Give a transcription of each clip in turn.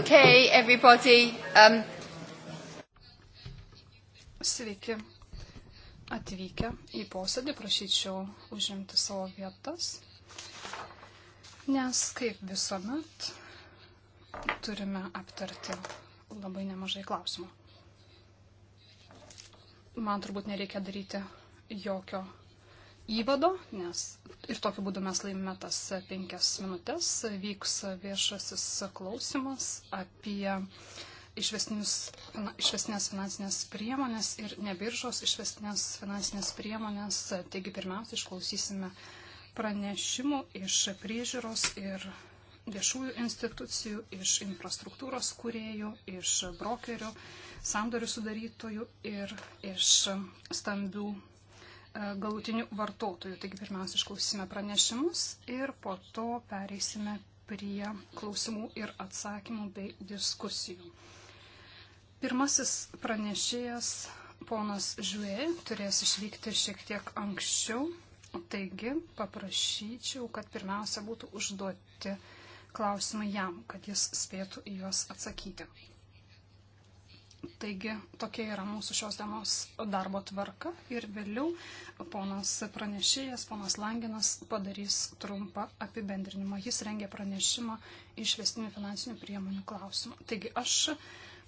Okay, everybody. Um... Sveiki atvykę į posėdį, prašyčiau užimti savo vietas, nes kaip visuomet turime aptarti labai nemažai klausimų. Man turbūt nereikia daryti jokio įvado, nes ir tokiu būdu mes laimime tas penkias minutės. Vyks viešasis klausimas apie išvestinės finansinės priemonės ir nebiržos išvestinės finansinės priemonės. Taigi pirmiausia, išklausysime pranešimų iš priežiūros ir viešųjų institucijų, iš infrastruktūros kuriejų, iš brokerių, sandorių sudarytojų ir iš stambių E, galutinių vartotojų. Taigi pirmiausia, išklausysime pranešimus ir po to pereisime prie klausimų ir atsakymų bei diskusijų. Pirmasis pranešėjas, ponas Žuė, turės išvykti šiek tiek anksčiau, taigi paprašyčiau, kad pirmiausia būtų užduoti klausimai jam, kad jis spėtų į juos atsakyti. Taigi tokia yra mūsų šios dienos darbo tvarka ir vėliau ponas pranešėjas, ponas Langinas padarys trumpą apibendrinimą. Jis rengia pranešimą iš vestinių finansinių priemonių klausimų. Taigi aš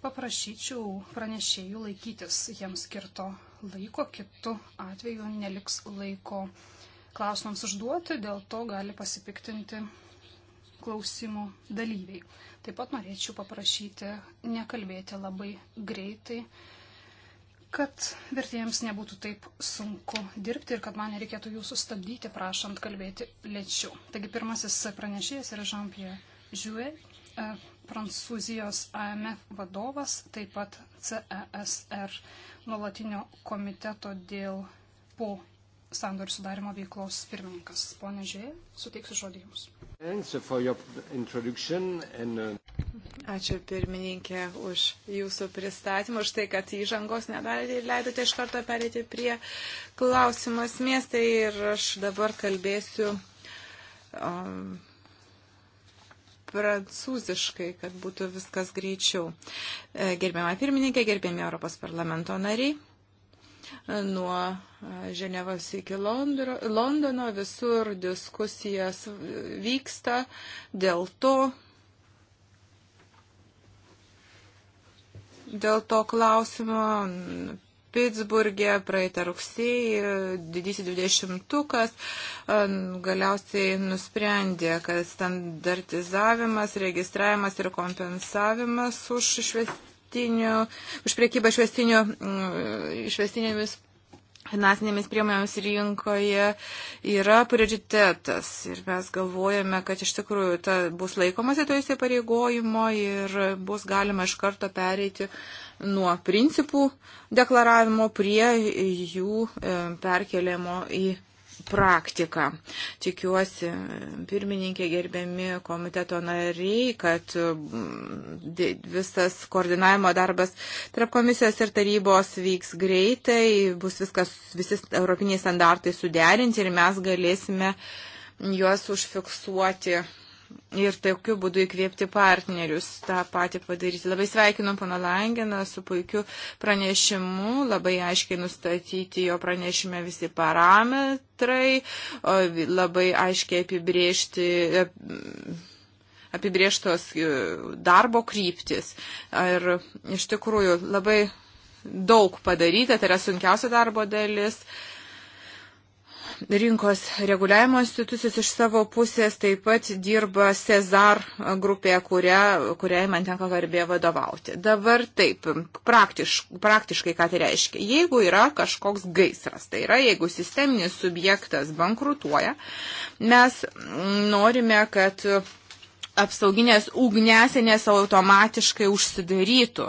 paprašyčiau pranešėjų laikytis jiems skirto laiko, kitų atveju neliks laiko klausimams užduoti, dėl to gali pasipiktinti klausimų dalyviai. Taip pat norėčiau paprašyti nekalbėti labai greitai, kad vertėjams nebūtų taip sunku dirbti ir kad man nereikėtų jų sustabdyti, prašant kalbėti lėčiau. Taigi pirmasis pranešėjas yra Jean-Pierre Jouet, e, Prancūzijos AMF vadovas, taip pat CESR nuolatinio komiteto dėl po sandorių sudarimo veiklos pirmininkas. Pone Žiūrė, suteiksiu žodį Jums. Uh, Ačiū pirmininkė už jūsų pristatymą, už tai, kad įžangos nedarėte ir leidote iš karto perėti prie klausimo miestai ir aš dabar kalbėsiu. Um, prancūziškai, kad būtų viskas greičiau. E, gerbiama pirmininkė, gerbiami Europos parlamento nariai, nuo Ženevos iki Londro, Londono, visur diskusijas vyksta dėl to, dėl to klausimo. Pittsburgė, praeitą rugsėjį, didysis dvidešimtukas galiausiai nusprendė, kad standartizavimas, registravimas ir kompensavimas už išvesti už priekybą išvestinėmis mm, finansinėmis priemonėmis rinkoje yra prioritetas. Ir mes galvojame, kad iš tikrųjų ta, bus laikomasi to įsipareigojimo ir bus galima iš karto pereiti nuo principų deklaravimo prie jų e, perkeliamo į praktiką. Tikiuosi, pirmininkė gerbiami komiteto nariai, kad mm, visas koordinavimo darbas tarp komisijos ir tarybos vyks greitai, bus viskas, visi europiniai standartai suderinti ir mes galėsime juos užfiksuoti ir tokiu būdu įkvėpti partnerius tą patį padaryti. Labai sveikinu pana Langeną su puikiu pranešimu, labai aiškiai nustatyti jo pranešime visi parametrai, labai aiškiai apibriežti apibrieštos e, darbo kryptis. Ir iš tikrųjų labai daug padaryta, tai yra sunkiausia darbo dalis. Uh, rinkos reguliavimo institucijos iš savo pusės taip pat dirba Cezar grupė, kuria, kuriai man tenka garbė vadovauti. Dabar taip, praktiš, praktiškai ką tai reiškia. Jeigu yra kažkoks gaisras, tai yra, jeigu sisteminis subjektas bankrutuoja, mes norime, kad apsauginės ugnesinės automatiškai užsidarytų.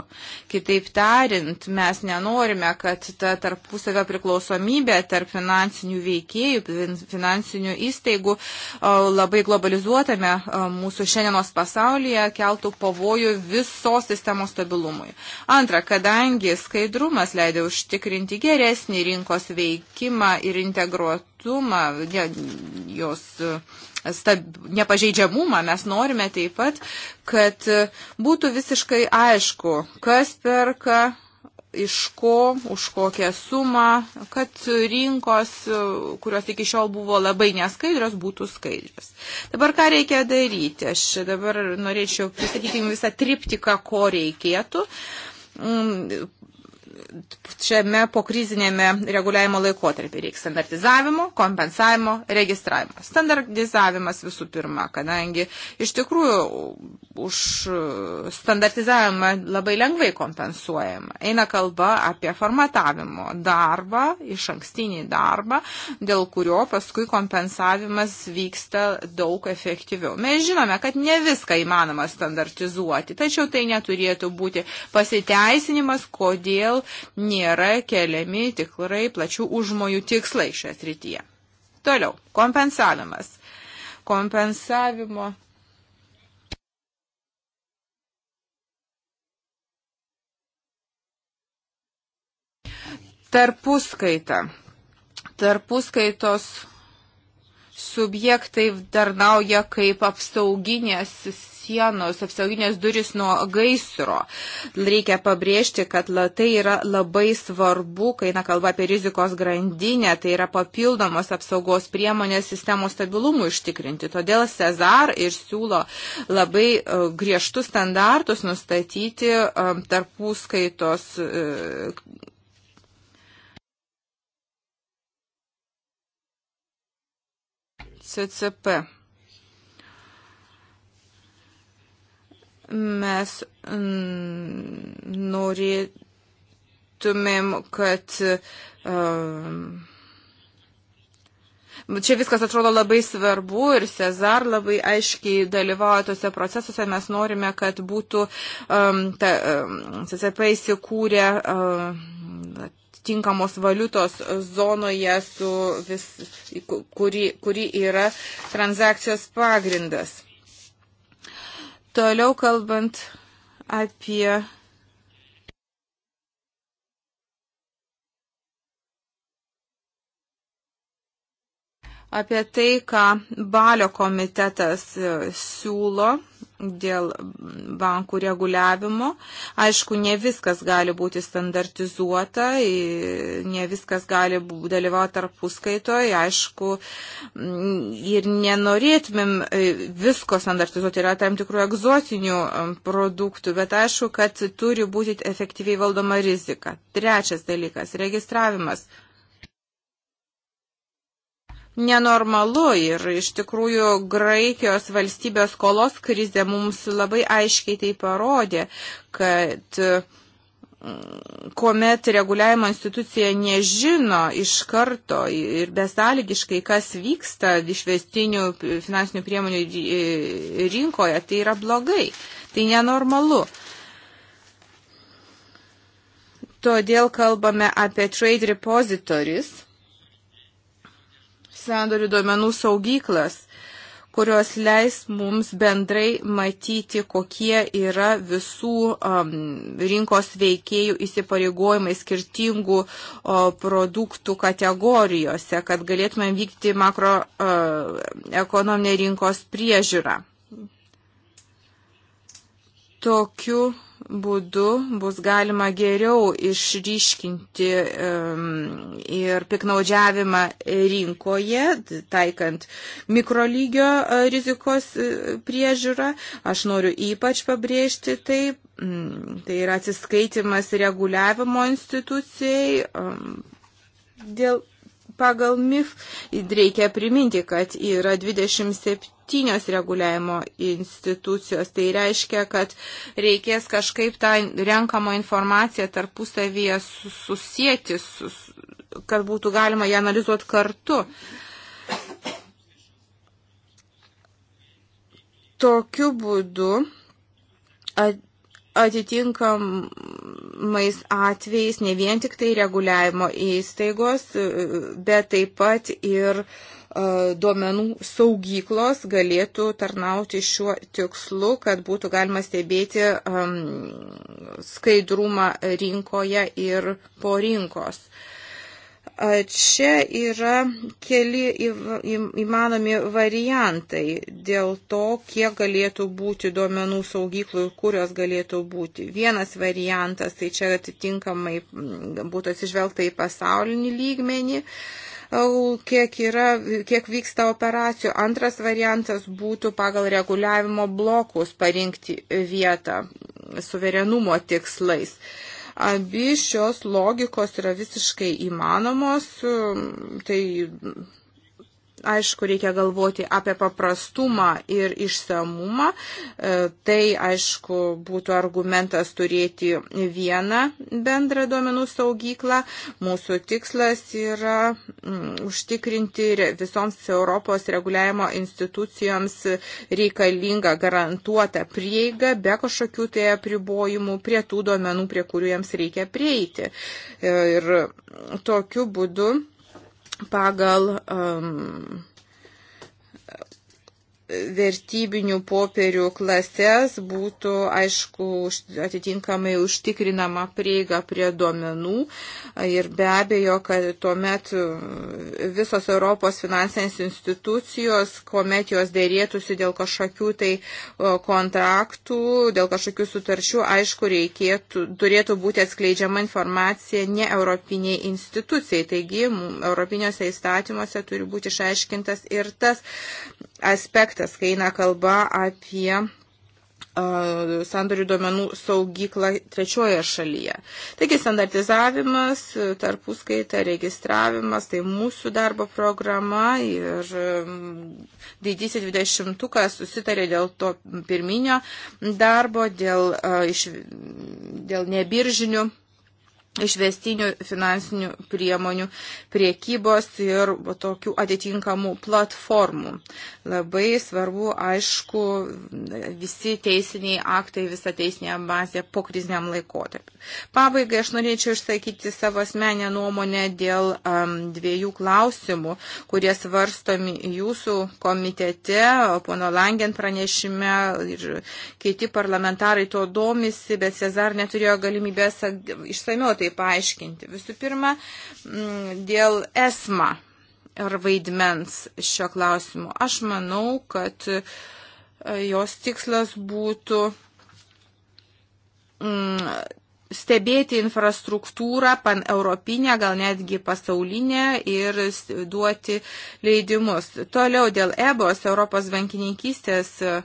Kitaip tariant, mes nenorime, kad ta tarpusavio priklausomybė tarp finansinių veikėjų, finansinių įstaigų labai globalizuotame mūsų šiandienos pasaulyje keltų pavojų visos sistemos stabilumui. Antra, kadangi skaidrumas leidė užtikrinti geresnį rinkos veikimą ir integruotą privatumą, jos e, stab, nepažeidžiamumą mes norime taip pat, kad e, būtų visiškai aišku, kas perka, iš ko, už kokią sumą, kad rinkos, e, kurios iki šiol buvo labai neskaidrios, būtų skaidrios. Dabar ką reikia daryti? Aš dabar norėčiau pristatyti jums visą triptiką, ko reikėtų mm, šiame pokrizinėme reguliavimo laikotarpį reikia standartizavimo, kompensavimo, registravimo. Standartizavimas visų pirma, kadangi iš tikrųjų už standartizavimą labai lengvai kompensuojama. Eina kalba apie formatavimo darbą, iš ankstinį darbą, dėl kurio paskui kompensavimas vyksta daug efektyviau. Mes žinome, kad ne viską įmanoma standartizuoti, tačiau tai neturėtų būti pasiteisinimas, kodėl kol nėra keliami tikrai plačių užmojų tikslai šioje srityje. Toliau, kompensavimas. Kompensavimo tarpuskaita. Tarpuskaitos subjektai darnauja kaip apsauginė sistema sienos, apsauginės duris nuo gaisro. Reikia pabrėžti, kad tai yra labai svarbu, kai eina kalba apie rizikos grandinę, tai yra papildomos apsaugos priemonės sistemos stabilumui ištikrinti. Todėl Cezar ir siūlo labai e, griežtus standartus nustatyti e, tarpuskaitos e, CCP. Mes norėtumėm, kad um, Čia viskas atrodo labai svarbu ir Cezar labai aiškiai dalyvauja tose procesuose. Mes norime, kad būtų um, ta, um, CCP įsikūrė. Um, tinkamos valiutos zonoje, vis, kuri, kuri yra transakcijos pagrindas. Toliau kalbant apie apie tai, ką Balio komitetas e, siūlo dėl bankų reguliavimo. Aišku, ne viskas gali būti standartizuota, ne viskas gali dalyvauti tarpuskaitoje, aišku, mm, ir nenorėtumėm visko standartizuoti, yra tam tikrų egzotinių produktų, bet aišku, kad turi būti efektyviai valdoma rizika. Trečias dalykas - registravimas nenormalu ir iš tikrųjų Graikijos valstybės skolos krizė mums labai aiškiai tai parodė, kad mm, kuomet reguliavimo institucija nežino iš karto ir besąlygiškai, kas vyksta išvestinių finansinių priemonių e, rinkoje, tai yra blogai, tai nenormalu. Todėl kalbame apie trade repositories sandorių duomenų saugyklas, kurios leis mums bendrai matyti, kokie yra visų um, rinkos veikėjų įsipareigojimai skirtingų o, produktų kategorijose, kad galėtume vykti makroekonominę uh, rinkos priežiūrą. Tokiu būdu bus galima geriau išryškinti ir piknaudžiavimą rinkoje, taikant mikrolygio e, rizikos e, priežiūrą. Aš noriu ypač pabrėžti tai, tai yra atsiskaitimas reguliavimo institucijai dėl pagal MIF reikia priminti, kad yra 27 septynios reguliavimo institucijos. Tai reiškia, kad reikės kažkaip tą renkamą informaciją tarpusavyje susijęti, kad būtų galima ją analizuoti kartu. Tokiu būdu atitinkamais atvejais ne vien tik tai reguliavimo įstaigos, bet taip pat ir uh, E, duomenų saugyklos galėtų tarnauti šiuo tikslu, kad būtų galima stebėti skaidrumą rinkoje ir po rinkos. E, čia yra keli įmanomi variantai dėl to, kiek galėtų būti duomenų saugyklų ir kurios galėtų būti. Vienas variantas, tai čia atitinkamai būtų atsižvelgta į pasaulinį lygmenį. Uh, kiek, yra, kiek vyksta operacijų. Antras variantas būtų pagal reguliavimo blokus parinkti vietą suverenumo tikslais. Abi šios logikos yra visiškai įmanomos, tai Aišku, reikia galvoti apie paprastumą ir išsamumą. E, tai, aišku, būtų argumentas turėti vieną bendrą duomenų saugyklą. Mūsų tikslas yra užtikrinti visoms Europos reguliavimo institucijoms reikalingą garantuotą prieigą be kažkokių tai apribojimų prie tų duomenų, prie kurių jiems reikia prieiti. E, ir tokiu būdu pagal um, vertybinių popierių klasės būtų, aišku, atitinkamai užtikrinama prieiga prie duomenų ir be abejo, kad tuomet e, visos Europos finansinės institucijos, kuomet jos dėrėtųsi dėl kažkokių tai e, kontraktų, dėl kažkokių sutarčių, aišku, reikėtų, turėtų būti atskleidžiama informacija ne Europiniai institucijai. Taigi, Europiniuose įstatymuose turi būti išaiškintas ir tas aspektas, aktas, kai eina kalba apie sandorių duomenų saugyklą trečioje šalyje. Taigi standartizavimas, tarpuskaita, registravimas, tai mūsų darbo programa ir didysis dvidešimtukas susitarė dėl to pirminio darbo, dėl, dėl nebiržinių išvestinių finansinių priemonių, priekybos ir tokių atitinkamų platformų. Labai svarbu, aišku, visi teisiniai aktai, visa teisinė bazė po kriziniam laikotarpiu. Pabaigai aš norėčiau išsakyti savo asmenę nuomonę dėl um, dviejų klausimų, kurie svarstomi jūsų komitete, pono Langen pranešime ir kiti parlamentarai to domisi, bet Cezar neturėjo galimybės išsamiuoti tai paaiškinti. Visų pirma, mm, dėl esma ar vaidmens šio klausimu. Aš manau, kad e, jos tikslas būtų mm, stebėti infrastruktūrą, paneuropinę, gal netgi pasaulinę ir duoti leidimus. Toliau dėl EBOS, Europos bankininkystės e,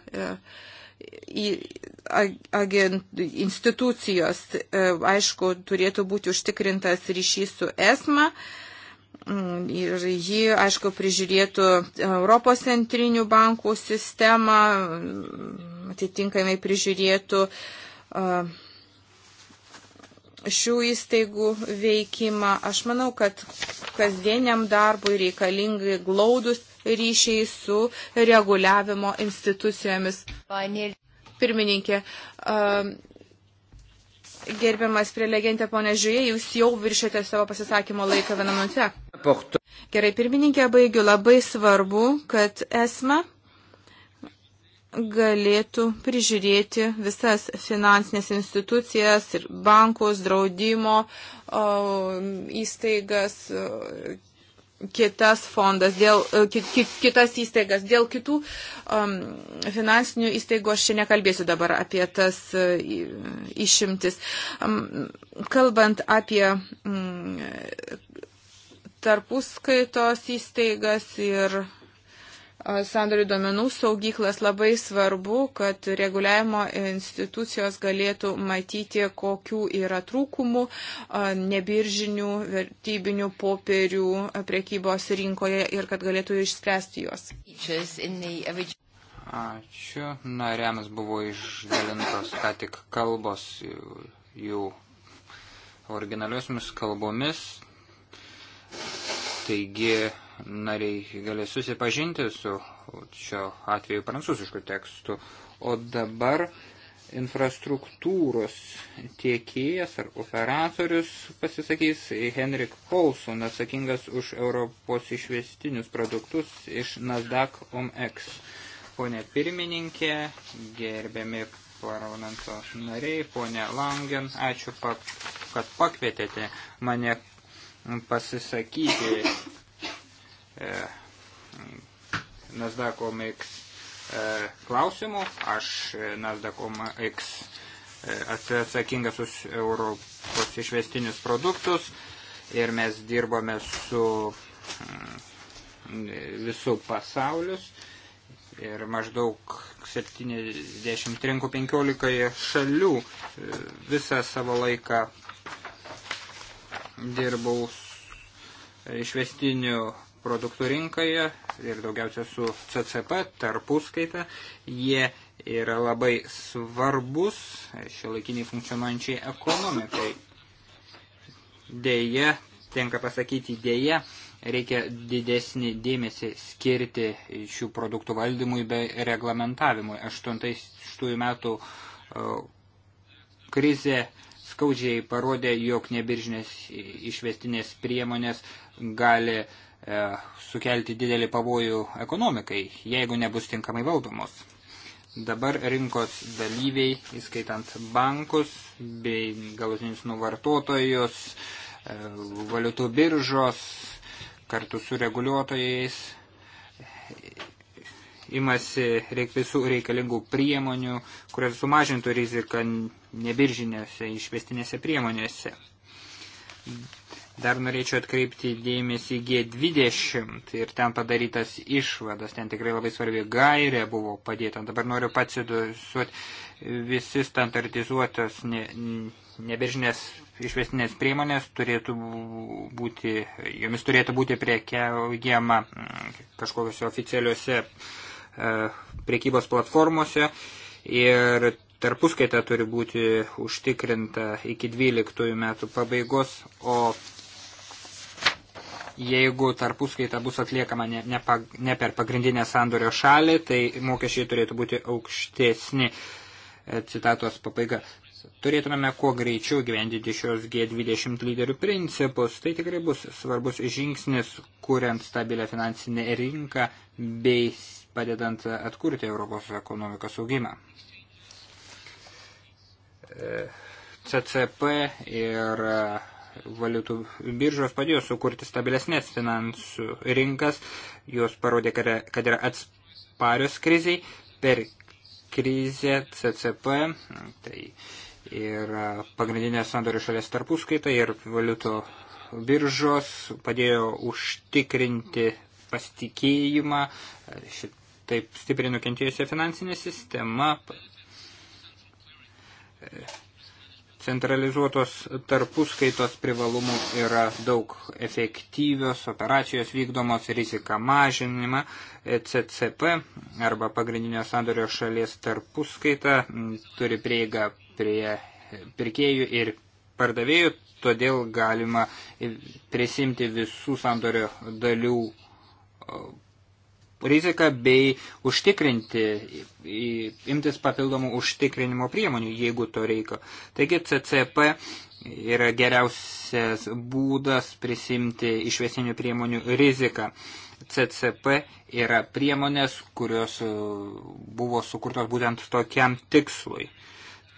agent, institucijos, e, aišku, turėtų būti užtikrintas ryšys su ESMA mm, ir ji, aišku, prižiūrėtų Europos centrinių bankų sistemą, mm, atitinkamai prižiūrėtų uh, šių įstaigų veikimą. Aš manau, kad kasdieniam darbui reikalingi glaudus ryšiai su reguliavimo institucijomis. Pirmininkė, um, gerbiamas prelegentė ponė Žiūrė, jūs jau viršėte savo pasisakymo laiką vieną minutę. Gerai, pirmininkė, baigiu. Labai svarbu, kad esma galėtų prižiūrėti visas finansinės institucijas ir bankus, draudimo įstaigas, kitas fondas, dėl, kitas įstaigas. Dėl kitų um, finansinių įstaigų aš čia nekalbėsiu dabar apie tas uh, išimtis. Um, kalbant apie um, tarpuskaitos įstaigas ir sandorių duomenų saugyklas labai svarbu, kad reguliavimo institucijos galėtų matyti, kokių yra trūkumų nebiržinių vertybinių popierių prekybos rinkoje ir kad galėtų išspręsti juos. Ačiū. Nariams buvo išdalintos ką tik kalbos jų originaliosiomis kalbomis. Taigi nariai galės susipažinti su šio atveju prancūzišku tekstu. O dabar infrastruktūros tiekėjas ar operatorius pasisakys Henrik Paulson, atsakingas už Europos išvestinius produktus iš Nasdaq OMX. Pone pirmininkė, gerbiami parlamento nariai, ponė Langen, ačiū, kad pakvietėte mane pasisakyti e, Nasdaqom X e, klausimų. Aš Nasdaqom X e, e atsakingas už Europos išvestinius produktus ir mes dirbame su mm, visų pasaulius ir maždaug 70 rinkų 15 šalių e, visą savo laiką dirbau išvestinių produktų rinkoje ir daugiausia su CCP tarpuskaita. Jie yra labai svarbus šiolaikiniai funkcionuojančiai ekonomikai. Deja, tenka pasakyti deja, reikia didesnį dėmesį skirti šių produktų valdymui bei reglamentavimui. Aštuntais metų e, krizė skaudžiai parodė, jog nebiržinės išvestinės priemonės gali e, sukelti didelį pavojų ekonomikai, jeigu nebus tinkamai valdomos. Dabar rinkos dalyviai, įskaitant bankus bei galutinius nuvartotojus, e, valiutų biržos, kartu su reguliuotojais imasi reik visų reikalingų priemonių, kurias sumažintų riziką nebiržinėse išvestinėse priemonėse. Dar norėčiau atkreipti dėmesį G20 tai ir ten padarytas išvadas, ten tikrai labai svarbi gairė buvo padėta. Dabar noriu pacidusuoti visi standartizuotos ne, nebežinės išvestinės priemonės turėtų būti, jomis turėtų būti priekiaujama kažkokiuose oficialiuose e, prekybos platformose ir tarpuskaita turi būti užtikrinta iki 12 metų pabaigos, o jeigu tarpuskaita bus atliekama ne, ne, pag, ne per pagrindinę sandorio šalį, tai mokesčiai turėtų būti aukštesni. E, citatos pabaiga. Turėtumėme kuo greičiau gyvendyti šios G20 lyderių principus. Tai tikrai bus svarbus žingsnis, kuriant stabilę finansinę rinką bei padedant atkurti Europos ekonomikos augimą. CCP ir e, valiutų biržos padėjo sukurti stabilesnės finansų rinkas, jos parodė, kad yra atsparios kriziai, per krizę CCP, tai ir e, pagrindinė sandorio šalies tarpuskaita ir valiutų biržos padėjo užtikrinti pasitikėjimą, šitaip stipriai nukentėjusią finansinę sistemą, Centralizuotos tarpuskaitos privalumų yra daug efektyvios, operacijos vykdomos rizika mažinima, CCP arba pagrindinio sandorio šalies tarpuskaita turi prieigą prie pirkėjų ir pardavėjų, todėl galima prisimti visų sandorio dalių riziką bei užtikrinti, imtis papildomų užtikrinimo priemonių, jeigu to reikia. Taigi CCP yra geriausias būdas prisimti išvesinių priemonių riziką. CCP yra priemonės, kurios e, buvo sukurtos būtent tokiam tikslui.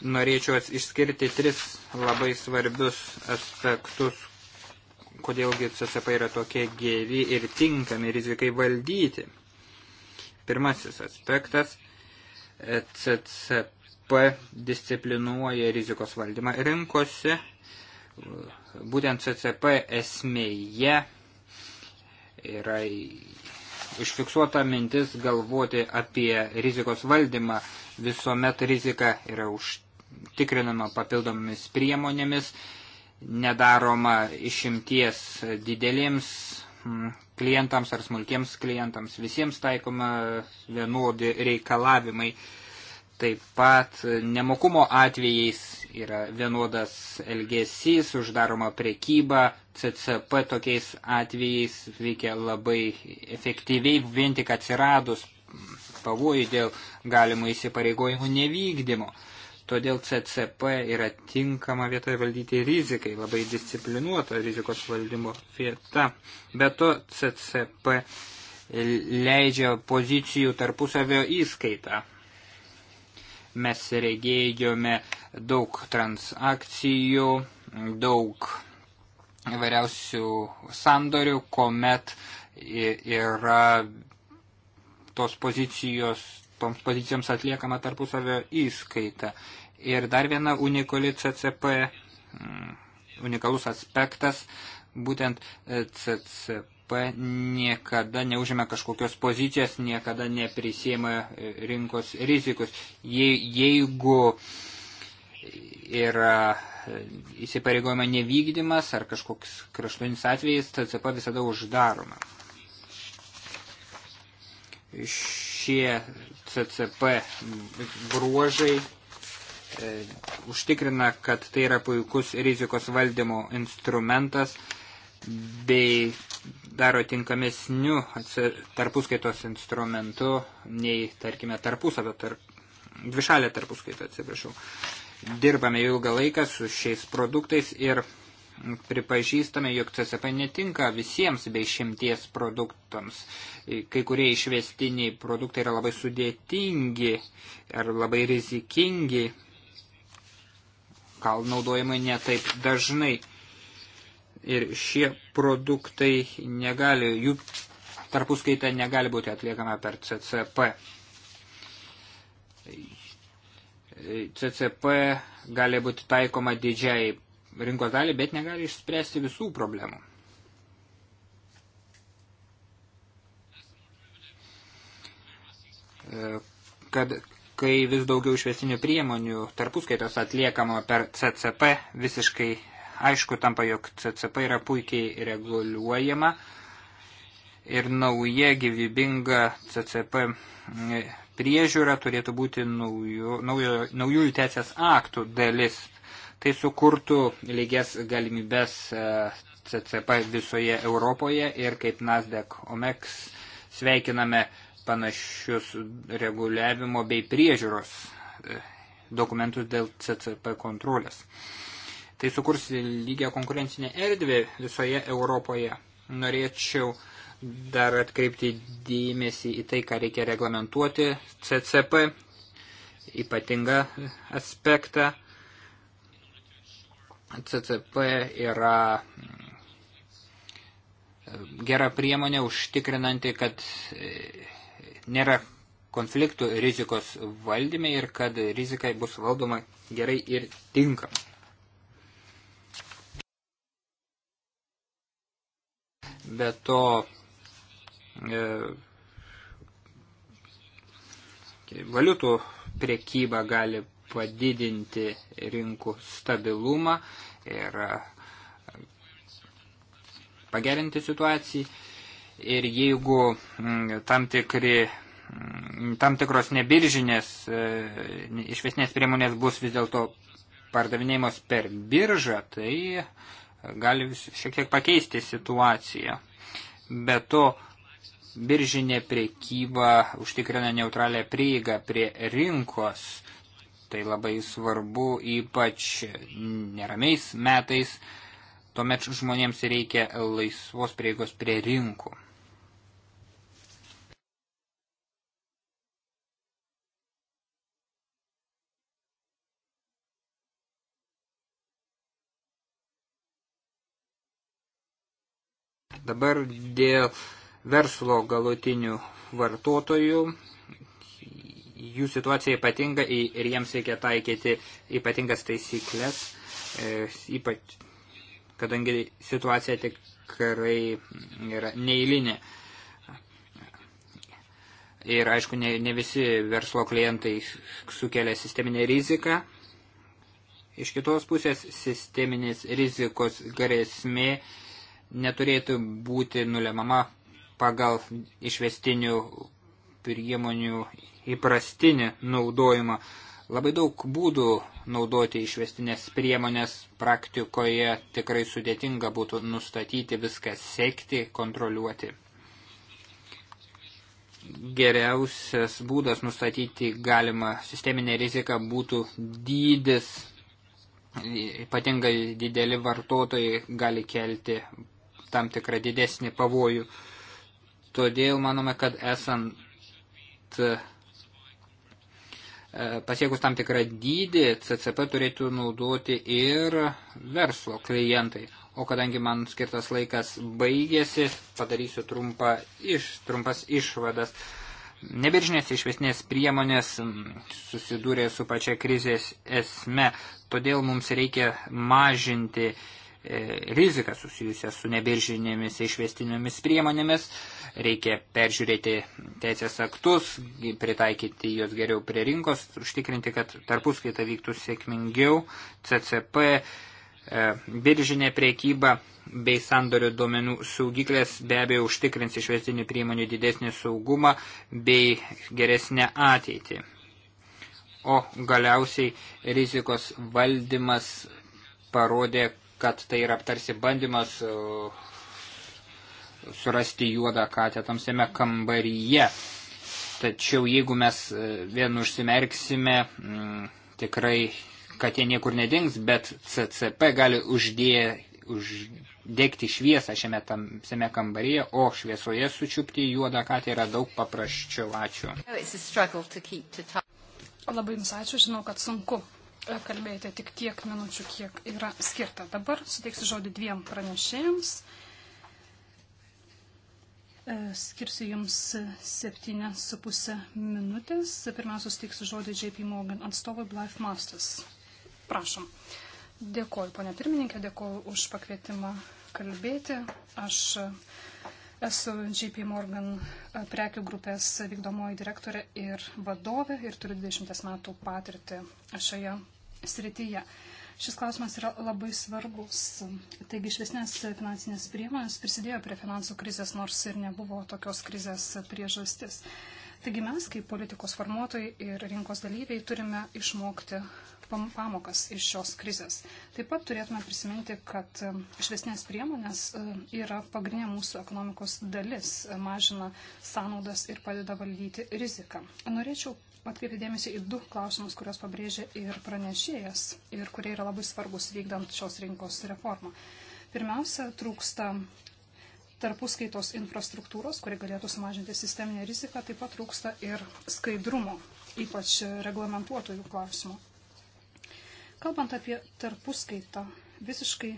Norėčiau išskirti tris labai svarbius aspektus, kodėlgi CCP yra tokie geri ir tinkami rizikai valdyti. Pirmasis aspektas e – CCP disciplinuoja rizikos valdymą rinkose. Būtent CCP esmėje yra užfiksuota mintis galvoti apie rizikos valdymą. Visuomet rizika yra užtikrinama papildomomis priemonėmis, nedaroma išimties didelėms Mm, klientams ar smulkiems klientams. Visiems taikoma vienodi reikalavimai. Taip pat nemokumo atvejais yra vienodas elgesys, uždaroma prekyba, CCP tokiais atvejais veikia labai efektyviai, vien tik atsiradus pavojų dėl galimų įsipareigojimų nevykdymo. Todėl CCP yra tinkama vietoje valdyti rizikai, labai disciplinuota rizikos valdymo vieta. Be to, CCP leidžia pozicijų tarpusavio įskaitą. Mes regėjome daug transakcijų, daug įvairiausių sandorių, kuomet yra tos pozicijos, toms pozicijoms atliekama tarpusavio įskaita. Ir dar viena unikali CCP, mm, unikalus aspektas, būtent e, CCP niekada neužima kažkokios pozicijos, niekada neprisėma e, rinkos rizikus. Je, jeigu yra e, įsipareigojama nevykdymas ar kažkoks kraštutinis atvejis, CCP visada uždaroma. Šie CCP bruožai E, užtikrina, kad tai yra puikus rizikos valdymo instrumentas bei daro tinkamesnių tarpuskaitos instrumentų nei, tarkime, tarpusavio, tarp, dvišalė tarpuskaita, atsiprašau. Dirbame ilgą laiką su šiais produktais ir pripažįstame, jog CSP netinka visiems bei šimties produktams. E, kai kurie išvestiniai produktai yra labai sudėtingi ar labai rizikingi kal naudojimai netaip dažnai. Ir šie produktai negali, jų tarpuskaita negali būti atliekama per CCP. CCP gali būti taikoma didžiai rinkos dalį, bet negali išspręsti visų problemų. Kad kai vis daugiau išvesinių priemonių tarpuskaitos atliekama per CCP, visiškai aišku tampa, jog CCP yra puikiai reguliuojama ir nauja gyvybinga CCP mm, priežiūra turėtų būti naujų, naujo, naujųjų teisės aktų dalis. Tai sukurtų lygias galimybės e, CCP visoje Europoje ir kaip NASDAQ OMEX sveikiname panašius reguliavimo bei priežiūros e, dokumentus dėl CCP kontrolės. Tai sukurs lygią konkurencinę erdvę visoje Europoje. Norėčiau dar atkreipti dėmesį į tai, ką reikia reglamentuoti CCP, ypatingą aspektą. CCP yra mm, gera priemonė užtikrinanti, kad e, nėra konfliktų rizikos valdyme ir kad rizikai bus valdoma gerai ir tinkamai. Be to, e, valiutų priekyba gali padidinti rinkų stabilumą ir e, pagerinti situaciją ir jeigu mm, tam, tikri, mm, tam tikros nebiržinės e, išvesnės priemonės bus vis dėlto pardavinėjimos per biržą, tai gali šiek tiek pakeisti situaciją. Be to, biržinė priekyba užtikrina neutralią prieigą prie rinkos. Tai labai svarbu, ypač neramiais metais, tuomet žmonėms reikia laisvos prieigos prie rinkų. Dabar dėl verslo galutinių vartotojų jų situacija ypatinga ir jiems reikia taikyti ypatingas taisyklės, e, ypač kadangi situacija tikrai yra neįlinė. Ir aišku, ne, ne visi verslo klientai sukelia sisteminę riziką. Iš kitos pusės sisteminės rizikos grėsmė neturėtų būti nulemama pagal išvestinių priemonių įprastinį naudojimą. Labai daug būdų naudoti išvestinės priemonės praktikoje tikrai sudėtinga būtų nustatyti viską, sekti, kontroliuoti. Geriausias būdas nustatyti galima sisteminę riziką būtų dydis, ypatingai dideli vartotojai gali kelti tam tikrą didesnį pavojų. Todėl manome, kad esant e, pasiekus tam tikrą dydį, CCP turėtų naudoti ir verslo klientai. O kadangi man skirtas laikas baigėsi, padarysiu trumpa iš, trumpas išvadas. Nebiržinės išvesnės priemonės susidūrė su pačia krizės esme, todėl mums reikia mažinti uh, E, riziką susijusią su nebiržinėmis išvestinėmis priemonėmis. Reikia peržiūrėti teisės aktus, pritaikyti juos geriau prie rinkos, užtikrinti, kad tarpuskaita vyktų sėkmingiau, CCP, e, biržinė priekyba bei sandorių duomenų saugiklės be abejo užtikrins išvestinių priemonių didesnį saugumą bei geresnę ateitį. O galiausiai rizikos valdymas parodė, kad tai yra tarsi bandymas uh, surasti juodą katę tamsiame kambaryje. Tačiau jeigu mes uh, vien užsimerksime, m, mm, tikrai katė niekur nedings, bet CCP gali uždėję, uždegti šviesą šiame tamsiame kambaryje, o šviesoje sučiupti juodą katę yra daug paprasčiau. Ačiū. Oh, Labai jums ačiū, žinau, kad sunku kalbėjote tik tiek minučių, kiek yra skirta. Dabar suteiksiu žodį dviem pranešėjams. E, skirsiu jums 7,5 minutės. Pirmiausia, suteiksiu žodį JP Morgan atstovui Blythe Masters. Prašom. Dėkoju, ponia pirmininkė, dėkoju už pakvietimą kalbėti. Aš Esu JP Morgan prekių grupės vykdomoji direktorė ir vadovė ir turiu 20 metų patirtį šioje srityje. Šis klausimas yra labai svarbus. Taigi išvesnės finansinės priemonės prisidėjo prie finansų krizės, nors ir nebuvo tokios krizės priežastis. Taigi mes, kaip politikos formuotojai ir rinkos dalyviai, turime išmokti pamokas iš šios krizės. Taip pat turėtume prisiminti, kad išvesnės um, priemonės um, yra pagrindinė mūsų ekonomikos dalis, mažina sąnaudas ir padeda valdyti riziką. Norėčiau atkreipti dėmesį į du klausimus, kuriuos pabrėžė ir pranešėjas ir kurie yra labai svarbus vykdant šios rinkos reformą. Pirmiausia, trūksta tarpuskaitos infrastruktūros, kuri galėtų sumažinti sisteminę riziką, taip pat trūksta ir skaidrumo, ypač reglamentuotojų klausimų. Kalbant apie tarpuskaitą, visiškai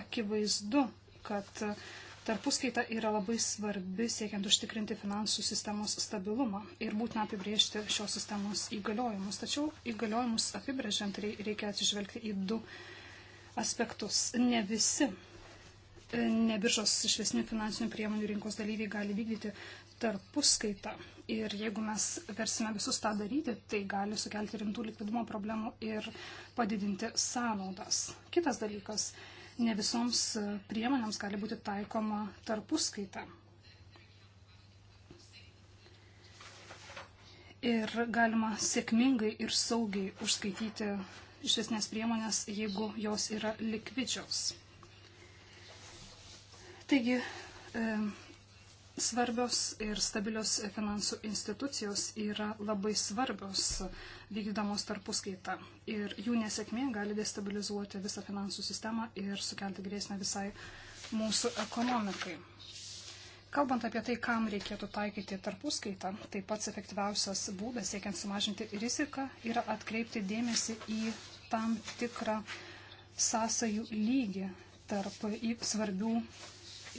akivaizdu, kad Tarpuskaita yra labai svarbi siekiant užtikrinti finansų sistemos stabilumą ir būtina apibriežti šios sistemos įgaliojimus. Tačiau įgaliojimus apibrėžiant reikia atsižvelgti į du aspektus. Ne visi nebiržos išvesnių finansinių priemonių rinkos dalyviai gali vykdyti tarpuskaitą. Ir jeigu mes versime visus tą daryti, tai gali sukelti rimtų likvidumo problemų ir padidinti sąnaudas. Kitas dalykas ne visoms e, priemonėms gali būti taikoma tarpuskaita. Ir galima sėkmingai ir saugiai užskaityti iš esmės priemonės, jeigu jos yra likvidžios. Taigi, e, Svarbios ir stabilios finansų institucijos yra labai svarbios vykdydamos tarpuskaitą ir jų nesėkmė gali destabilizuoti visą finansų sistemą ir sukelti grėsmę visai mūsų ekonomikai. Kalbant apie tai, kam reikėtų taikyti tarpuskaitą, tai pats efektyviausias būdas siekiant sumažinti riziką yra atkreipti dėmesį į tam tikrą sąsajų lygį tarp svarbių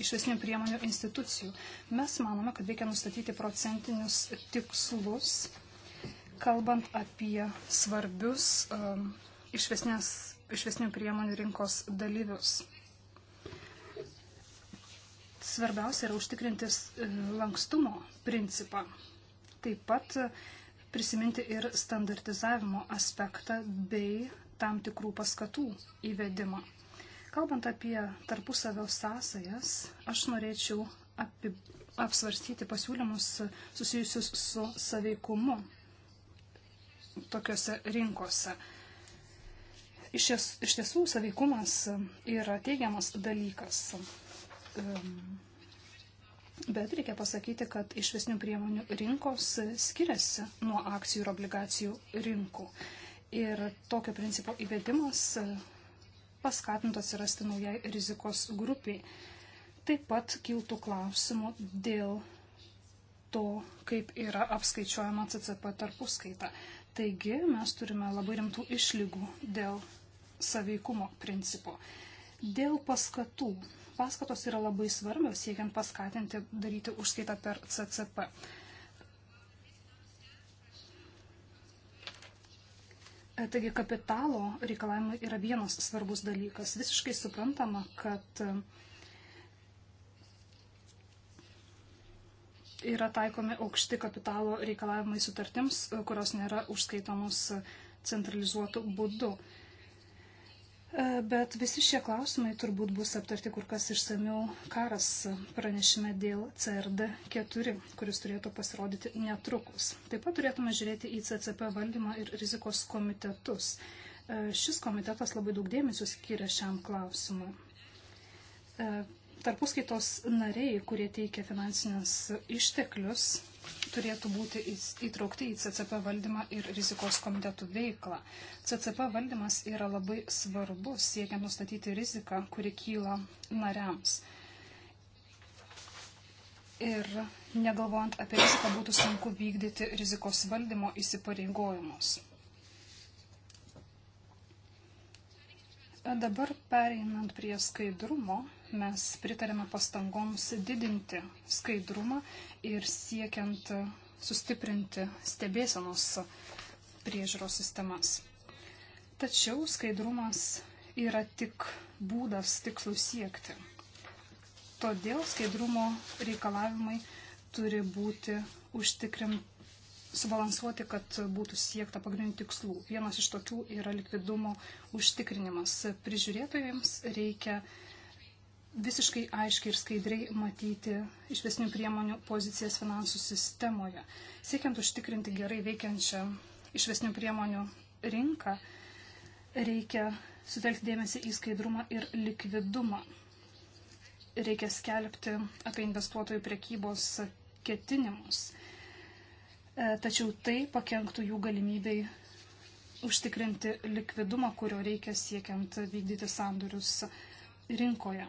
išvesnių priemonių institucijų. Mes manome, kad reikia nustatyti procentinius tikslus, kalbant apie svarbius um, išvesnių priemonių rinkos dalyvius. Svarbiausia yra užtikrintis uh, lankstumo principą. Taip pat uh, prisiminti ir standartizavimo aspektą bei tam tikrų paskatų įvedimą. Kalbant apie tarpusavio sąsajas, aš norėčiau api, apsvarstyti pasiūlymus susijusius su saveikumu tokiuose rinkose. Iš, ties, iš tiesų, saveikumas yra teigiamas dalykas. Ehm, bet reikia pasakyti, kad išvesnių priemonių rinkos skiriasi nuo akcijų ir obligacijų rinkų. Ir tokio principo įvedimas paskatintų atsirasti naujai rizikos grupiai. Taip pat kiltų klausimų dėl to, kaip yra apskaičiuojama CCP tarpuskaita. Taigi mes turime labai rimtų išlygų dėl saveikumo principo. Dėl paskatų. Paskatos yra labai svarbios siekiant paskatinti daryti užskaitą per CCP. E, taigi kapitalo reikalavimai yra vienas svarbus dalykas. Visiškai suprantama, kad e, yra taikomi aukšti kapitalo reikalavimai sutartims, e, kurios nėra užskaitomos centralizuotų būdų. E, bet visi šie klausimai turbūt bus aptarti kur kas išsamiau karas pranešime dėl CRD 4, kuris turėtų pasirodyti netrukus. Taip pat turėtume žiūrėti į CCP valdymą ir rizikos komitetus. E, šis komitetas labai daug dėmesio skiria šiam klausimui. E, tarpuskaitos nariai, kurie teikia finansinės išteklius, turėtų būti įtraukti į CCP valdymą ir rizikos komitetų veiklą. CCP valdymas yra labai svarbus siekia nustatyti riziką, kuri kyla nariams. Ir negalvojant apie riziką, būtų sunku vykdyti rizikos valdymo įsipareigojimus. Dabar pereinant prie skaidrumo, Mes pritarėme pastangoms didinti skaidrumą ir siekiant sustiprinti stebėsenos priežiūros sistemas. Tačiau skaidrumas yra tik būdas tikslų siekti. Todėl skaidrumo reikalavimai turi būti užtikrinti subalansuoti, kad būtų siekta pagrindinių tikslų. Vienas iš tokių yra likvidumo užtikrinimas. Prižiūrėtojams reikia uh, visiškai aiškiai ir skaidriai matyti išvesnių priemonių pozicijas finansų sistemoje. Siekiant užtikrinti gerai veikiančią išvesnių priemonių rinką, reikia sutelkti dėmesį į skaidrumą ir likvidumą. Reikia skelbti apie investuotojų priekybos ketinimus. E, tačiau tai pakenktų jų galimybei užtikrinti likvidumą, kurio reikia siekiant vykdyti sandurius rinkoje.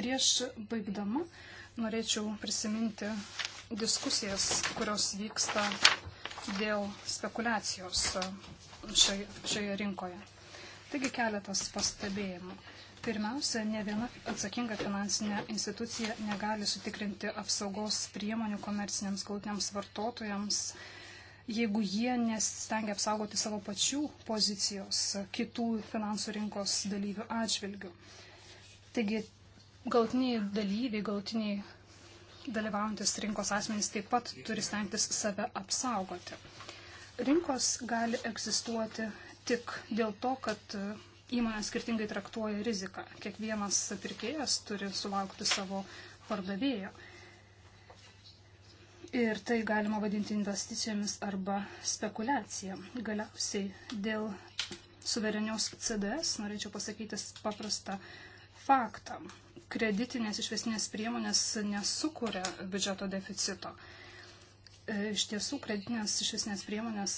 Prieš baigdama norėčiau prisiminti diskusijas, kurios vyksta dėl spekulacijos e, šioje, šioje rinkoje. Taigi keletas pastebėjimų. Pirmiausia, ne viena atsakinga finansinė institucija negali sutikrinti apsaugos priemonių komerciniams galutiniams vartotojams, jeigu jie nesistengia apsaugoti savo pačių pozicijos kitų finansų rinkos dalyvių atžvilgių. Taigi Galtiniai dalyviai, galtiniai dalyvaujantis rinkos asmenys taip pat turi stengtis save apsaugoti. Rinkos gali egzistuoti tik dėl to, kad įmonė skirtingai traktuoja riziką. Kiekvienas pirkėjas turi sulaukti savo pardavėjo. Ir tai galima vadinti investicijomis arba spekulacija. Galiausiai dėl suverenios CDS norėčiau pasakyti paprastą faktą. Kreditinės išvesnės priemonės nesukuria biudžeto deficito. E, iš tiesų, kreditinės išvesnės priemonės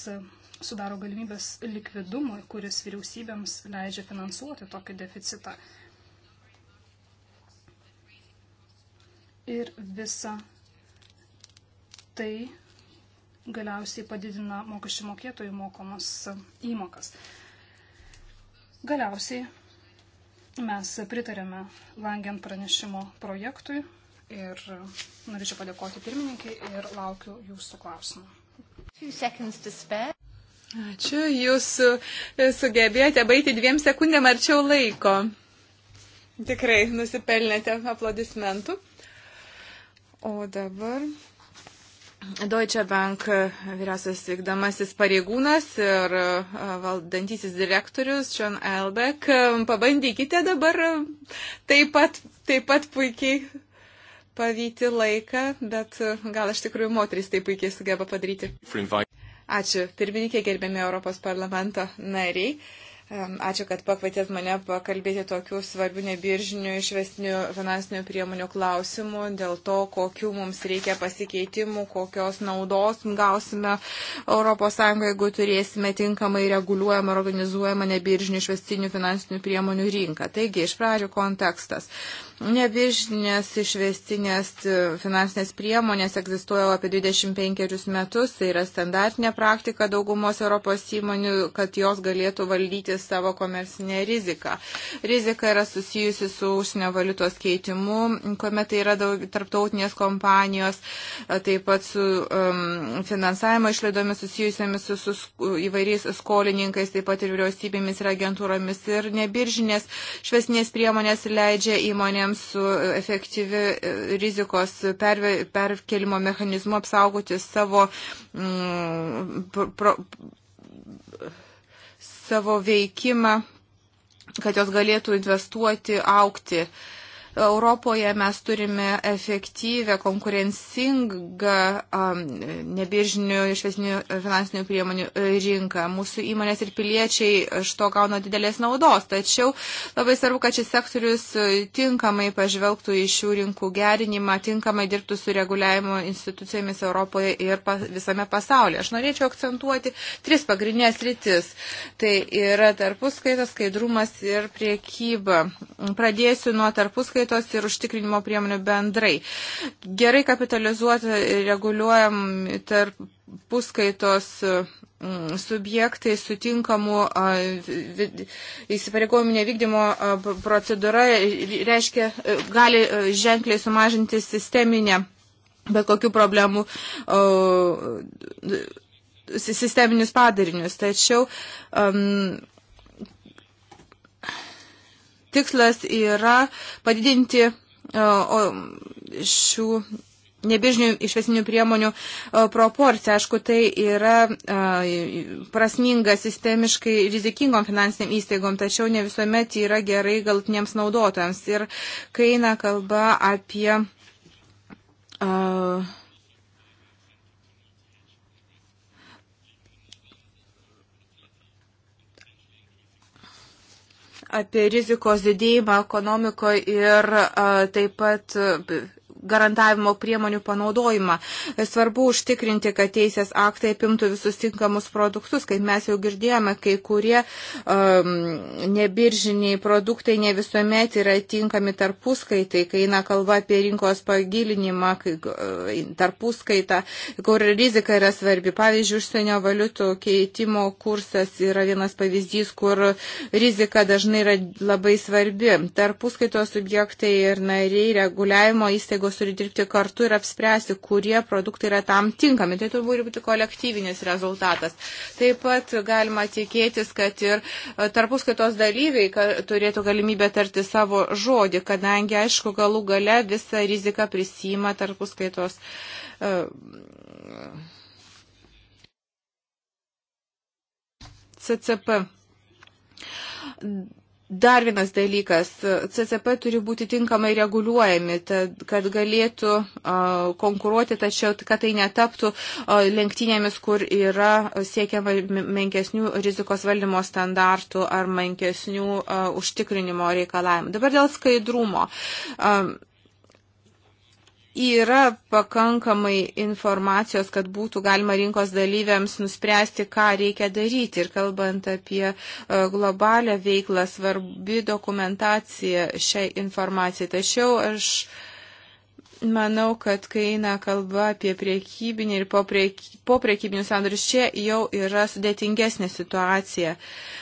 sudaro galimybės likvidumui, kuris vyriausybėms leidžia finansuoti tokį deficitą. Ir visa tai galiausiai padidina mokesčių mokėtojų mokomas įmokas. Galiausiai Mes pritarėme Langen pranešimo projektui ir norėčiau padėkoti pirmininkai ir laukiu jūsų klausimų. Ačiū, jūs e, sugebėjote baigti dviem sekundėm arčiau laiko. Tikrai nusipelnėte aplodismentų. O dabar Deutsche Bank e, vyriausias vykdomasis pareigūnas ir e, valdantysis direktorius John Elbeck. E, pabandykite dabar taip pat, taip pat puikiai pavyti laiką, bet gal iš tikrųjų moteris taip puikiai sugeba padaryti. Ačiū. Pirmininkė gerbėmi Europos parlamento nariai. Ačiū, kad pakvietėt mane pakalbėti tokių svarbių nebiržinių išvestinių finansinių priemonių klausimų, dėl to, kokiu mums reikia pasikeitimų, kokios naudos gausime ES, jeigu turėsime tinkamai reguliuojamą, organizuojamą nebiržinių išvestinių finansinių priemonių rinką. Taigi, iš pradžių kontekstas. Nevižinės išvestinės finansinės priemonės egzistuoja apie 25 metus, tai yra standartinė praktika daugumos Europos įmonių, kad jos galėtų valdyti savo komersinę riziką. Rizika yra susijusi su užsienio valiutos keitimu, kuomet tai yra daug, tarptautinės kompanijos, taip pat su um, finansavimo išlaidomis susijusiamis su, su įvairiais skolininkais, taip pat ir vyriausybėmis ir agentūromis. Ir nebiržinės švesnės priemonės leidžia įmonėms kovojam su efektyvi e, rizikos perve, perkelimo mechanizmu apsaugoti savo, mm, pro, savo veikimą, kad jos galėtų investuoti, aukti. Uh, Europoje mes turime efektyvę, konkurencingą um, nebiržinių išvesnių finansinių priemonių rinką. Mūsų įmonės ir piliečiai iš to gauna didelės naudos. Tačiau labai svarbu, kad šis sektorius tinkamai pažvelgtų į šių rinkų gerinimą, tinkamai dirbtų su reguliavimo institucijomis Europoje ir visame pasaulyje. Aš norėčiau akcentuoti tris pagrindinės rytis. Tai yra tarpuskaitas, skaidrumas ir priekyba. Pradėsiu nuo tarpuskaitas sąskaitos ir užtikrinimo priemonių bendrai. Gerai kapitalizuota ir reguliuojam tarp puskaitos mm, subjektai sutinkamų įsipareigojimų nevykdymo procedūra reiškia, e, gali e, ženkliai sumažinti sisteminę bet kokių problemų sisteminius padarinius. Tačiau um, tikslas yra padidinti e, šių nebežinių išvesinių priemonių e, proporcija. Aišku, tai yra e, prasminga sistemiškai rizikingom finansiniam įstaigom, tačiau ne visuomet yra gerai galtiniams naudotojams. Ir kai eina kalba apie uh, apie rizikos didėjimą ekonomikoje ir taip pat garantavimo priemonių panaudojimą. Svarbu užtikrinti, kad teisės aktai apimtų visus tinkamus produktus, kaip mes jau girdėjome, kai kurie um, nebiržiniai produktai ne visuomet yra tinkami tarpuskaitai, kai eina kalba apie rinkos pagilinimą, kai, e, tarpuskaitą, kur rizika yra svarbi. Pavyzdžiui, užsienio valiutų keitimo kursas yra vienas pavyzdys, kur rizika dažnai yra labai svarbi. Tarpuskaitos subjektai ir nariai reguliavimo įstaigos tarnybos turi dirbti kartu ir apspręsti, kurie produktai yra tam tinkami. Tai turi būti kolektyvinis rezultatas. Taip pat galima tikėtis, kad ir e, tarpuskaitos dalyviai turėtų galimybę tarti savo žodį, kadangi, aišku, galų gale visą riziką prisima tarpuskaitos. E, CCP Dar vienas dalykas, CCP turi būti tinkamai reguliuojami, tad, kad galėtų uh, konkuruoti, tačiau kad tai netaptų uh, lenktynėmis, kur yra siekiama menkesnių rizikos valdymo standartų ar menkesnių uh, užtikrinimo reikalavimų. Dabar dėl skaidrumo. Uh, yra pakankamai informacijos, kad būtų galima rinkos dalyviams nuspręsti, ką reikia daryti. Ir kalbant apie e, globalią veiklą, svarbi dokumentacija šiai informacijai. Tačiau aš Manau, kad kai eina kalba apie priekybinį ir po, prieky, po priekybinių sandorius, čia jau yra sudėtingesnė situacija.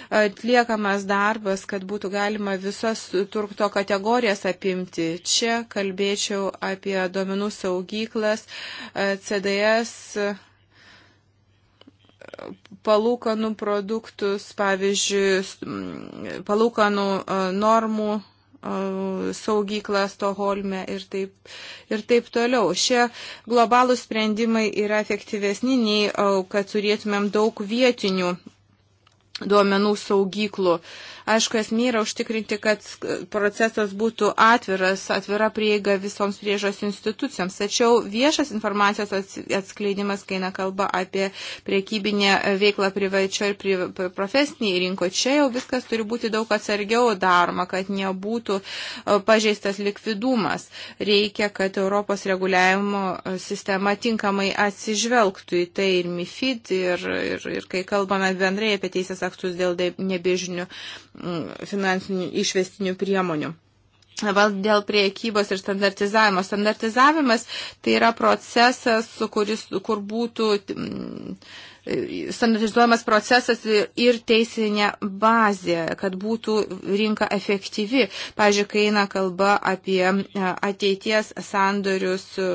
Atliekamas darbas, kad būtų galima visas turkto kategorijas apimti. Čia kalbėčiau apie domenų saugyklas, CDS palūkanų produktus, pavyzdžiui, palūkanų normų saugyklą Stoholme ir taip, ir taip toliau. Šie globalų sprendimai yra efektyvesni nei, kad turėtumėm daug vietinių duomenų saugyklų. Uh, Aišku, esmė yra užtikrinti, kad procesas būtų atviras, atvira prieiga visoms priežos institucijoms. Tačiau viešas informacijos atskleidimas, kai eina kalba apie priekybinę veiklą privačio ir profesinėje rinkoje, čia jau viskas turi būti daug atsargiau daroma, kad nebūtų pažeistas likvidumas. Reikia, kad Europos reguliavimo e, sistema tinkamai atsižvelgtų į tai ir MIFID, ir, ir, ir kai kalbame bendrai apie teisės aktus dėl nebežinių Mm, finansinių išvestinių priemonių. Val dėl priekybos ir standartizavimo. Standartizavimas tai yra procesas, kuris, kur būtų mm, standartizuojamas procesas ir teisinė bazė, kad būtų rinka efektyvi. Pavyzdžiui, kai eina kalba apie e, ateities sandorius, e,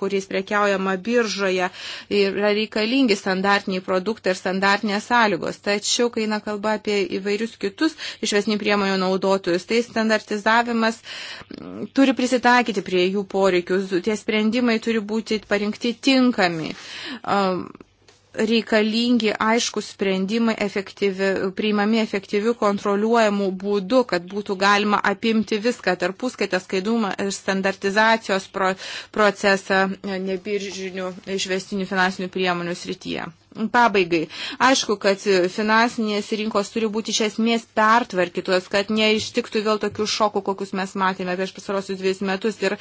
kuriais prekiaujama biržoje, yra reikalingi standartiniai produktai ir standartinės sąlygos. Tačiau, kai eina kalba apie įvairius kitus išvesnių priemonių naudotojus, tai standartizavimas turi prisitaikyti prie jų poreikius, tie sprendimai turi būti parinkti tinkami. Um, reikalingi aiškus sprendimai efektyvi, priimami efektyvių kontroliuojamų būdų, kad būtų galima apimti viską tarpuskaitą skaidumą ir standartizacijos pro, procesą nebiržinių išvestinių finansinių priemonių srityje. Pabaigai. Aišku, kad finansinės rinkos turi būti iš esmės pertvarkytos, kad neištiktų vėl tokių šokų, kokius mes matėme prieš pasarosius dviejus metus ir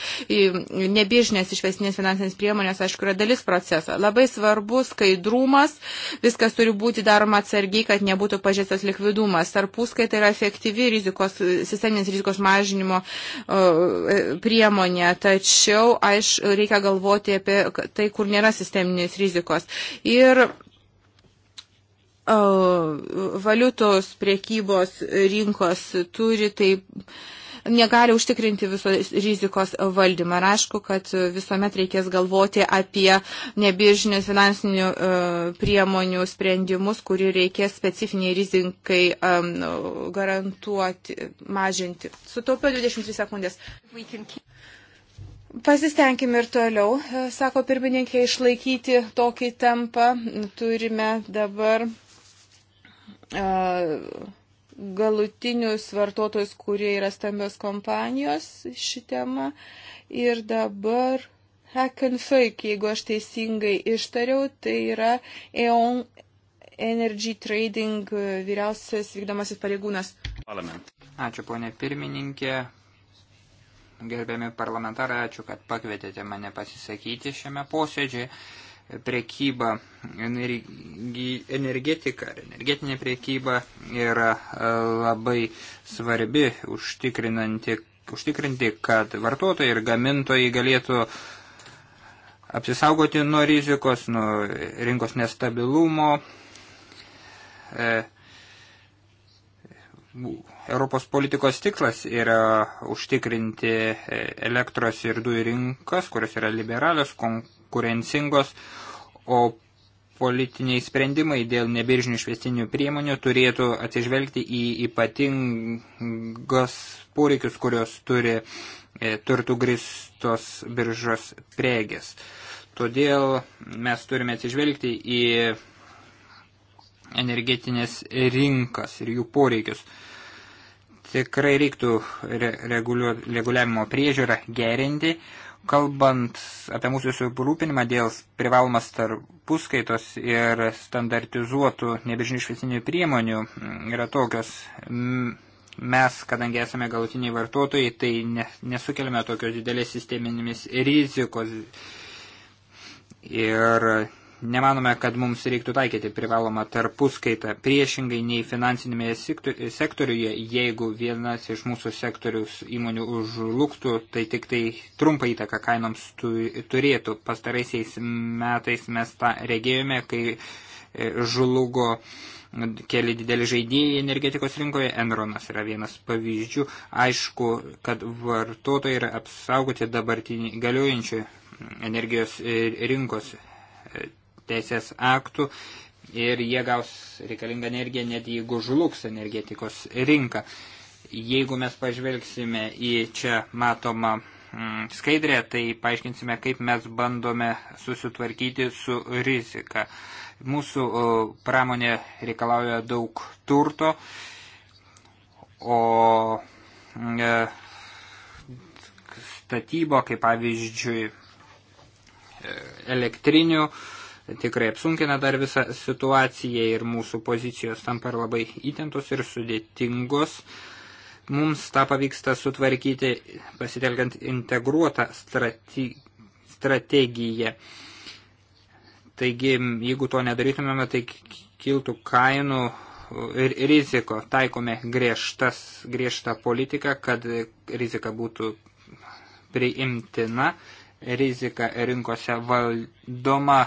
nebiežinės išvesinės finansinės priemonės, aišku, yra dalis proceso. Labai svarbus skaidrumas, viskas turi būti daroma atsargiai, kad nebūtų pažėstas likvidumas. Tarpuskai tai yra efektyvi rizikos, sisteminės rizikos mažinimo e, priemonė, tačiau, aišku, reikia galvoti apie tai, kur nėra sisteminės rizikos. Ir valiutos priekybos rinkos turi taip negali užtikrinti visos rizikos valdymą. Ir aišku, kad visuomet reikės galvoti apie nebiržinius finansinių e, priemonių sprendimus, kurį reikės specifiniai rizikai garantuoti, mažinti. Sutaupiau 23 sekundės. Pasistengime ir toliau, e, sako pirmininkė, išlaikyti tokį tempą. Turime dabar galutinius vartotojus, kurie yra stambios kompanijos ši tema. Ir dabar Hackenfake, jeigu aš teisingai ištariau, tai yra EON Energy Trading e, vyriausias vykdomasis pareigūnas. Parlament. Ačiū, ponė pirmininkė. Gerbiami parlamentarai, ačiū, kad pakvietėte mane pasisakyti šiame posėdžiai prekyba, energetika, energetinė prekyba yra e, labai svarbi užtikrinanti, užtikrinti, kad vartotojai ir gamintojai galėtų apsisaugoti nuo rizikos, nuo rinkos nestabilumo. E, Europos politikos tikslas yra užtikrinti e, elektros ir dujų rinkas, kurios yra liberalios, konkurencingos, o politiniai sprendimai dėl nebiržinių išvestinių priemonių turėtų atsižvelgti į ypatingas poreikius, kurios turi e, turtų gristos biržos priegės. Todėl mes turime atsižvelgti į energetinės rinkas ir jų poreikius. Tikrai reiktų re reguliavimo priežiūrą gerinti, kalbant apie mūsų suprūpinimą dėl privalomas tarpuskaitos ir standartizuotų nebežinių šviesinių priemonių mm, yra tokios. Mm, mes, kadangi esame galutiniai vartotojai, tai ne, nesukeliame tokios didelės sisteminėmis rizikos ir Nemanome, kad mums reiktų taikyti privalomą tarpuskaitą priešingai nei finansinėme sektoriuje. Jeigu vienas iš mūsų sektorius įmonių užluktų, tai tik tai trumpą įtaką kainoms turėtų. Pastaraisiais metais mes tą regėjome, kai e, žlugo keli dideli žaidėjai energetikos rinkoje, Enronas yra vienas pavyzdžių. Aišku, kad vartotojai yra apsaugoti dabartinį galiojančių energijos e, rinkos e, teisės aktų ir jie gaus reikalingą energiją, net jeigu žlugs energetikos rinka. Jeigu mes pažvelgsime į čia matomą mm, skaidrę, tai paaiškinsime, kaip mes bandome susitvarkyti su rizika. Mūsų pramonė reikalauja daug turto, o mm, e, statybo, kaip pavyzdžiui, e, elektrinių, tikrai apsunkina dar visą situaciją ir mūsų pozicijos tampa labai įtentos ir sudėtingos. Mums tą pavyksta sutvarkyti pasitelkiant integruotą strate strategiją. Taigi, jeigu to nedarytumėme, tai kiltų kainų ir riziko. Taikome griežtas, griežtą politiką, kad rizika būtų priimtina, rizika rinkose valdoma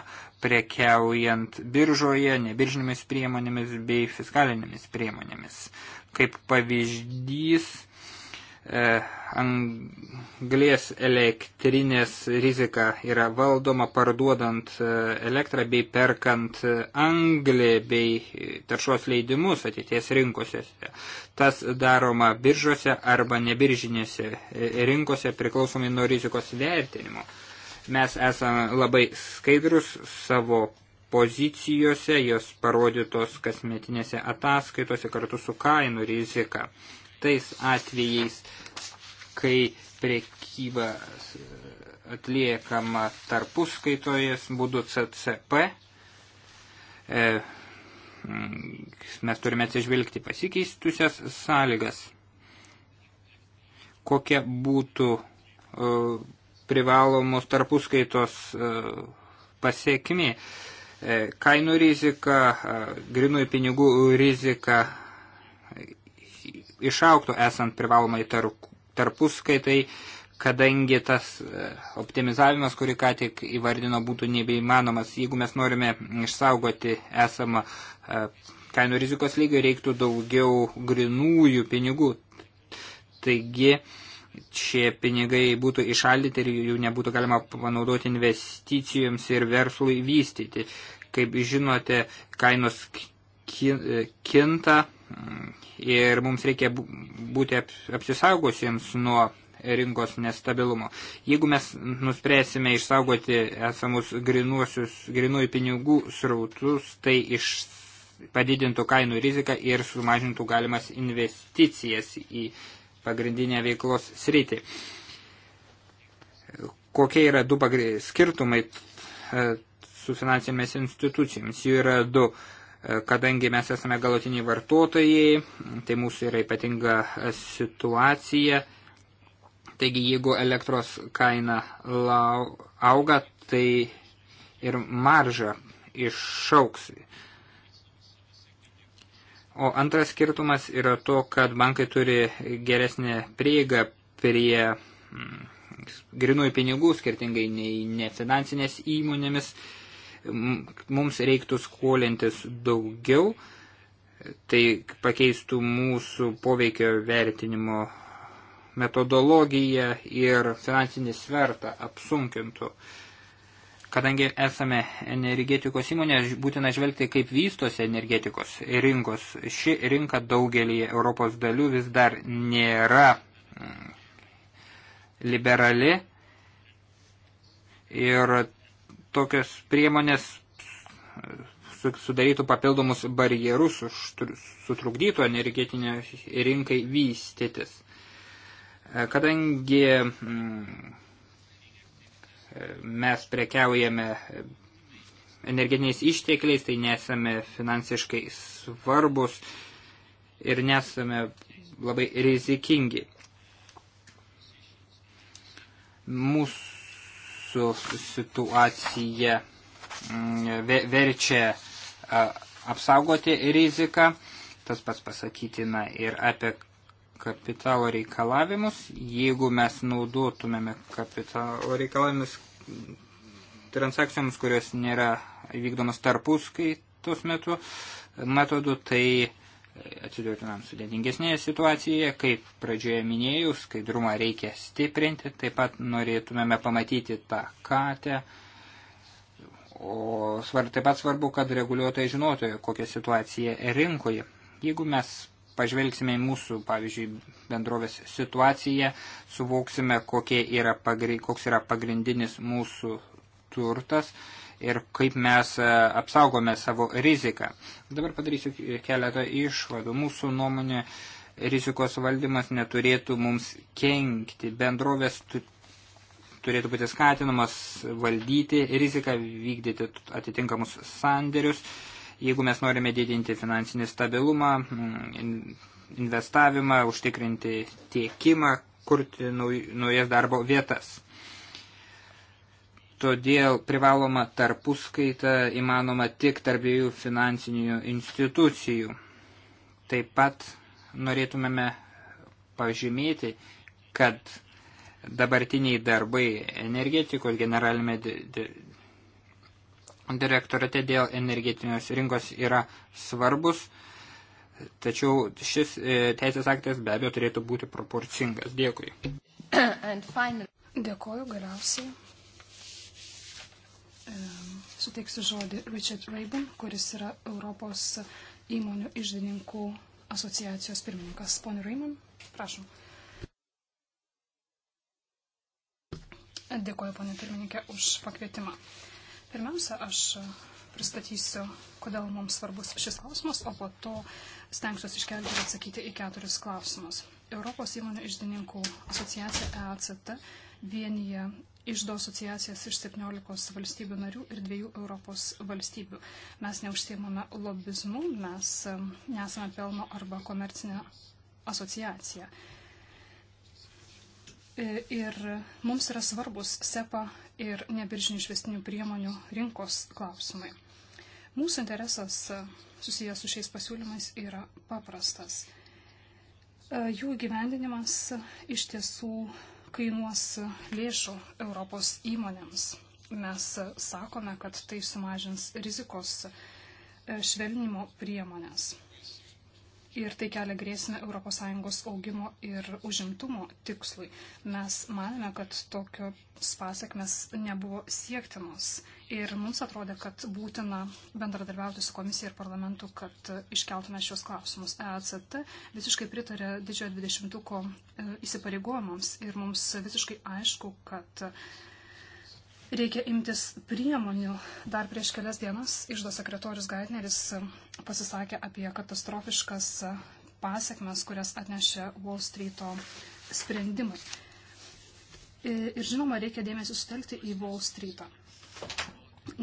prekiaujant biržoje, nebiržinėmis priemonėmis bei fiskalinėmis priemonėmis. Kaip pavyzdys, e, anglės elektrinės rizika yra valdoma parduodant e, elektrą bei perkant e, anglį bei taršos leidimus ateities rinkose. Tas daroma biržose arba nebiržinėse rinkose priklausomai nuo rizikos vertinimo. Mes esame labai skaidrus savo pozicijose, jos parodytos kasmetinėse ataskaitose kartu su kainų rizika. Tais atvejais, kai priekyba atliekama tarpuskaitojas būdu CCP, e, mes turime atsižvelgti pasikeistusias sąlygas. Kokia būtų e, privalomos tarpuskaitos e, pasiekmi. E, kainų rizika, e, grinųjų pinigų rizika išauktų esant privalomai tarpuskaitai, kadangi tas optimizavimas, kurį ką tik įvardino, būtų nebeįmanomas. Jeigu mes norime išsaugoti esamą kainų rizikos lygį, reiktų daugiau grinųjų pinigų. Taigi, šie pinigai būtų išaldyti ir jų nebūtų galima panaudoti investicijoms ir verslui vystyti. Kaip žinote, kainos kinta mm, ir mums reikia būti apsisaugusiems nuo rinkos nestabilumo. Jeigu mes nuspręsime išsaugoti esamus grinųjų pinigų srautus, tai iš padidintų kainų riziką ir sumažintų galimas investicijas į pagrindinę veiklos sritį. Kokie yra du skirtumai e, su finansinėmis institucijomis? Jų yra du e, kadangi mes esame galutiniai vartotojai, tai mūsų yra ypatinga situacija. Taigi, jeigu elektros kaina auga, tai ir marža išauks. O antras skirtumas yra to, kad bankai turi geresnę prieigą prie mm, grinųjų pinigų, skirtingai nei nefinansinės įmonėmis. Mums reiktų skolintis daugiau, tai pakeistų mūsų poveikio vertinimo metodologiją ir finansinį svertą apsunkintų. Uh, Kadangi esame energetikos įmonė, būtina žvelgti, kaip vystosi energetikos rinkos. Ši rinka daugelį Europos dalių vis dar nėra mm, liberali ir tokios priemonės mm, sudarytų papildomus barjerus, sutrukdytų energetinio rinkai vystytis. Kadangi mm, mes prekiaujame energiniais ištekliais, tai nesame finansiškai svarbus ir nesame labai rizikingi. Mūsų situacija mm, verčia apsaugoti riziką, tas pats pasakytina ir apie kapitalo reikalavimus. Jeigu mes naudotumėme kapitalo reikalavimus transakcijoms, kurios nėra vykdomas tarpuskaitos metu, metodu, tai atsidurtumėm sudėtingesnėje situacijoje, kaip pradžioje minėjau, skaidrumą reikia stiprinti, taip pat norėtumėme pamatyti tą katę, o svar, taip pat svarbu, kad reguliuotojai žinotų, kokia situacija rinkoje. Jeigu mes pažvelgsime į mūsų, pavyzdžiui, bendrovės situaciją, suvoksime, yra pagri, koks yra pagrindinis mūsų turtas ir kaip mes e, apsaugome savo riziką. Dabar padarysiu keletą išvadų. Mūsų nuomonė rizikos valdymas neturėtų mums kenkti. Bendrovės turėtų būti skatinamas valdyti riziką, vykdyti atitinkamus sandėrius Jeigu mes norime didinti finansinį stabilumą, mm, investavimą, užtikrinti tiekimą, kurti naujas darbo vietas. Todėl privaloma tarpuskaita įmanoma tik tarp dviejų finansinių institucijų. Taip pat norėtumėme pažymėti, kad dabartiniai darbai energetikos generalinėme direktorate dėl energetinės rinkos yra svarbus, tačiau šis e, teisės aktas be abejo turėtų būti proporcingas. Dėkui. Dėkoju galiausiai. Suteiksiu žodį Richard Rabin, kuris yra Europos įmonių išdininkų asociacijos pirmininkas. Pone Raimon, prašom. Dėkoju, ponė pirmininkė, už pakvietimą. Pirmiausia, aš pristatysiu, kodėl mums svarbus šis klausimas, o po to stengsiuosi iškelti ir atsakyti į keturis klausimus. Europos įmonių išdininkų asociacija EACT vienyje išdo asociacijas iš 17 valstybių narių ir dviejų Europos valstybių. Mes neužsiemame lobizmu, mes nesame pelno arba komercinė asociacija. E, ir mums yra svarbus SEPA ir nebiržinių išvestinių priemonių rinkos klausimai. Mūsų interesas e, susijęs su šiais pasiūlymais yra paprastas. E, jų gyvendinimas iš tiesų kainuos lėšų Europos įmonėms. Mes sakome, kad tai sumažins rizikos švelnimo priemonės ir tai kelia grėsmę ES augimo ir užimtumo tikslui. Mes manėme, kad tokios pasiekmes nebuvo siektinos ir mums atrodė, kad būtina bendradarbiauti su komisija ir parlamentu, kad iškeltume šios klausimus. EACT visiškai pritarė didžiojo dvidešimtuko e, įsipareigojimams ir mums visiškai aišku, kad reikia imtis priemonių. Dar prieš kelias dienas išdo sekretorius Gaitneris pasisakė apie katastrofiškas pasiekmes, kurias atnešė Wall Street'o sprendimai. Ir žinoma, reikia dėmesį sutelkti į Wall Street'ą,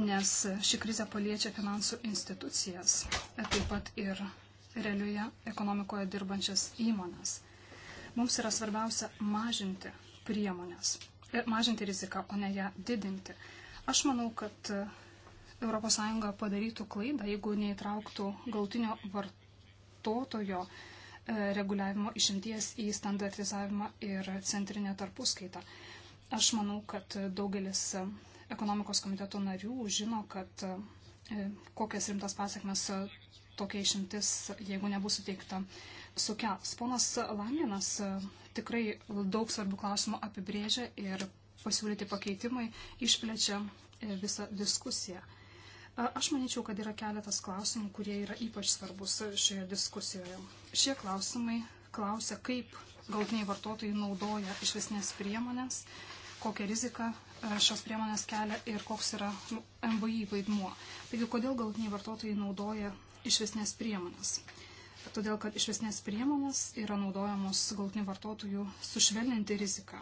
nes ši krizė paliečia finansų institucijas, taip pat ir realioje ekonomikoje dirbančias įmonės. Mums yra svarbiausia mažinti priemonės mažinti riziką, o ne ją didinti. Aš manau, kad ES padarytų klaidą, jeigu neįtrauktų galtinio vartotojo e, reguliavimo išimties į standartizavimą ir centrinę tarpuskaitą. Aš manau, kad daugelis e, ekonomikos komiteto narių žino, kad e, kokias rimtas pasiekmes tokia išimtis, jeigu nebus suteikta sukels. Ponas Langinas e, tikrai daug svarbių klausimų apibrėžia ir pasiūlyti pakeitimai išplečia e, visą diskusiją. E, aš manyčiau, kad yra keletas klausimų, kurie yra ypač svarbus šioje diskusijoje. Šie klausimai klausia, kaip galtiniai vartotojai naudoja išvesnės priemonės, kokią riziką šios priemonės kelia ir koks yra nu, MVI vaidmuo. Taigi, kodėl galtiniai vartotojai naudoja išvesnės priemonės? todėl kad išvesnės priemonės yra naudojamos galtinių vartotojų sušvelninti riziką,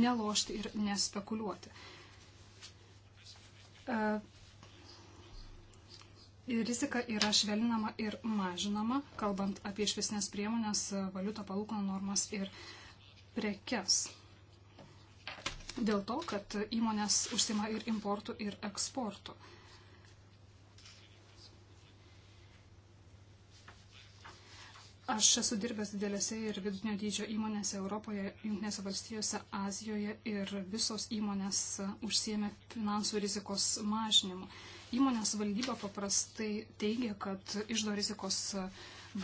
nelošti ir nespekuliuoti. E, ir rizika yra švelninama ir mažinama, kalbant apie išvesnės priemonės, e, valiuto palūkanų normas ir prekes. Dėl to, kad įmonės užsima ir importų, ir eksportų. Aš esu dirbęs didelėse ir vidutinio dydžio įmonėse Europoje, Junktinėse valstijose, Azijoje ir visos įmonės užsiemė finansų rizikos mažinimu. Įmonės valdyba paprastai teigia, kad išdo rizikos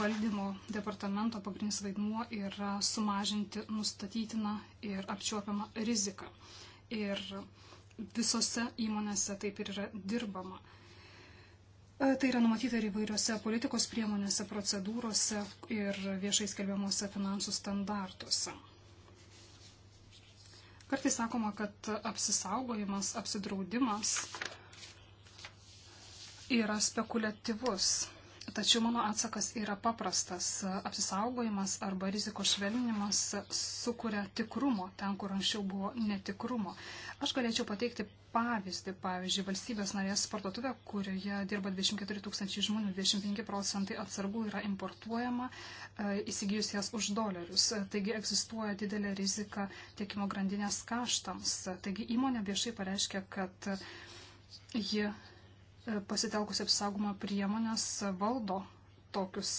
valdymo departamento pagrindinis vaidmuo yra sumažinti nustatytiną ir apčiuopiamą riziką. Ir visose įmonėse taip ir yra dirbama. E, tai yra numatyta ir įvairiose politikos priemonėse, procedūrose ir viešai skelbiamuose finansų standartuose. Kartais sakoma, kad apsisaugojimas, apsidraudimas yra spekuliatyvus Tačiau mano atsakas yra paprastas. Apsisaugojimas arba rizikos švelninimas sukuria tikrumo ten, kur anksčiau buvo netikrumo. Aš galėčiau pateikti pavyzdį, pavyzdžiui, valstybės narės parduotuvė, kurioje dirba 24 tūkstančiai žmonių, 25 procentai atsargų yra importuojama, e, įsigijus jas už dolerius. Taigi egzistuoja didelė rizika tiekimo grandinės kaštams. Taigi įmonė viešai pareiškia, kad ji E, pasitelkus apsaugumo priemonės valdo tokius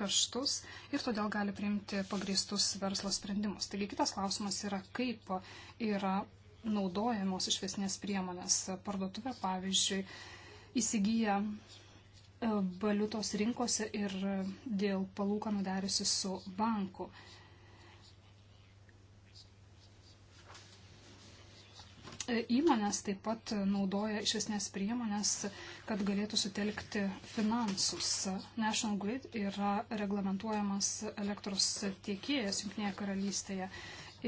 kaštus ir todėl gali priimti pagristus verslo sprendimus. Taigi kitas klausimas yra, kaip yra naudojamos išvesnės priemonės. Parduotuvė, pavyzdžiui, įsigyja e, valiutos rinkose ir e, dėl palūkanų derisi su banku. Įmonės taip pat naudoja iš esmės priemonės, kad galėtų sutelkti finansus. National Grid yra reglamentuojamas elektros tiekėjas Junktinėje karalystėje.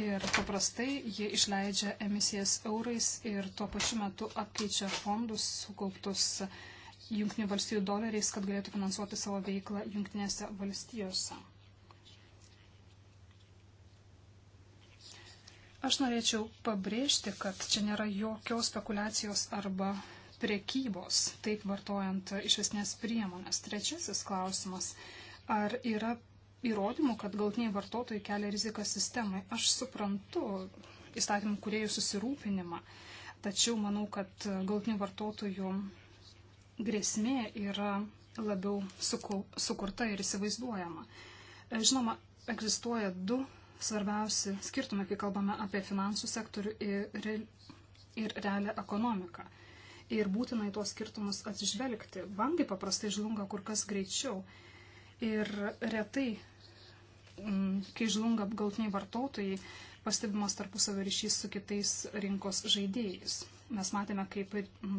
Ir paprastai jie išleidžia emisijas eurais ir tuo pačiu metu apkeičia fondus sukauptus Junktinių valstybių doleriais, kad galėtų finansuoti savo veiklą Junktinėse valstijose. Aš norėčiau pabrėžti, kad čia nėra jokios spekulacijos arba priekybos, taip vartojant išvesnės priemonės. Trečiasis klausimas. Ar yra įrodymų, kad galtiniai vartotojai kelia riziką sistemai? Aš suprantu įstatymų kuriejų susirūpinimą, tačiau manau, kad galtinių vartotojų grėsmė yra labiau suku, sukurta ir įsivaizduojama. Žinoma, egzistuoja du svarbiausi skirtumai, kai kalbame apie finansų sektorių ir, ir realią ekonomiką. Ir būtinai tuos skirtumus atsižvelgti. Bankai paprastai žlunga kur kas greičiau. Ir retai, mm, kai žlunga galtiniai vartotojai, pastebimas tarpusavio ryšys su kitais rinkos žaidėjais. Mes matėme, kaip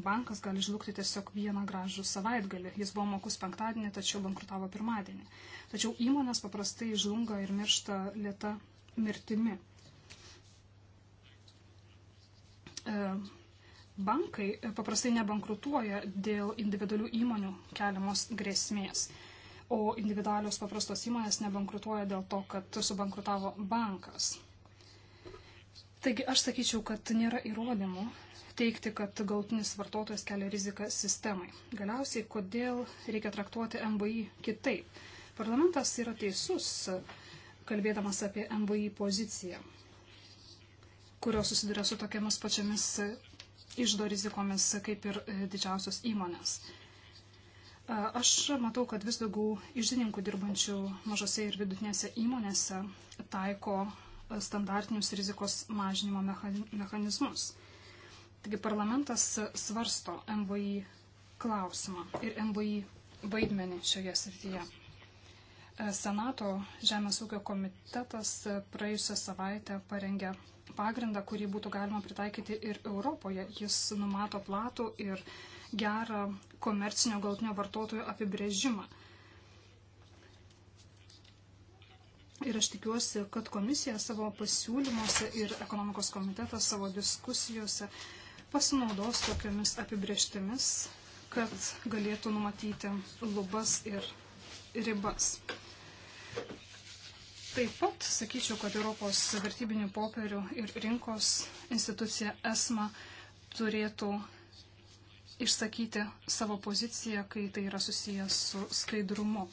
bankas gali žlugti tiesiog vieną gražų savaitgalį. Jis buvo mokus penktadienį, tačiau bankrutavo pirmadienį. Tačiau įmonės paprastai žlunga ir miršta lėta mirtimi. E, bankai paprastai nebankrutuoja dėl individualių įmonių keliamos grėsmės, o individualios paprastos įmonės nebankrutuoja dėl to, kad subankrutavo bankas. Taigi aš sakyčiau, kad nėra įrodymų teikti, kad galtinis vartotojas kelia riziką sistemai. Galiausiai, kodėl reikia traktuoti MBI kitaip? Parlamentas yra teisus kalbėdamas apie MVI poziciją, kurios susiduria su tokiamis pačiamis išdo rizikomis kaip ir e, didžiausios įmonės. Aš matau, kad vis daugiau išdininkų dirbančių mažose ir vidutinėse įmonėse taiko e, standartinius rizikos mažinimo mechanizmus. Taigi parlamentas svarsto MVI klausimą ir MVI vaidmenį šioje srityje. Senato Žemės ūkio komitetas praėjusią savaitę parengė pagrindą, kurį būtų galima pritaikyti ir Europoje. Jis numato platų ir gerą komercinio galtinio vartotojo apibrėžimą. Ir aš tikiuosi, kad komisija savo pasiūlymuose ir ekonomikos komitetas savo diskusijose pasinaudos tokiamis apibrieštimis, kad galėtų numatyti lubas ir ribas. Taip pat sakyčiau, kad Europos vertybinių popierių ir rinkos institucija ESMA turėtų išsakyti savo poziciją, kai tai yra susijęs su skaidrumu.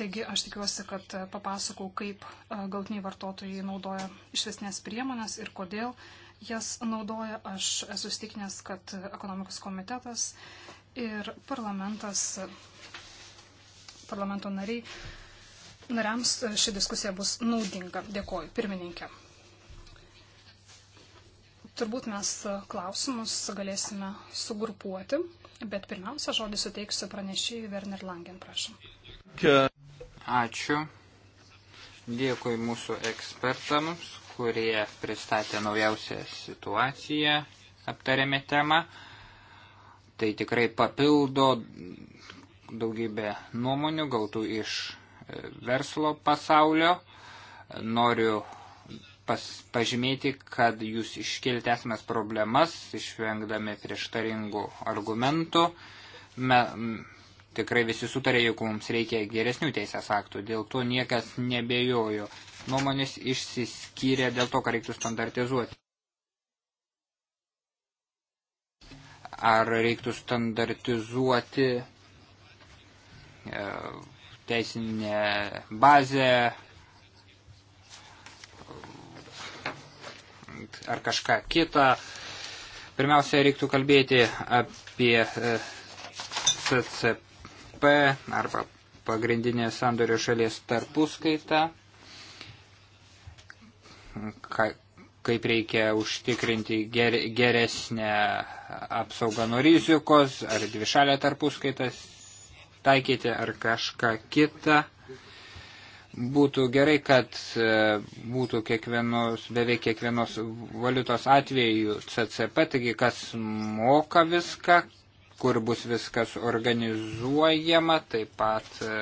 Taigi aš tikiuosi, kad papasakau, kaip e, galtiniai vartotojai naudoja išvesnės priemonės ir kodėl jas naudoja. Aš esu stiknęs, kad ekonomikos komitetas uh, ir parlamentas, parlamento nariai, nariams e, ši diskusija bus naudinga. Dėkoju, pirmininkė. Turbūt mes klausimus galėsime sugrupuoti, bet pirmiausia žodį suteiksiu pranešėjui Werner Langen, prašom. Ačiū. Dėkui mūsų ekspertams, kurie pristatė naujausią situaciją, aptarėme temą. Tai tikrai papildo daugybę nuomonių gautų iš e, verslo pasaulio. Noriu pas, pažymėti, kad jūs iškelti esmės problemas, išvengdami prieštaringų argumentų. Me, tikrai visi sutarė, jog mums reikia geresnių teisės aktų, dėl to niekas nebejojo. Nuomonės išsiskyrė dėl to, ką reiktų standartizuoti. ar reiktų standartizuoti e, teisinę bazę, ar kažką kitą. Pirmiausia, reiktų kalbėti apie e, CCP arba pagrindinė sandorio šalies tarpuskaita, kaip reikia užtikrinti ger, geresnę apsaugą nuo rizikos, ar dvišalę tarpuskaitas taikyti, ar kažką kitą. Būtų gerai, kad e, būtų kiekvienos, beveik kiekvienos valiutos atveju CCP, taigi kas moka viską, kur bus viskas organizuojama, taip pat e,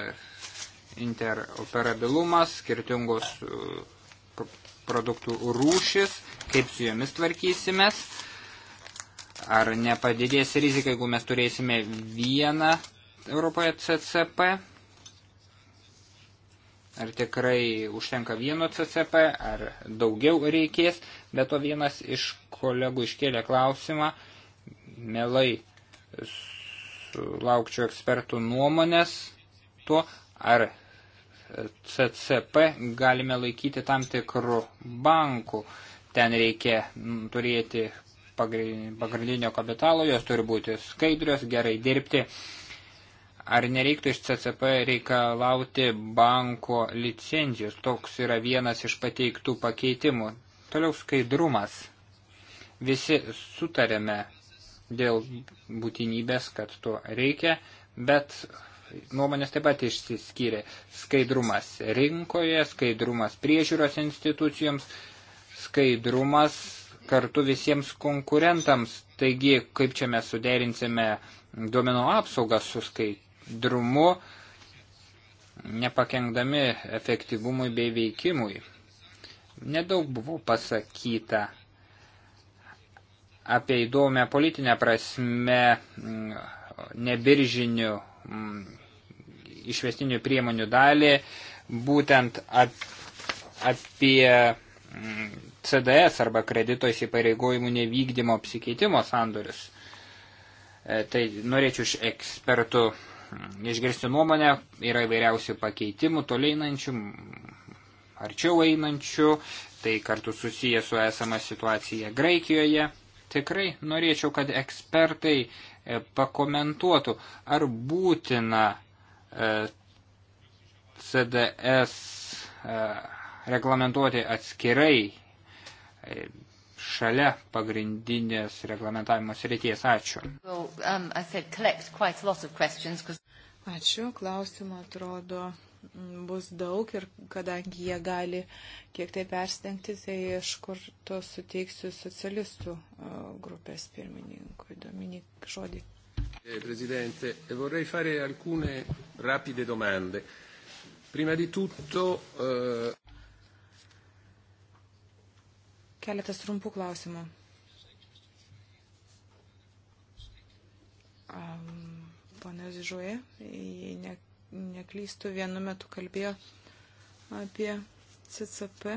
interoperabilumas, skirtingos produktų rūšis, kaip su jomis tvarkysimės, ar nepadidės rizika, jeigu mes turėsime vieną Europoje CCP, ar tikrai užtenka vieno CCP, ar daugiau reikės, bet to vienas iš kolegų iškėlė klausimą, melai laukčiau ekspertų nuomonės tuo, ar CCP galime laikyti tam tikrų bankų. Ten reikia turėti pagrindinio kapitalo, jos turi būti skaidrios, gerai dirbti. Ar nereiktų iš CCP reikalauti banko licenzijos? Toks yra vienas iš pateiktų pakeitimų. Toliau skaidrumas. Visi sutarėme dėl būtinybės, kad to reikia, bet nuomonės taip pat išsiskyrė. Skaidrumas rinkoje, skaidrumas priežiūros institucijoms, skaidrumas kartu visiems konkurentams. Taigi, kaip čia mes suderinsime duomenų apsaugą su skaidrumu, nepakengdami efektyvumui bei veikimui. Nedaug buvo pasakyta apie įdomią politinę prasme mm, nebiržinių mm, išvestinių priemonių dalį, būtent ap, apie mm, CDS arba kredito įsipareigojimų nevykdymo apsikeitimo sandorius. E, tai norėčiau iš ekspertų mm, išgirsti nuomonę, yra įvairiausių pakeitimų, toleinančių, mm, arčiau einančių, tai kartu susiję su esama situacija Graikijoje. Tikrai norėčiau, kad ekspertai e, pakomentuotų, ar būtina E, CDS e, reglamentuoti atskirai e, šalia pagrindinės reglamentavimo srities. Ačiū. Well, um, Ačiū, klausimų atrodo mm, bus daug ir kadangi jie gali kiek tai persitengti, tai aš kur to suteiksiu socialistų grupės pirmininkui. Dominik, žodį. Eh, Presidente, e vorrei fare alcune rapide domande. Prima di tutto. Uh... Keletas trumpų klausimų. Um, Pone Žižuoja, jei ne, neklystų, vienu metu kalbėjo apie CCP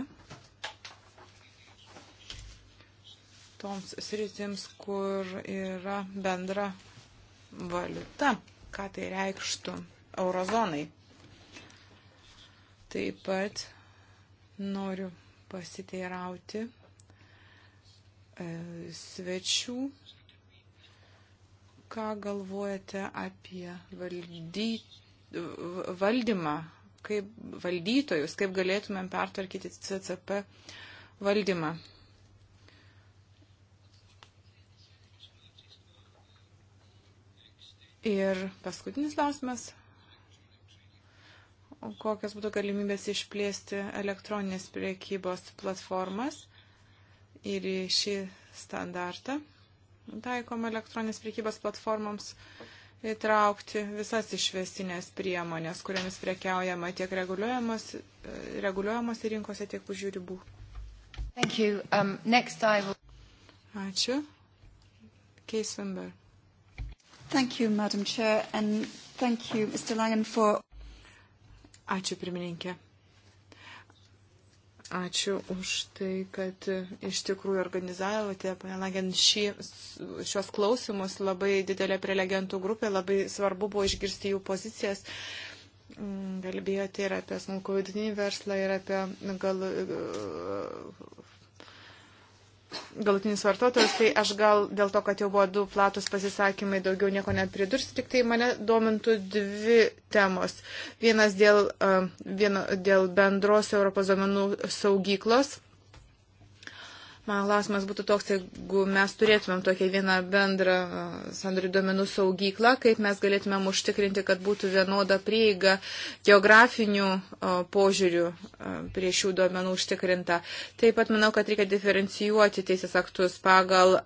toms sritims, kur yra bendra valiuta, ką tai reikštų eurozonai. Taip pat noriu pasiteirauti e, svečių, ką galvojate apie valdy, valdymą, kaip valdytojus, kaip galėtumėm pertvarkyti CCP valdymą. Ir paskutinis klausimas. Kokios būtų galimybės išplėsti elektroninės priekybos platformas ir šį standartą taikom elektroninės priekybos platformoms įtraukti visas išvestinės priemonės, kuriamis prekiaujama tiek reguliuojamose rinkose, tiek už jų ribų. Um, will... Ačiū. Keisvenberg. Thank you, Madam Chair, and thank you, Mr. Langen, for. Ačiū, pirmininkė. Ačiū už tai, kad iš tikrųjų organizavote, pane Lagen, šį, šios klausimus. Labai didelė prelegentų grupė, labai svarbu buvo išgirsti jų pozicijas. Galbėjote mm, ir apie smulkų vidinį verslą, ir apie gal, galutinis vartotojas, tai aš gal dėl to, kad jau buvo du platus pasisakymai, daugiau nieko net pridursiu, tik tai mane domintų dvi temos. Vienas dėl, uh, vieno, dėl bendros Europos domenų saugyklos Man klausimas būtų toks, jeigu mes turėtumėm tokią vieną bendrą sandorių duomenų saugyklą, kaip mes galėtumėm užtikrinti, kad būtų vienoda prieiga geografinių požiūrių prie šių duomenų užtikrinta. Taip pat manau, kad reikia diferencijuoti teisės aktus pagal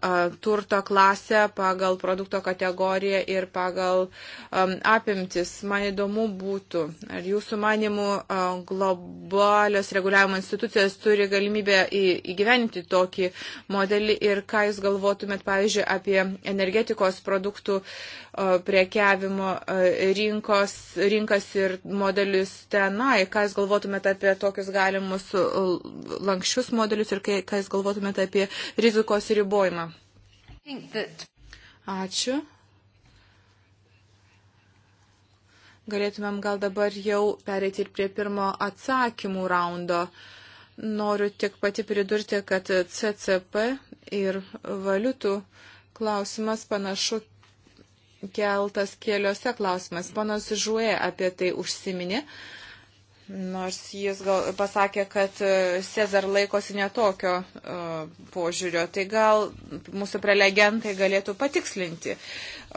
turto klasę, pagal produkto kategoriją ir pagal apimtis. Man įdomu būtų, ar jūsų manimų globalios reguliavimo institucijos turi galimybę įgyveninti to tokį modelį ir ką jūs galvotumėt, pavyzdžiui, apie energetikos produktų priekiavimo rinkos, rinkas ir modelius tenai, ką jūs galvotumėt apie tokius galimus lankščius modelius ir ką jūs galvotumėt apie rizikos ribojimą. Ačiū. galėtumėm gal dabar jau pereiti ir prie pirmo atsakymų raundo. Uh, Noriu tik pati pridurti, kad CCP ir valiutų klausimas panašu keltas keliose klausimas. Panas Žuoja apie tai užsiminė. Uh, Nors jis gal, pasakė, kad e, Cezar laikosi netokio uh, e, požiūrio, tai gal mūsų prelegentai galėtų patikslinti,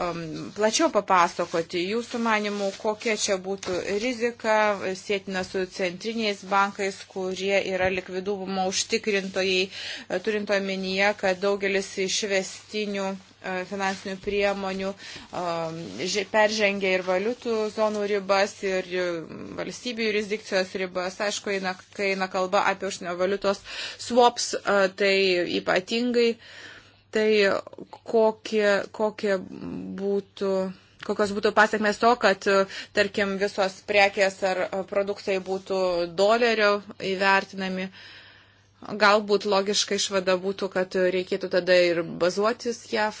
um, plačiau papasakoti jūsų manimų, kokia čia būtų rizika sėtina su centriniais bankais, kurie yra likvidumo užtikrintojai, e, turint omenyje, kad daugelis išvestinių uh, E, finansinių priemonių, e, peržengia ir valiutų zonų ribas, ir e, valstybių jurisdikcijos ribas. Aišku, eina, kai eina kalba apie užsienio valiutos swaps, tai ypatingai, tai kokie, kokie būtų kokios būtų pasiekmes to, kad, tarkim, visos prekės ar produktai būtų dolerio įvertinami. Uh, Galbūt logiška išvada būtų, kad reikėtų tada ir bazuotis JAV.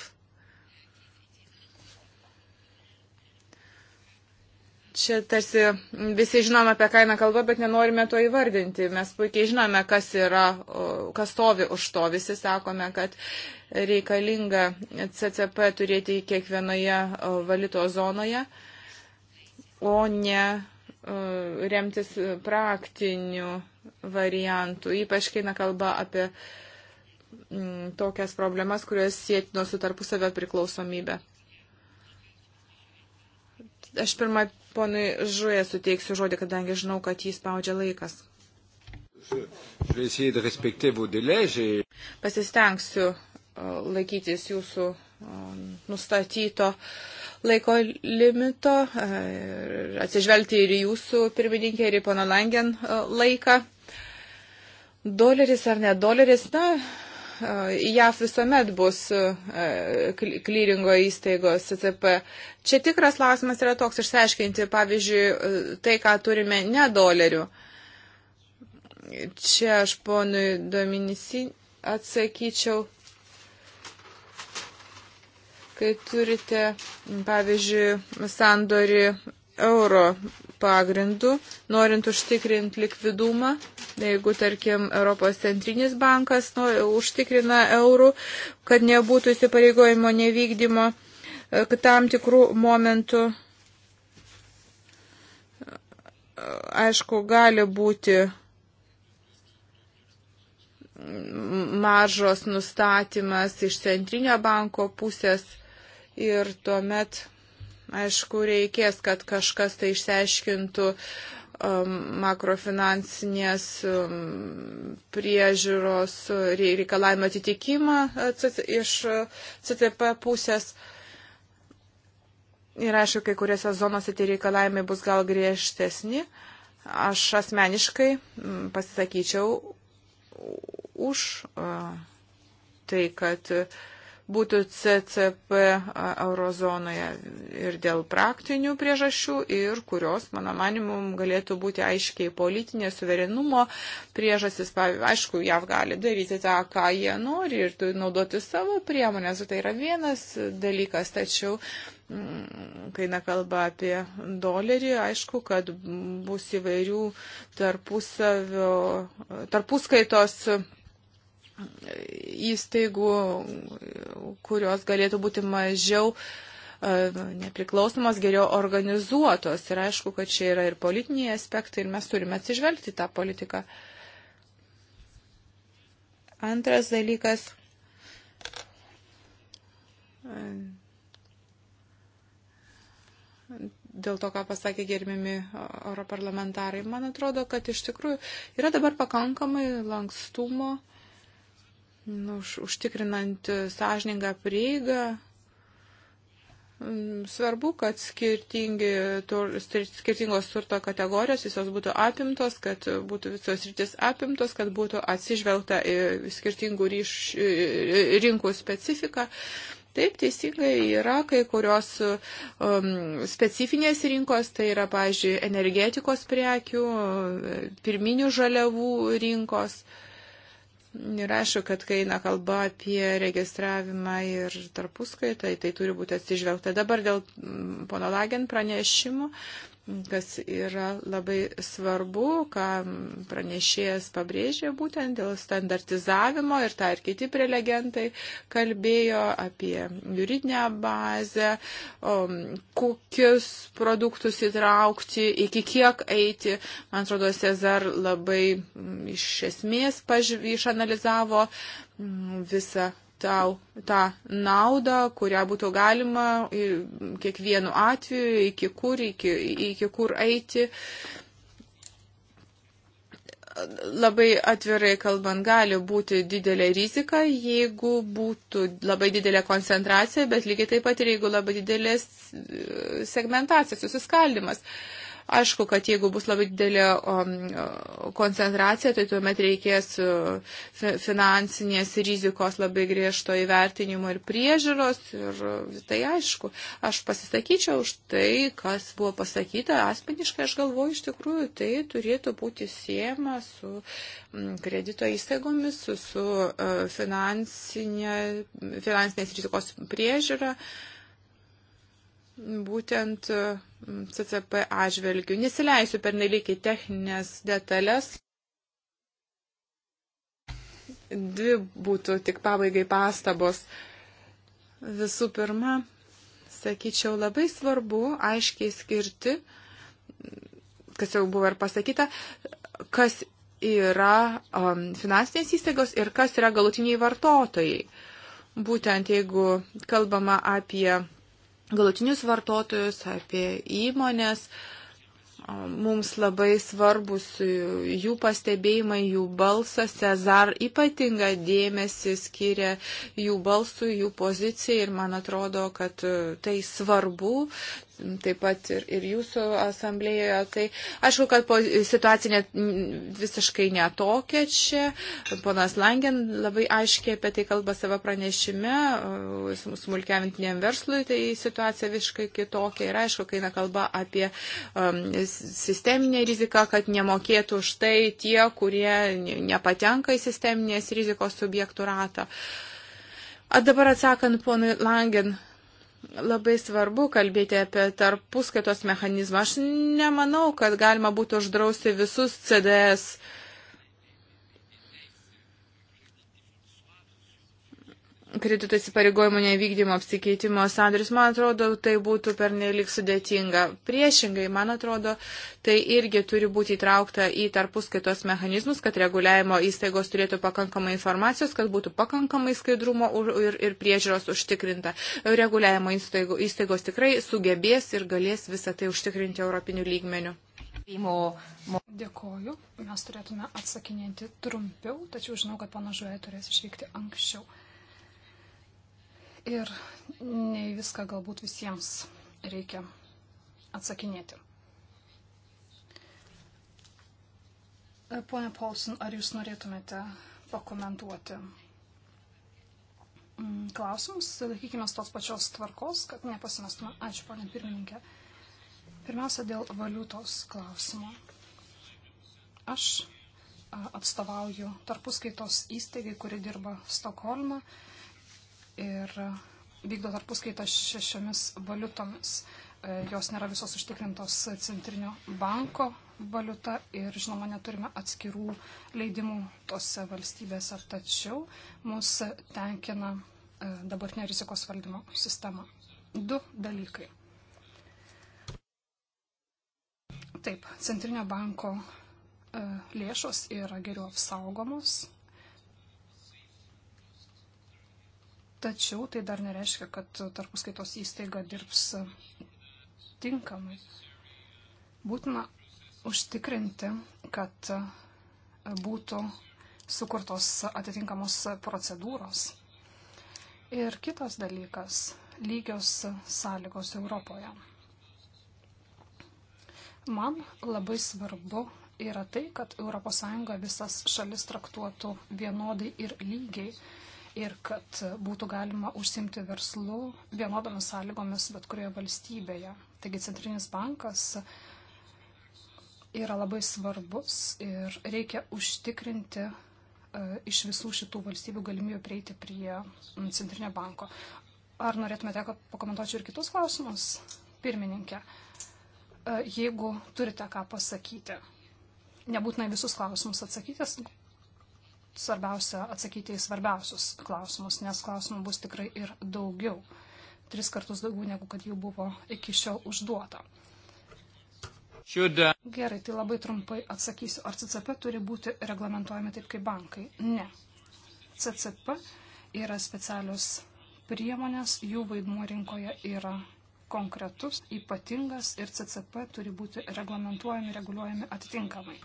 Čia tarsi visi žinome, apie ką eina kalba, bet nenorime to įvardinti. Mes puikiai žinome, kas yra, kas stovi už to. Visi sakome, kad reikalinga CCP turėti kiekvienoje valito zonoje, o ne E, remtis praktiniu variantu, ypač kai nekalba apie mm, tokias problemas, kurios sėtino su tarpusavio priklausomybė. Aš pirmą ponui Žuoje suteiksiu žodį, kadangi žinau, kad jį spaudžia laikas. Pasistengsiu e, laikytis jūsų e, nustatyto uh, laiko limito, e, atsižvelgti ir jūsų pirmininkė, ir į pono Langen e, laiką. Doleris ar ne doleris, na, e, JAF visuomet bus klyringo įstaigos CCP. Čia tikras klausimas yra toks išsiaiškinti, pavyzdžiui, tai, ką turime ne dolerių. Čia aš ponui Dominisi atsakyčiau Kai turite, pavyzdžiui, sandori euro pagrindu, norint užtikrinti likvidumą, jeigu, tarkim, Europos centrinis bankas nu, užtikrina eurų, kad nebūtų įsipareigojimo nevykdymo e, tam tikrų momentų, e, aišku, gali būti maržos nustatymas iš centrinio banko pusės ir tuomet, aišku, reikės, kad kažkas tai išsiaiškintų um, makrofinansinės um, priežiūros reikalavimo atitikimą uh, iš uh, CTP pusės. Ir aišku, kai kuriuose zonose tie reikalavimai bus gal griežtesni. Aš asmeniškai mm, pasisakyčiau už uh, tai, kad uh, būtų CCP eurozonoje ir dėl praktinių priežasčių, ir kurios, mano manimum, galėtų būti aiškiai politinė suverenumo priežasis. Aišku, JAV gali daryti tą, ką jie nori ir naudoti savo priemonės, tai yra vienas dalykas, tačiau mm, kai nekalba apie dolerį, aišku, kad bus įvairių tarpusavio, tarpuskaitos įstaigų, kurios galėtų būti mažiau e, nepriklausomos, geriau organizuotos. Ir aišku, kad čia yra ir politiniai aspektai ir mes turime atsižvelgti tą politiką. Antras dalykas. Dėl to, ką pasakė gerbimi europarlamentarai, man atrodo, kad iš tikrųjų yra dabar pakankamai lankstumo uh, nu, užtikrinant sąžiningą prieigą mm, Svarbu, kad tur, skirtingos turto kategorijos visos būtų apimtos, kad būtų visos rytis apimtos, kad būtų atsižvelgta į skirtingų ryš, rinkų specifiką. Taip, teisingai yra kai kurios um, specifinės rinkos, tai yra, pažiūrėjau, energetikos prekių, pirminių žaliavų rinkos. Uh, Ir aišku, kad kai eina kalba apie registravimą ir tarpuskaitą, tai turi būti atsižvelgta. Dabar dėl mm, pono Lagen pranešimų kas yra labai svarbu, ką pranešėjas pabrėžė būtent dėl standartizavimo ir tą ir kiti prelegentai kalbėjo apie juridinę bazę, kokius produktus įtraukti, iki kiek eiti. Man atrodo, Cezar labai iš esmės paž... išanalizavo visą tau tą naudą, kurią būtų galima kiekvienu atveju, iki kur, iki, iki kur eiti. Labai atvirai kalbant, gali būti didelė rizika, jeigu būtų labai didelė koncentracija, bet lygiai taip pat ir jeigu labai didelės e, segmentacija, susiskaldimas. Uh, Aišku, kad jeigu bus labai didelė um, koncentracija, tai tuomet reikės uh, finansinės rizikos labai griežto įvertinimo ir priežiūros. Ir uh, tai aišku, aš pasisakyčiau už tai, kas buvo pasakyta. Asmeniškai aš galvoju, iš tikrųjų, tai turėtų būti siejama su mm, kredito įstaigomis, su, su uh, finansinė, finansinės rizikos priežiūra. Uh, būtent mm, CCP atžvelgiu. Nesileisiu per nelikį techninės detalės. Dvi būtų tik pabaigai pastabos. Visų pirma, sakyčiau, labai svarbu aiškiai skirti, kas jau buvo ir pasakyta, kas yra um, finansinės įstaigos ir kas yra galutiniai vartotojai. Būtent jeigu kalbama apie galutinius vartotojus, apie įmonės. Mums labai svarbus jų pastebėjimai, jų balsas. Cezar ypatinga dėmesį skiria jų balsui, jų pozicijai ir man atrodo, kad tai svarbu taip pat ir, ir jūsų asamblėjoje. Tai aišku, kad po, situacija net, visiškai netokia čia. Ponas Langen labai aiškiai apie tai kalba savo pranešime, smulkiavintiniam verslui, tai situacija visiškai kitokia. Ir aišku, kai eina kalba apie um, sisteminę riziką, kad nemokėtų už tai tie, kurie nepatenka į sisteminės rizikos subjektų ratą. A dabar atsakant ponui Langen, labai svarbu kalbėti apie tarpuskaitos mechanizmą. Aš nemanau, kad galima būtų uždrausti visus CDS kredito įsipareigojimo nevykdymo apsikeitimo sandoris, man atrodo, tai būtų pernelik sudėtinga. Priešingai, man atrodo, tai irgi turi būti įtraukta į tarpuskaitos mechanizmus, kad reguliavimo įstaigos turėtų pakankamai informacijos, kad būtų pakankamai skaidrumo ir, ir priežiūros užtikrinta. Reguliavimo įstaigos, įstaigos tikrai sugebės ir galės visą tai užtikrinti europinių lygmenių. Dėkoju. Mes turėtume atsakinėti trumpiau, tačiau žinau, kad panažuoja turės išvykti anksčiau ir ne viską galbūt visiems reikia atsakinėti. Pone Paulson, ar jūs norėtumėte pakomentuoti mm, klausimus? Laikykime tos pačios tvarkos, kad nepasimestume. Ačiū, ponė pirmininkė. Pirmiausia, dėl valiutos klausimo. Aš atstovauju tarpuskaitos įstaigai, kuri dirba Stokholmą ir vykdo tarpuskaitą šešiomis valiutomis. E, jos nėra visos užtikrintos centrinio banko valiuta ir, žinoma, neturime atskirų leidimų tose valstybėse, tačiau mus tenkina e, dabartinė rizikos valdymo sistema. Du dalykai. Taip, centrinio banko e, lėšos yra geriau apsaugomos Tačiau tai dar nereiškia, kad tarpuskaitos įstaiga dirbs tinkamai. Būtina užtikrinti, kad būtų sukurtos atitinkamos procedūros. Ir kitas dalykas - lygios sąlygos Europoje. Man labai svarbu yra tai, kad ES visas šalis traktuotų vienodai ir lygiai ir kad būtų galima užsimti verslu vienodomis sąlygomis bet kurioje valstybėje. Taigi Centrinis bankas yra labai svarbus ir reikia užtikrinti e, iš visų šitų valstybių galimybių prieiti prie Centrinio banko. Ar norėtumėte, kad pakomentuočiau ir kitus klausimus, pirmininkė? E, jeigu turite ką pasakyti nebūtinai visus klausimus atsakyti, svarbiausia atsakyti į svarbiausius klausimus, nes klausimų bus tikrai ir daugiau. Tris kartus daugiau negu kad jų buvo iki šiol užduota. Uh, Gerai, tai labai trumpai atsakysiu. Ar CCP turi būti reglamentojami taip kaip bankai? Ne. CCP yra specialios priemonės, jų vaidmuo rinkoje yra konkretus, ypatingas ir CCP turi būti reglamentuojami, reguliuojami atitinkamai.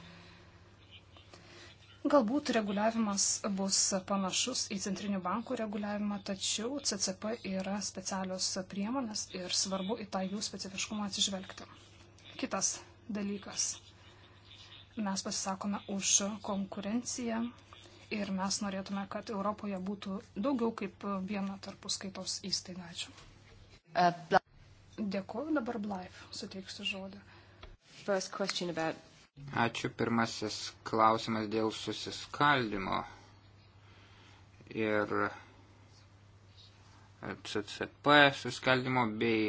Galbūt reguliavimas bus panašus į centrinių bankų reguliavimą, tačiau CCP yra specialios priemonės ir svarbu į tą jų specifiškumą atsižvelgti. Kitas dalykas. Mes pasisakome už konkurenciją ir mes norėtume, kad Europoje būtų daugiau kaip viena tarpuskaitos įstaiga. Ačiū. Uh, Dėkuoju dabar Blaif, suteiksiu žodį. First question about Ačiū. Pirmasis klausimas dėl susiskaldimo ir CCP susiskaldimo bei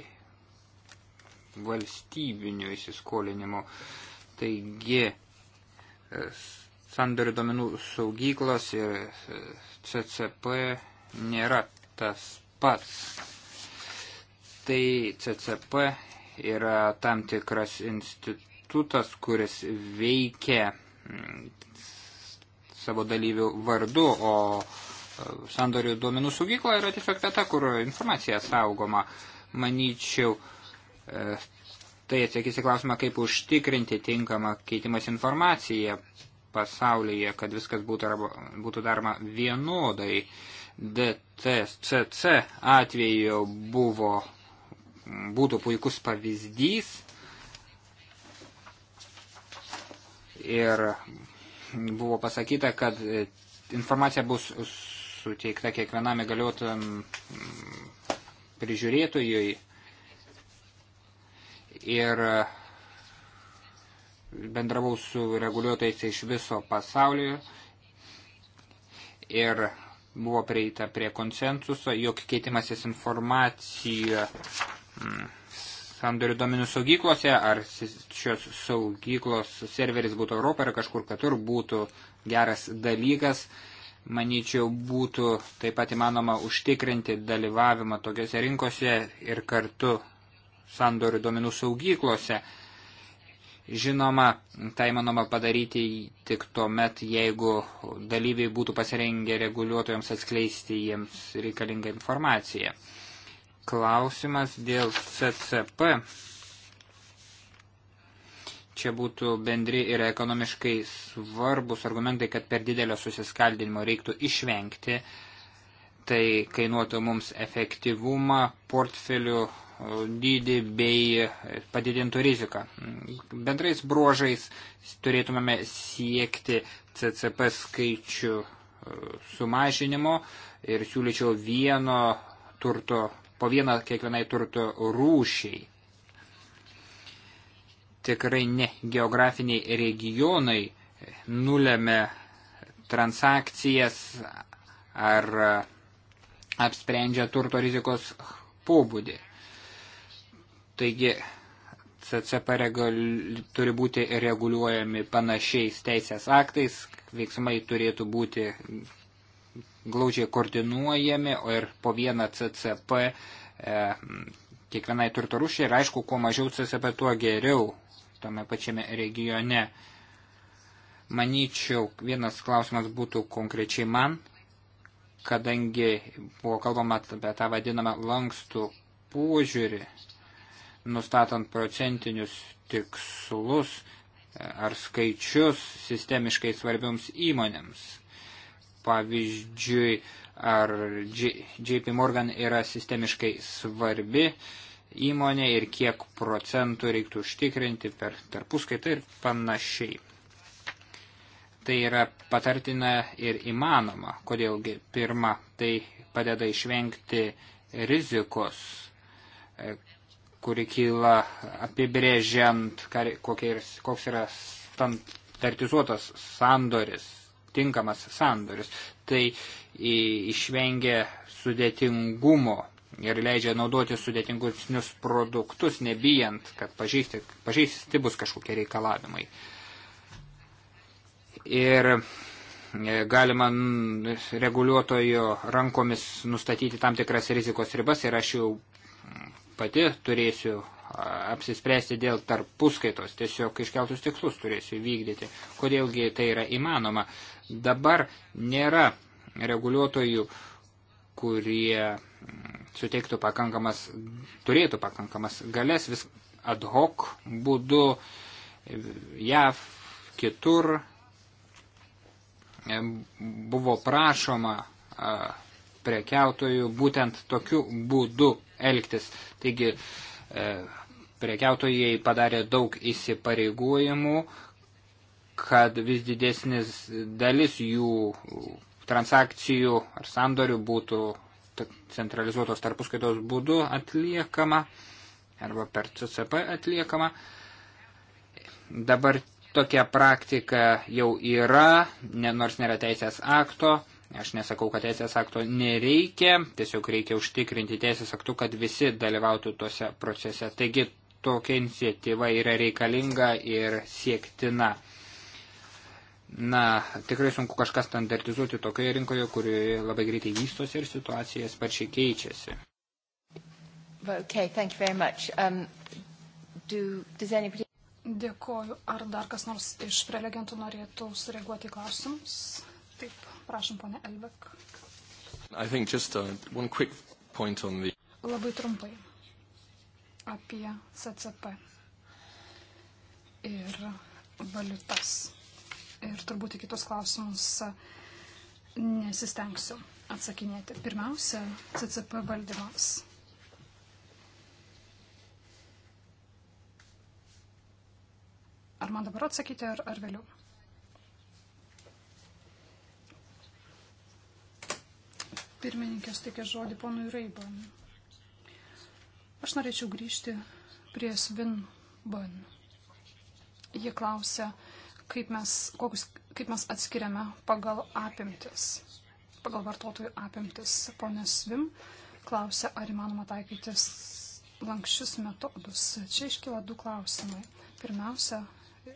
valstybinių įsiskolinimų. Taigi, sandorių domenų saugyklos ir CCP nėra tas pats. Tai CCP yra tam tikras institutas statutas, kuris veikia mm, savo dalyvių vardu, o e, sandorių duomenų saugykla yra tiesiog vieta, kur informacija saugoma. Manyčiau, e, tai atsakys į klausimą, kaip užtikrinti tinkamą keitimas informaciją pasaulyje, kad viskas būtų, arba, būtų daroma vienodai. DTCC atveju buvo, būtų puikus pavyzdys, ir buvo pasakyta, kad informacija bus suteikta kiekvienam įgaliotam prižiūrėtojui ir bendravau su reguliuotojais iš viso pasaulio ir buvo prieita prie konsensuso, jog keitimasis informacija mm, sandorių domenų saugyklose, ar šios saugyklos serveris būtų Europoje ar kažkur kitur būtų geras dalykas. Manyčiau, būtų taip pat įmanoma užtikrinti dalyvavimą tokiuose rinkose ir kartu sandorių domenų saugyklose. Žinoma, tai manoma padaryti tik tuo met, jeigu dalyviai būtų pasirengę reguliuotojams atskleisti jiems reikalingą informaciją klausimas dėl CCP. Čia būtų bendri ir ekonomiškai svarbus argumentai, kad per didelio susiskaldinimo reiktų išvengti. Tai kainuotų mums efektyvumą, portfelių e, dydį bei padidintų riziką. Bendrais bruožais turėtumėme siekti CCP skaičių e, sumažinimo ir siūlyčiau vieno turto po vieną kiekvienai turto rūšiai. Tikrai ne geografiniai regionai nulėmė transakcijas ar apsprendžia turto rizikos pobūdį. Taigi CCP regali, turi būti reguliuojami panašiais teisės aktais, veiksmai turėtų būti glaužiai koordinuojami, o ir po vieną CCP e, kiekvienai turto rūšiai ir aišku, kuo mažiau CCP, tuo geriau tame pačiame regione. Manyčiau, vienas klausimas būtų konkrečiai man, kadangi buvo kalbama apie tą vadinamą lankstų požiūrį, nustatant procentinius tikslus e, ar skaičius sistemiškai svarbioms įmonėms pavyzdžiui, ar JP Morgan yra sistemiškai svarbi įmonė ir kiek procentų reiktų užtikrinti per tarpuskaitą ir panašiai. Tai yra patartina ir įmanoma. Kodėlgi pirma, tai padeda išvengti rizikos, e, kuri kyla apibrėžiant, koks yra standartizuotas sandoris tinkamas sandoris. Tai išvengia sudėtingumo ir leidžia naudoti sudėtingus produktus, nebijant, kad pažeisti, pažeisti bus kažkokie reikalavimai. Ir e, galima reguliuotojo rankomis nustatyti tam tikras rizikos ribas ir aš jau pati turėsiu apsispręsti dėl tarpuskaitos, tiesiog iškeltus tikslus turėsiu vykdyti. Kodėlgi tai yra įmanoma? Dabar nėra reguliuotojų, kurie suteiktų pakankamas, turėtų pakankamas galės vis ad hoc būdu JAV kitur buvo prašoma prekiautojų būtent tokiu būdu elgtis. Taigi e, prekiautojai padarė daug įsipareigojimų, kad vis didesnis dalis jų transakcijų ar sandorių būtų centralizuotos tarpuskaitos būdu atliekama arba per CCP atliekama. Dabar tokia praktika jau yra, ne, nors nėra teisės akto. Aš nesakau, kad teisės akto nereikia, tiesiog reikia užtikrinti teisės aktų, kad visi dalyvautų tuose procese. Taigi tokia iniciatyva yra reikalinga ir siektina. Na, tikrai sunku kažką standartizuoti tokioje rinkoje, kurioje labai greitai vystosi ir situacija sparčiai keičiasi. Okay, thank you very much. Um, do, does anybody... Dėkoju. Ar dar kas nors iš prelegentų norėtų sureaguoti klausimus? Taip, prašom, ponė Elbek. Just, uh, the... Labai trumpai apie CCP ir valiutas ir turbūt į kitus klausimus e, nesistengsiu atsakinėti. Pirmiausia, CCP valdymas. Ar man dabar atsakyti, ar, ar vėliau? Pirmininkės teikia žodį ponui Reiban. Aš norėčiau grįžti prie Svinban. Jie klausia, kaip mes, kokius, kaip mes atskiriame pagal apimtis, pagal vartotojų apimtis. Pone Svim klausė, ar įmanoma taikytis lankščius metodus. Čia iškyla du klausimai. Pirmiausia,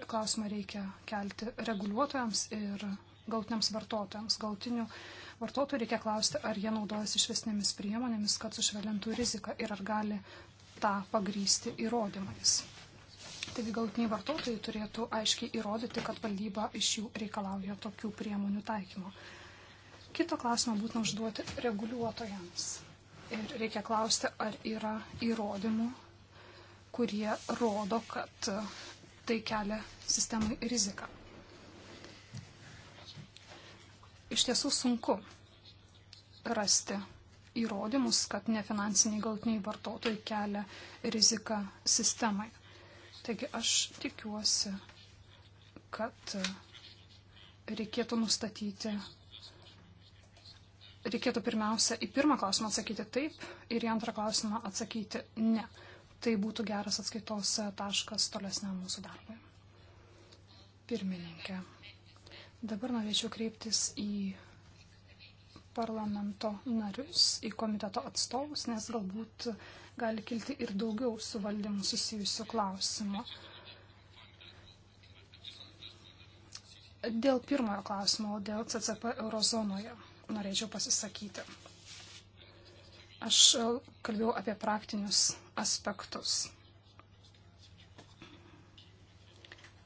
klausimą reikia kelti reguliuotojams ir gautiniams vartotojams. Gautinių vartotojų reikia klausti, ar jie naudojasi išvesnėmis priemonėmis, kad sušvelintų riziką ir ar gali tą pagrysti įrodymais. Taigi galutiniai vartotojai turėtų aiškiai įrodyti, kad valdyba iš jų reikalauja tokių priemonių taikymo. Kito klausimo būtina užduoti reguliuotojams. Ir reikia klausti, ar yra įrodymų, kurie rodo, kad tai kelia sistemai riziką. Iš tiesų sunku rasti įrodymus, kad nefinansiniai galtiniai vartotojai kelia riziką sistemai. Taigi aš tikiuosi, kad reikėtų nustatyti, reikėtų pirmiausia į pirmą klausimą atsakyti taip ir į antrą klausimą atsakyti ne. Tai būtų geras atskaitos taškas tolesniam mūsų darbui. Pirmininkė. Dabar norėčiau kreiptis į parlamento narius, į komiteto atstovus, nes galbūt uh, gali kilti ir daugiau su valdymu susijusių klausimų. Dėl pirmojo klausimo, dėl CCP eurozonoje norėčiau pasisakyti. Aš e, kalbėjau apie praktinius aspektus.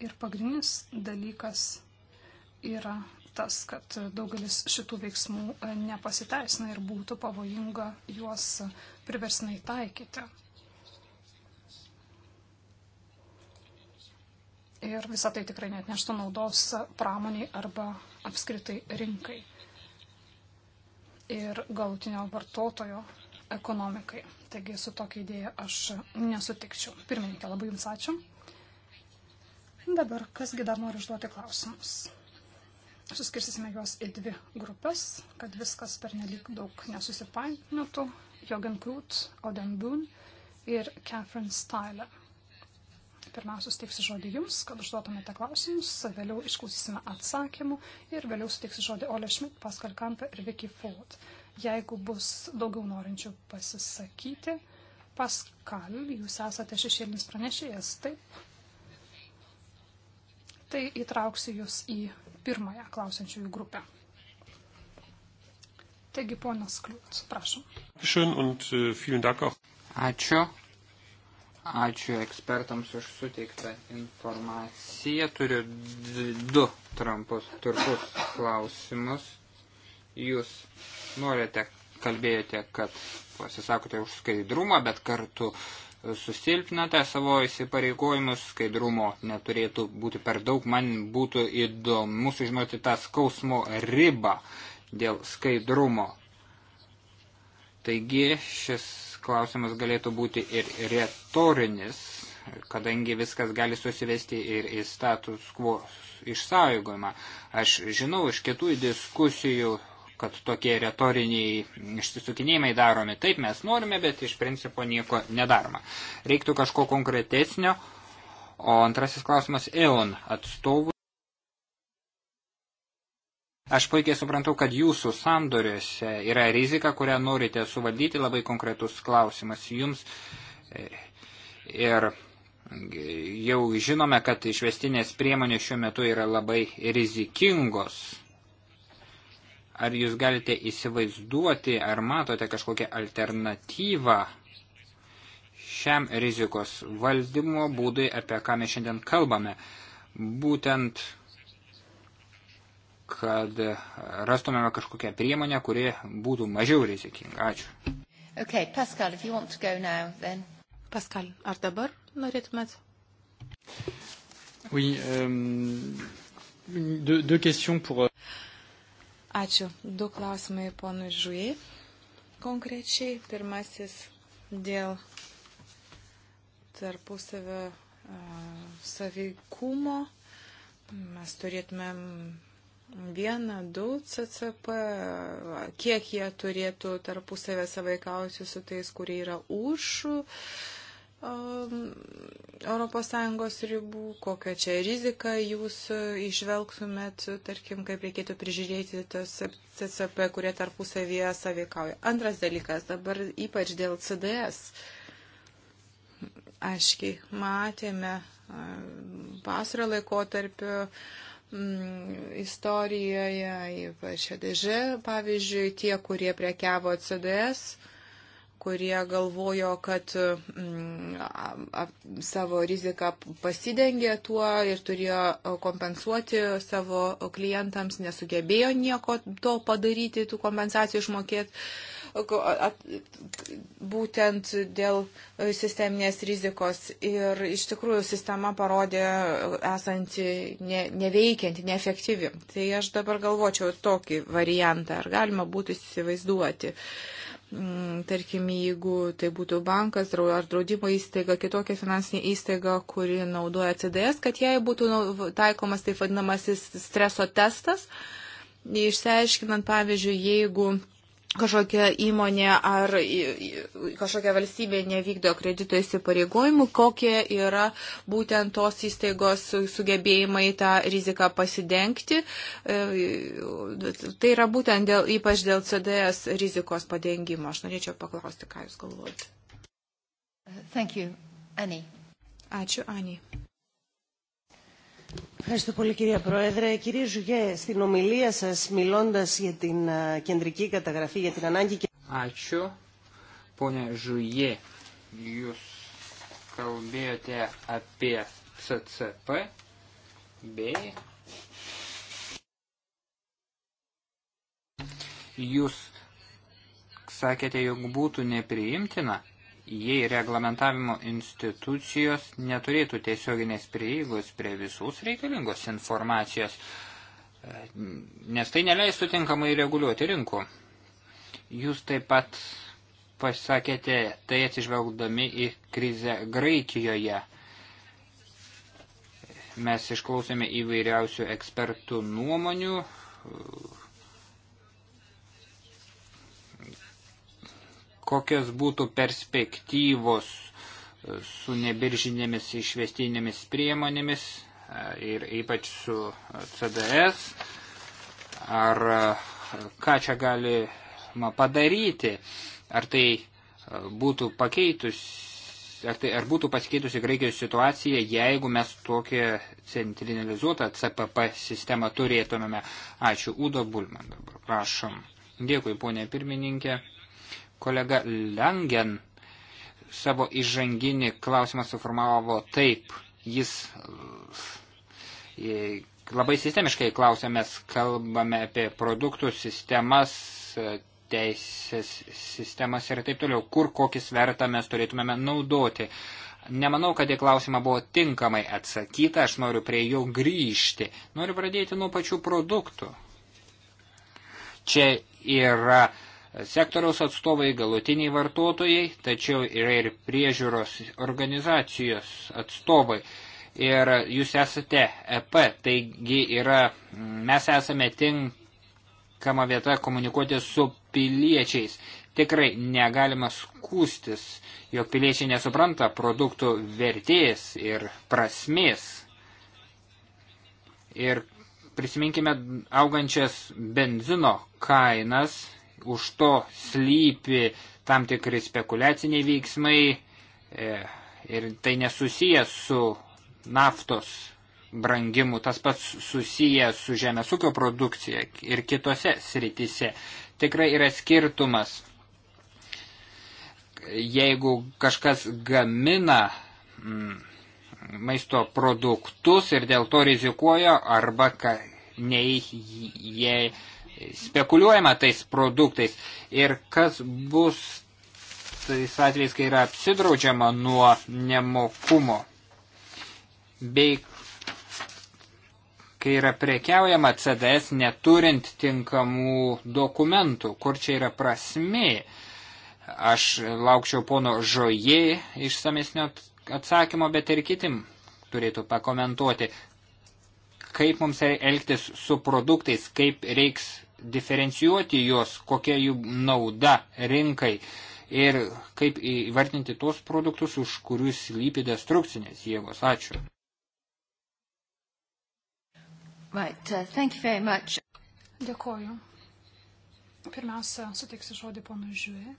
Ir pagrindinis dalykas yra tas, kad daugelis šitų veiksmų e, nepasiteisina ir būtų pavojinga juos priversnai taikyti. Ir visą tai tikrai net neštų naudos pramoniai arba apskritai rinkai ir galutinio vartotojo ekonomikai. Taigi su tokia idėja aš nesutikčiau. Pirmininkė, labai Jums ačiū. Dabar kasgi dar nori užduoti klausimus? suskirsime juos į dvi grupės, kad viskas per nelik daug nesusipainiotų. Jogan Krūt, Oden Boon ir Catherine Styler. Pirmiausia, suteiksiu žodį Jums, kad užduotumėte klausimus, vėliau išklausysime atsakymų ir vėliau suteiksiu žodį Ole Schmidt, Pascal Kampe ir Vicky Ford. Jeigu bus daugiau norinčių pasisakyti, Pascal, Jūs esate šešėlinis pranešėjas, taip? Tai įtrauksiu Jūs į pirmąją klausiančiųjų grupę. Taigi, ponas Kliūtas, prašom. Äh, Ačiū. Ačiū ekspertams už suteiktą informaciją. Turiu du trumpus, turpus klausimus. Jūs norite, kalbėjote, kad pasisakote už skaidrumą, bet kartu uh, susilpnate savo įsipareigojimus, skaidrumo neturėtų būti per daug. Man būtų įdomu sužinoti tą skausmo ribą dėl skaidrumo. Taigi šis klausimas galėtų būti ir retorinis, kadangi viskas gali susivesti ir į status quo išsaugojimą. Aš žinau iš kitų diskusijų kad tokie retoriniai išsisukinėjimai daromi. Taip mes norime, bet iš principo nieko nedaroma. Reiktų kažko konkretesnio. O antrasis klausimas EON atstovų. Aš puikiai suprantu, kad jūsų sandoriuose yra rizika, kurią norite suvaldyti, labai konkretus klausimas jums. Ir jau žinome, kad išvestinės priemonės šiuo metu yra labai rizikingos. Ar jūs galite įsivaizduoti, ar matote kažkokią alternatyvą šiam rizikos valdymo būdui, apie ką mes šiandien kalbame? Būtent, kad rastumėme kažkokią priemonę, kuri būtų mažiau rizikinga. Ačiū. Okay, Pascal, if you want to go now, then. Pascal, ar dabar norėtumėt? Oui, euh, deux, deux questions pour. Euh, Ačiū. Du klausimai ponui Žujai. Konkrečiai pirmasis dėl tarpusavio saveikumo. Mes turėtumėm vieną, du CCP, kiek jie turėtų tarpusavę savaikauti su tais, kurie yra už Um, ES ribų, kokią čia riziką jūs e, išvelgtumėt, tarkim, kaip reikėtų prižiūrėti tas CCP, kurie tarpusavėje saveikauja. Antras dalykas, dabar ypač dėl CDS. Aiškiai, matėme pasaro e, laikotarpiu istorijoje, ypač ADŽ, pavyzdžiui, tie, kurie prekiavo CDS kurie galvojo, kad mm, a, a, savo riziką pasidengė tuo ir turėjo kompensuoti savo klientams, nesugebėjo nieko to padaryti, tų kompensacijų išmokėti. Būtent dėl sisteminės rizikos ir iš tikrųjų sistema parodė esanti ne, neveikianti, neefektyvi. Tai aš dabar galvočiau tokį variantą, ar galima būtų įsivaizduoti. Uh, Mm, tarkim, jeigu tai būtų bankas ar draudimo įstaiga, kitokia finansinė įstaiga, kuri naudoja CDS, kad jai būtų taikomas taip vadinamasis streso testas, išsiaiškinant, pavyzdžiui, jeigu kažkokia įmonė ar kažkokia valstybė nevykdo kredito įsipareigojimų, kokie yra būtent tos įstaigos sugebėjimai tą riziką pasidengti. E, tai yra būtent dėl, ypač dėl CDS rizikos padengimo. Aš norėčiau paklausti, ką Jūs galvojate. Ačiū, Ani. Ευχαριστώ πολύ κύριε Πρόεδρε. Κύριε Ζουγέ, στην ομιλία σας μιλώντας για την κεντρική καταγραφή, για την ανάγκη... Ačiū. Pone Žuje, jūs kalbėjote apie CCP bei jūs sakėte, jog būtų nepriimtina, jei reglamentavimo institucijos neturėtų tiesioginės prieigos prie visus reikalingos informacijos, nes tai neleistų tinkamai reguliuoti rinkų. Jūs taip pat pasakėte tai atsižvelgdami į krizę Graikijoje. Mes išklausėme įvairiausių ekspertų nuomonių, kokios būtų perspektyvos e, su nebiržinėmis išvestinėmis priemonėmis e, ir ypač su e, CDS, ar ką čia galima padaryti, ar tai būtų pakeitus, ar, tai, ar būtų pasikeitusi Graikijos situacija, jeigu mes tokią centralizuotą CPP sistemą turėtumėme. Ačiū, Udo Bulman dabar, prašom. Dėkui, ponė pirmininkė. Kolega Langen savo įžanginį klausimą suformavo taip. Jis e, labai sistemiškai klausė, mes kalbame apie produktų sistemas, teisės sistemas ir taip toliau, kur kokį svertą mes turėtumėme naudoti. Nemanau, kad į klausimą buvo tinkamai atsakyta, aš noriu prie jo grįžti. Noriu pradėti nuo pačių produktų. Čia yra uh, sektoriaus atstovai, galutiniai vartotojai, tačiau yra ir priežiūros organizacijos atstovai. Ir jūs esate EP, taigi yra, mes esame tinkama vieta komunikuoti su piliečiais. Tikrai negalima skūstis, jog piliečiai nesupranta produktų vertės ir prasmės. Ir prisiminkime augančias benzino kainas už to slypi tam tikri spekuliaciniai veiksmai e, ir tai nesusijęs su naftos brangimu, tas pats susijęs su žemės ūkio produkcija ir kitose sritise. Tikrai yra skirtumas. Jeigu kažkas gamina mm, maisto produktus ir dėl to rizikuoja, arba ka, nei jie spekuliuojama tais produktais ir kas bus tais atvejais, kai yra apsidraudžiama nuo nemokumo bei kai yra prekiaujama CDS neturint tinkamų dokumentų, kur čia yra prasmė. Aš laukčiau pono Žoje išsamesnio atsakymo, bet ir kitim turėtų pakomentuoti, kaip mums elgtis su produktais, kaip reiks diferencijuoti juos, kokia jų nauda rinkai ir kaip įvartinti tuos produktus, už kurius lypi destrukcinės jėgos. Ačiū. Right, uh, thank you very much. Dėkoju. Pirmiausia, suteiksiu žodį ponui Žiūrė,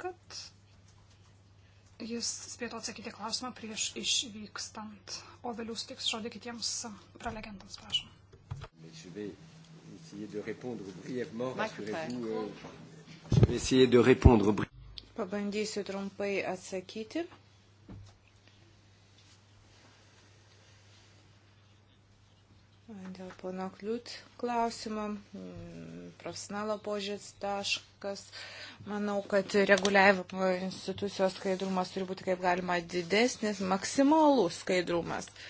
kad jis spėtų atsakyti klausimą prieš išvykstant, o vėliau suteiksiu žodį kitiems prelegentams, prašom. Je vais essayer de répondre brièvement, rassurez-vous. Euh, je vais essayer de répondre brièvement. Pabandysiu trumpai atsakyti. Dėl pono kliūt klausimo, mm, profesionalo požiūrės taškas, manau, kad reguliavimo institucijos skaidrumas turi būti kaip galima didesnis, maksimalus skaidrumas. Uh,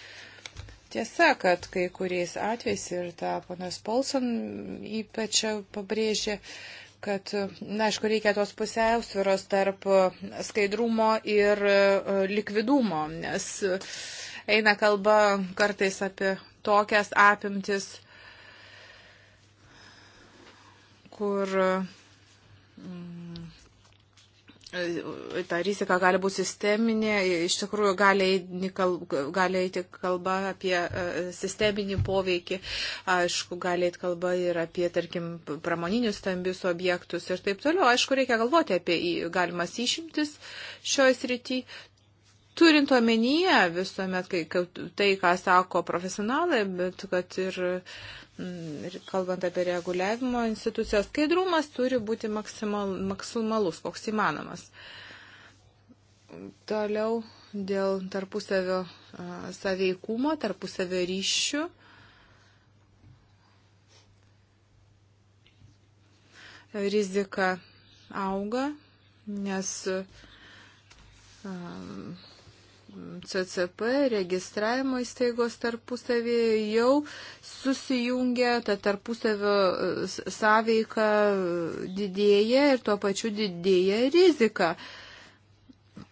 Tiesa, kad kai kuriais atvejais ir tą panas Polson ypač pabrėžė, kad, na, aišku, reikia tos pusiausviros tarp skaidrumo ir e, likvidumo, nes eina kalba kartais apie tokias apimtis, kur. Mm, E, ta rizika gali būti sisteminė, iš tikrųjų gali, gali eiti kalba apie e, sisteminį poveikį, aišku, gali eiti kalba ir apie, tarkim, pramoninius stambius objektus ir taip toliau. Aišku, reikia galvoti apie galimas išimtis šioje srityje. Turint omenyje visuomet kai, tai, ką sako profesionalai, bet kad ir. Uh, Mm, kalbant apie reguliavimo institucijas, skaidrumas turi būti maksimal, maksimalus, koks įmanomas. Toliau dėl tarpusavio saveikumo, tarpusavio ryšių. Rizika auga, nes um, CCP registravimo įstaigos tarpusavėje jau susijungia, ta tarpusavio e, sąveika e, didėja ir tuo pačiu didėja rizika.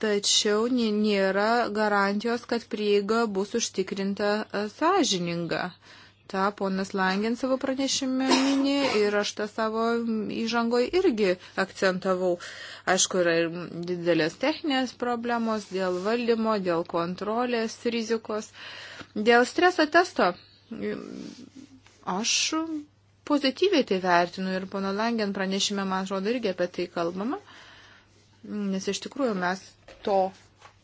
Tačiau nėra garantijos, kad prieiga bus užtikrinta e, sąžininga. Uh, tą ponas Langin savo pranešime mini ir aš tą savo įžangoje irgi akcentavau. Aišku, yra ir didelės techninės problemos dėl valdymo, dėl kontrolės rizikos, dėl streso testo. Aš pozityviai tai vertinu ir pono Langin pranešime, man atrodo, irgi apie tai kalbama, nes iš tikrųjų mes to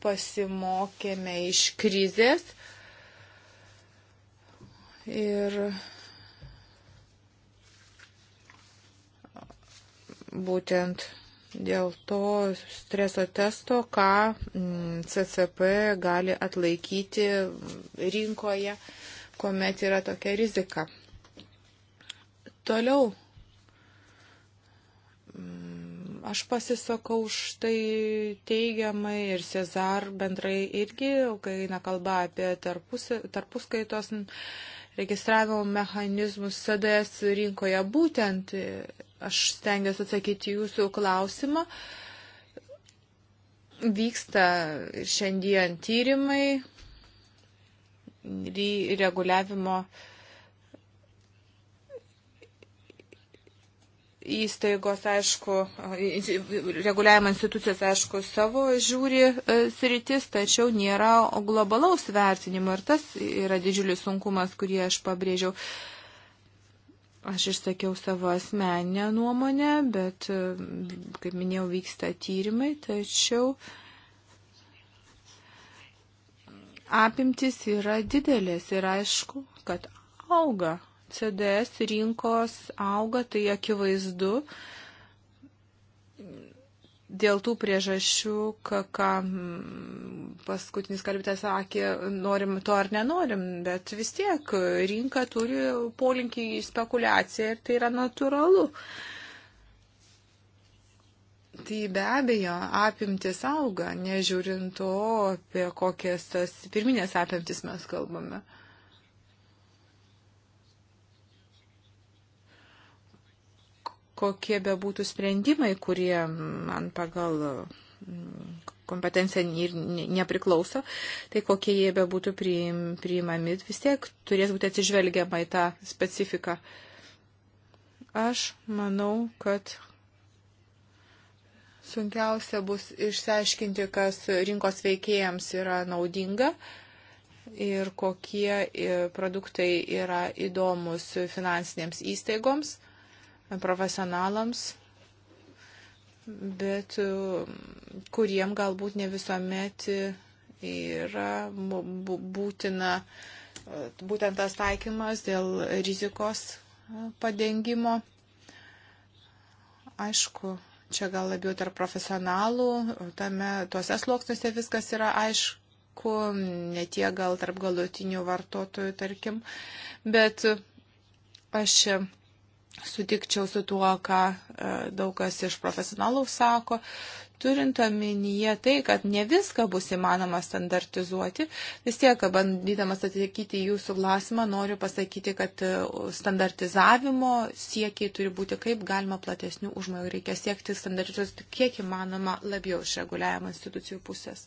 pasimokėme iš krizės ir būtent dėl to streso testo, ką mm, CCP gali atlaikyti rinkoje, kuomet yra tokia rizika. Toliau. Mm, aš pasisakau už tai teigiamai ir Cezar bendrai irgi, kai eina kalba apie tarpus, tarpuskaitos registravimo mechanizmus CDS rinkoje. Būtent e, aš stengiuosi atsakyti jūsų klausimą. Vyksta šiandien tyrimai reguliavimo uh, įstaigos, aišku, reguliavimo institucijos, aišku, savo žiūri e, sritis, tačiau nėra globalaus vertinimo ir tas yra didžiulis sunkumas, kurį aš pabrėžiau. Aš išsakiau savo asmeninę nuomonę, bet, e, kaip minėjau, vyksta tyrimai, tačiau apimtis yra didelės ir aišku, kad auga CDS rinkos auga, tai akivaizdu. Dėl tų priežasčių, ką, ką mm, paskutinis kalbėtas sakė, norim to ar nenorim, bet vis tiek rinka turi polinkį į spekulaciją ir tai yra natūralu. Tai be abejo, apimtis auga, nežiūrint to, apie kokias tas pirminės apimtis mes kalbame. Uh, kokie be būtų sprendimai, kurie man pagal mm, kompetencija ir nepriklauso, tai kokie jie be būtų priim, priimami, vis tiek turės būti atsižvelgiama į tą specifiką. Aš manau, kad sunkiausia bus išsiaiškinti, kas rinkos veikėjams yra naudinga ir kokie e, produktai yra įdomus finansinėms įstaigoms profesionalams, bet um, kuriem galbūt ne visuomet yra būtina uh, būtent tas taikymas dėl rizikos uh, padengimo. Aišku, čia gal labiau tarp profesionalų, tame, tuose sluoksniuose viskas yra aišku, ne tie gal tarp galutinių vartotojų, tarkim, bet aš sutikčiau su tuo, ką e, daug kas iš profesionalų sako, turint omenyje tai, kad ne viską bus įmanoma standartizuoti, vis tiek, bandydamas atsakyti jūsų klausimą, noriu pasakyti, kad e, standartizavimo siekiai turi būti kaip galima platesnių užmojų. Reikia siekti standartizuoti kiek įmanoma labiau iš reguliavimo institucijų pusės.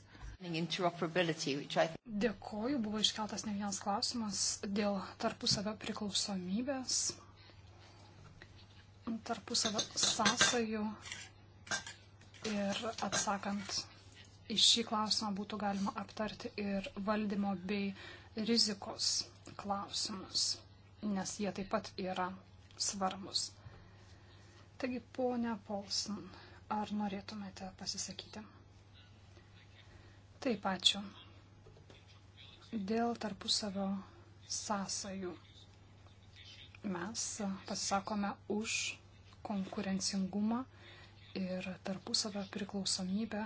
Dėkoju, buvo iškeltas ne vienas klausimas dėl tarpusavio priklausomybės tarpusavio sąsajų ir atsakant į šį klausimą būtų galima aptarti ir valdymo bei rizikos klausimus, nes jie taip pat yra svarbus. Taigi, ponia Paulson, ar norėtumėte pasisakyti? Taip, ačiū. Dėl tarpusavio sąsajų mes pasisakome už konkurencingumą ir tarpusavio priklausomybę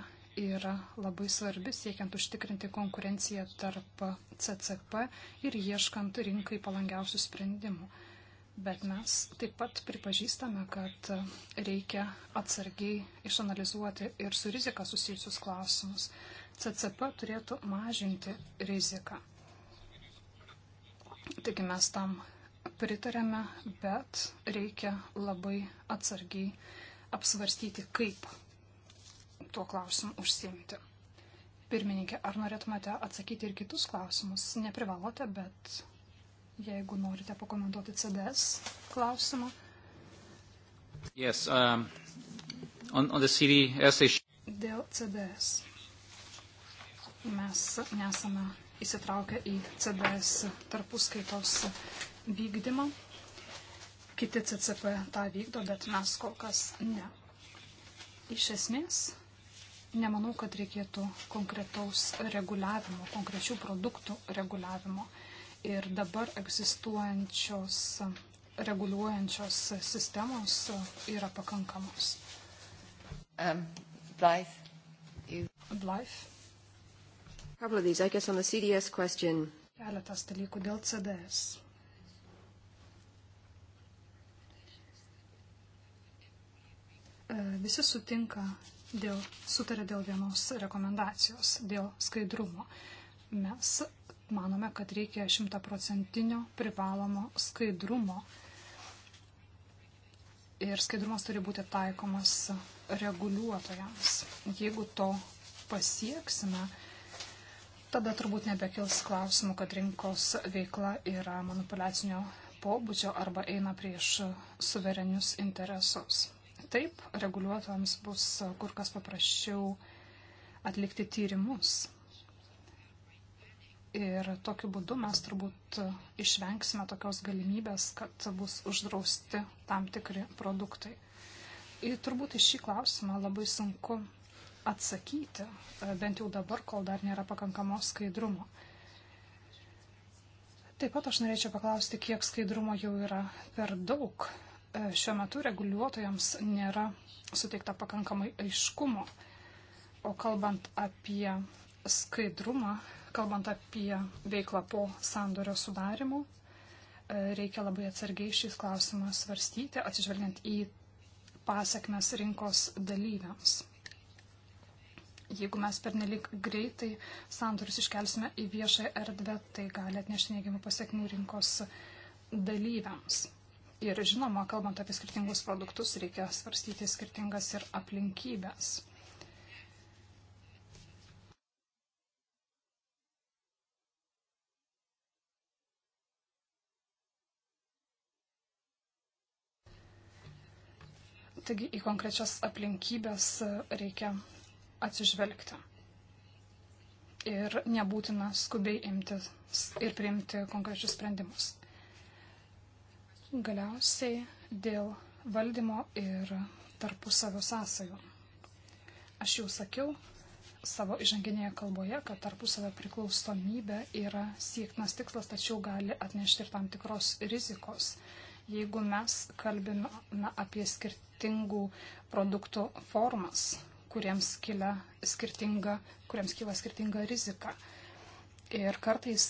yra labai svarbi siekiant užtikrinti konkurenciją tarp CCP ir ieškant rinkai palangiausių sprendimų. Bet mes taip pat pripažįstame, kad reikia atsargiai išanalizuoti ir su rizika susijusius klausimus. CCP turėtų mažinti riziką. Taigi mes tam pritarėme, bet reikia labai atsargiai apsvarstyti, kaip tuo klausimu užsiimti. Pirmininkė, ar norėtumėte atsakyti ir kitus klausimus? Neprivalote, bet jeigu norite pakomentuoti CDS klausimą. Yes, um, on, on the CDS issue. Dėl CDS. Mes nesame įsitraukę į CDS tarpuskaitos vykdymą. Kiti CCP tą vykdo, bet mes kol kas ne. Iš esmės, nemanau, kad reikėtų konkretaus reguliavimo, konkrečių produktų reguliavimo. Ir dabar egzistuojančios reguliuojančios sistemos yra pakankamos. Um, Blythe. You... Blythe. Couple of these, I guess, on the CDS question. Keletas dalykų dėl CDS. E, visi sutinka dėl, sutarė dėl vienos rekomendacijos, dėl skaidrumo. Mes manome, kad reikia šimtaprocentinio privalomo skaidrumo. Ir skaidrumas turi būti taikomas reguliuotojams. Jeigu to pasieksime, tada turbūt nebekils klausimų, kad rinkos veikla yra manipulacinio pobūdžio arba eina prieš suverenius interesus. Taip, reguliuotojams bus kur kas paprasčiau atlikti tyrimus. Ir tokiu būdu mes turbūt išvengsime tokios galimybės, kad bus uždrausti tam tikri produktai. Ir turbūt į šį klausimą labai sunku atsakyti, bent jau dabar, kol dar nėra pakankamos skaidrumo. Taip pat aš norėčiau paklausti, kiek skaidrumo jau yra per daug šiuo metu reguliuotojams nėra suteikta pakankamai aiškumo. O kalbant apie skaidrumą, kalbant apie veiklą po sandorio sudarimo, e, reikia labai atsargiai šis klausimas svarstyti, atsižvelgiant į pasiekmes rinkos dalyviams. Jeigu mes pernelik greitai sandorius iškelsime į viešą erdvę, tai gali atnešti neigiamų pasiekmių rinkos dalyviams. Ir žinoma, kalbant apie skirtingus produktus, reikia svarstyti skirtingas ir aplinkybės. Taigi į konkrečias aplinkybės reikia atsižvelgti. Ir nebūtina skubiai imtis ir priimti konkrečius sprendimus. Galiausiai dėl valdymo ir tarpusavio sąsajų. Aš jau sakiau savo įžanginėje kalboje, kad tarpusavio priklausomybė yra siektinas tikslas, tačiau gali atnešti ir tam tikros rizikos. Jeigu mes kalbime apie skirtingų produktų formas, kuriems kyla skirtinga, kuriems kyla skirtinga rizika. Ir kartais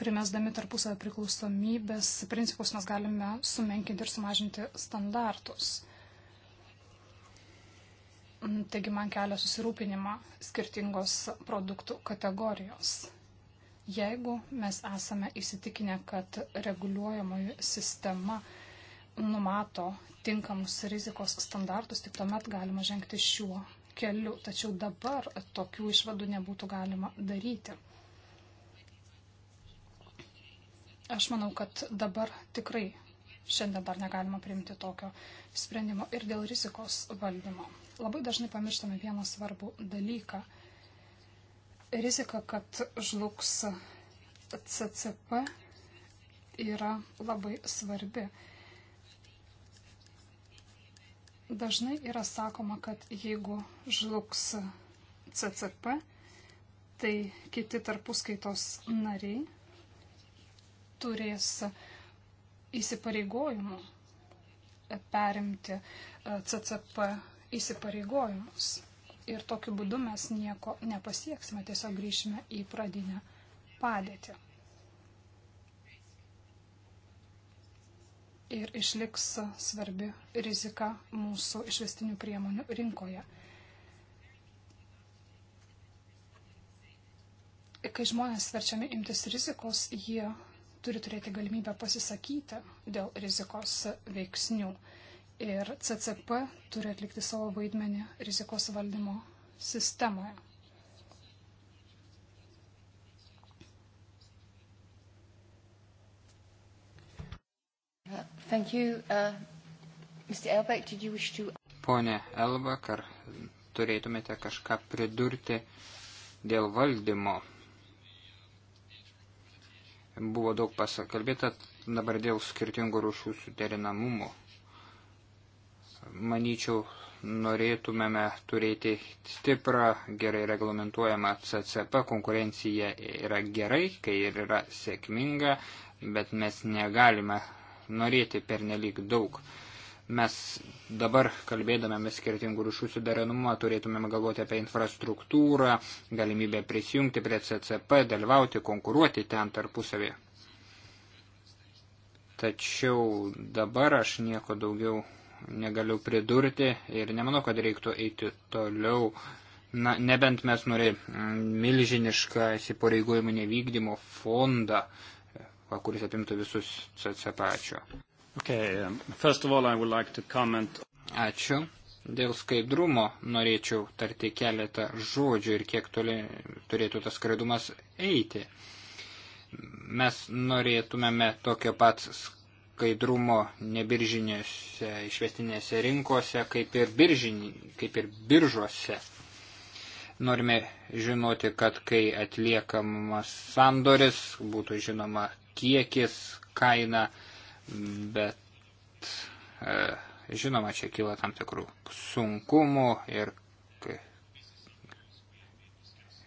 primesdami tarpusavio priklausomybės principus mes galime sumenkinti ir sumažinti standartus. Taigi man kelia susirūpinimą skirtingos produktų kategorijos. Jeigu mes esame įsitikinę, kad reguliuojamoji sistema numato tinkamus rizikos standartus, tik tuomet galima žengti šiuo keliu. Tačiau dabar tokių išvadų nebūtų galima daryti. Aš manau, kad dabar tikrai šiandien dar negalima priimti tokio sprendimo ir dėl rizikos valdymo. Labai dažnai pamirštame vieną svarbų dalyką. Rizika, kad žlugs CCP yra labai svarbi. Dažnai yra sakoma, kad jeigu žlugs CCP, tai kiti tarpuskaitos nariai turės įsipareigojimų perimti e, CCP įsipareigojimus. Ir tokiu būdu mes nieko nepasieksime, tiesiog grįšime į pradinę padėtį. ir išliks svarbi rizika mūsų išvestinių priemonių rinkoje. Kai žmonės verčiami imtis rizikos, jie turi turėti galimybę pasisakyti dėl rizikos veiksnių. Ir CCP turi atlikti savo vaidmenį rizikos valdymo sistemoje. Thank you. Uh, Mr. Elbeck, did you wish to... Pone Elbek, ar turėtumėte kažką pridurti dėl valdymo? Buvo daug pasakalbėta dabar dėl skirtingų rūšių suderinamumo. Manyčiau, norėtumėme turėti stiprą, gerai reglamentuojamą CCP. Konkurencija yra gerai, kai ir yra sėkminga, bet mes negalime norėti pernelyg daug. Mes dabar kalbėdamėme skirtingų rušių sudarenumą turėtumėme galvoti apie infrastruktūrą, galimybę prisijungti prie CCP, dalyvauti, konkuruoti ten tarpusavėje. Tačiau dabar aš nieko daugiau negaliu pridurti ir nemanau, kad reiktų eiti toliau. Na, nebent mes norėjome mm, milžinišką įsipareigojimų nevykdymo fondą, kuris apimtų visus CCP. Ačiū. Okay, um, first of all, I would like to comment. Ačiū. Dėl skaidrumo norėčiau tarti keletą žodžių ir kiek toli turėtų tas skaidrumas eiti. Mes norėtumėme tokio pat skaidrumo nebiržinėse išvestinėse rinkose, kaip ir, biržin, kaip ir biržuose. Norime žinoti, kad kai atliekamas sandoris, būtų žinoma kiekis, kaina, bet e, žinoma, čia kyla tam tikrų sunkumų ir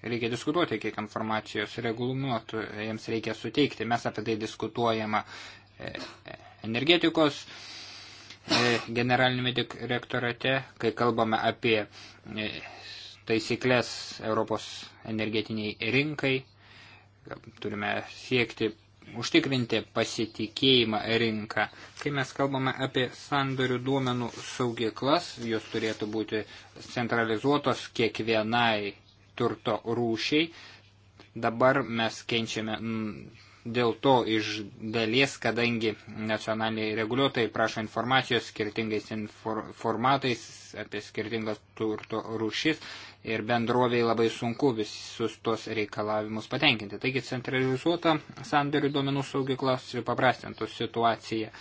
reikia diskutuoti, kiek informacijos reguluotų jiems reikia suteikti. Mes apie tai diskutuojama e, energetikos e, generalinėme direktorate, kai kalbame apie taisyklės Europos energetiniai rinkai, turime siekti užtikrinti pasitikėjimą rinką. Kai mes kalbame apie sandorių duomenų saugiklas, jos turėtų būti centralizuotos kiekvienai turto rūšiai. Dabar mes kenčiame mm, dėl to iš dalies, kadangi nacionaliniai reguliuotojai prašo informacijos skirtingais infor formatais apie skirtingas turto rūšis ir bendroviai labai sunku visus tos reikalavimus patenkinti. Taigi centralizuota sandarių duomenų saugykla supaprastintų situaciją.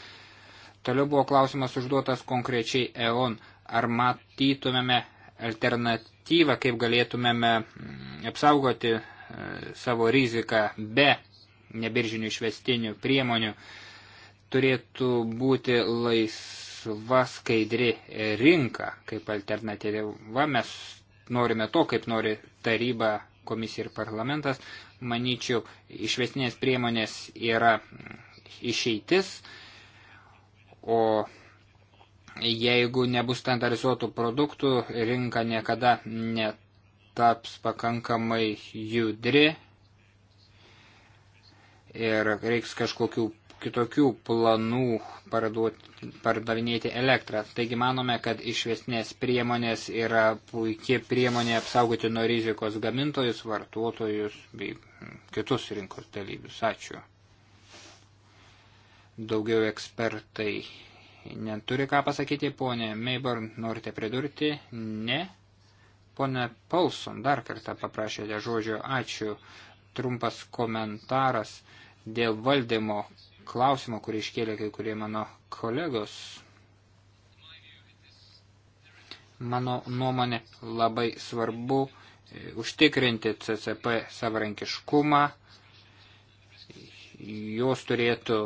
Toliau buvo klausimas užduotas konkrečiai EON. Ar matytumėme alternatyvą, kaip galėtumėme mm, apsaugoti e, savo riziką be nebiržinių išvestinių priemonių? Turėtų būti laisva skaidri rinka kaip alternatyva. Mes norime to, kaip nori taryba, komisija ir parlamentas, manyčiau, išvesnės priemonės yra išeitis, o jeigu nebus standarizuotų produktų, rinka niekada netaps pakankamai judri ir reiks kažkokių kitokių planų parduot, pardavinėti elektrą. Taigi manome, kad išvesnės priemonės yra puikia priemonė apsaugoti nuo rizikos gamintojus, vartotojus bei kitus rinkos dalyvius. Ačiū. Daugiau ekspertai neturi ką pasakyti, ponė Mayborn, norite pridurti? Ne. Pone Paulson dar kartą paprašėte žodžio ačiū. Trumpas komentaras dėl valdymo klausimo, kurį iškėlė kai kurie mano kolegos. Mano nuomonė labai svarbu e, užtikrinti CCP savarankiškumą. Jos turėtų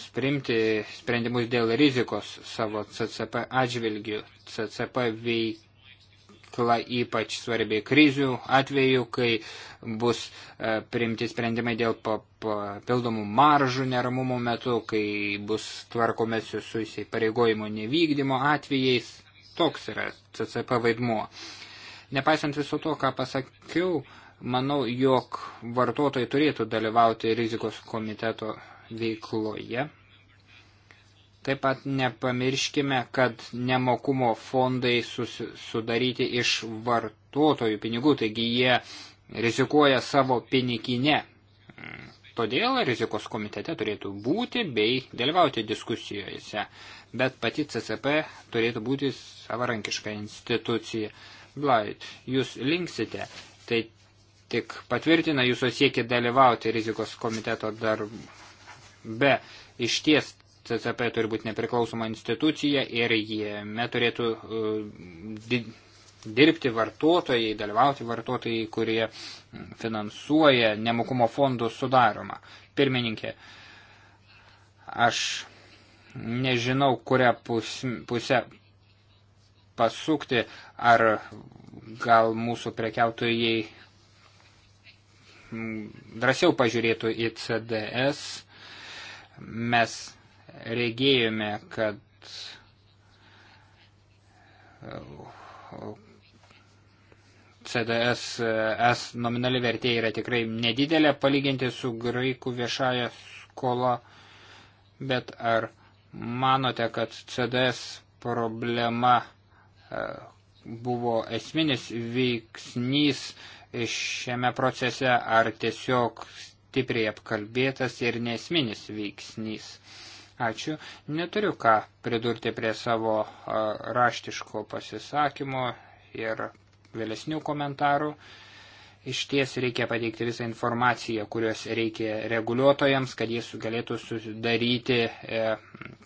sprimti sprendimus dėl rizikos savo CCP atžvilgių. CCP veik veiklą, ypač svarbi krizių atveju, kai bus e, priimti sprendimai dėl papildomų maržų neramumo metu, kai bus tvarkomėsi su įsipareigojimo nevykdymo atvejais. Toks yra CCP vaidmuo. Nepaisant viso to, ką pasakiau, manau, jog vartotojai turėtų dalyvauti rizikos komiteto veikloje Taip pat nepamirškime, kad nemokumo fondai sus, sudaryti iš vartotojų pinigų, taigi jie rizikuoja savo piniginę. Todėl rizikos komitete turėtų būti bei dalyvauti diskusijose, bet pati CCP turėtų būti savarankiška institucija. Blait, jūs linksite, tai tik patvirtina jūsų siekį dalyvauti rizikos komiteto darbe. Iš ties CCP turi būti nepriklausoma institucija ir jame turėtų uh, dirbti vartotojai, dalyvauti vartotojai, kurie mm, finansuoja nemokumo fondų sudaromą. Pirmininkė, aš nežinau, kurią pusę pasukti, ar gal mūsų prekiautojai mm, drąsiau pažiūrėtų į CDS. Mes regėjome, kad uh, CDS uh, S nominali vertė yra tikrai nedidelė palyginti su graikų viešąją skolą, bet ar manote, kad CDS problema uh, buvo esminis veiksnys šiame procese, ar tiesiog stipriai apkalbėtas ir nesminis veiksnys? Ačiū. Neturiu ką pridurti prie savo raštiško pasisakymo ir vėlesnių komentarų. Iš ties reikia pateikti visą informaciją, kurios reikia reguliuotojams, kad jis galėtų sudaryti e,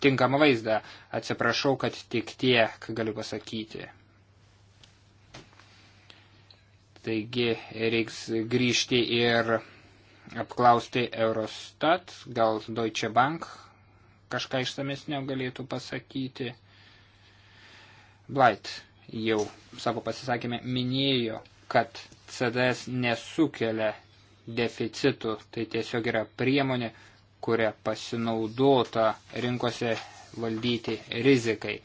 tinkamą vaizdą. Atsiprašau, kad tik tiek galiu pasakyti. Taigi reiks grįžti ir apklausti Eurostat, gal Deutsche Bank kažką išsamesnio galėtų pasakyti. Blight jau savo pasisakymę minėjo, kad CDS nesukelia deficitų, tai tiesiog yra priemonė, kuria pasinaudota rinkose valdyti rizikai.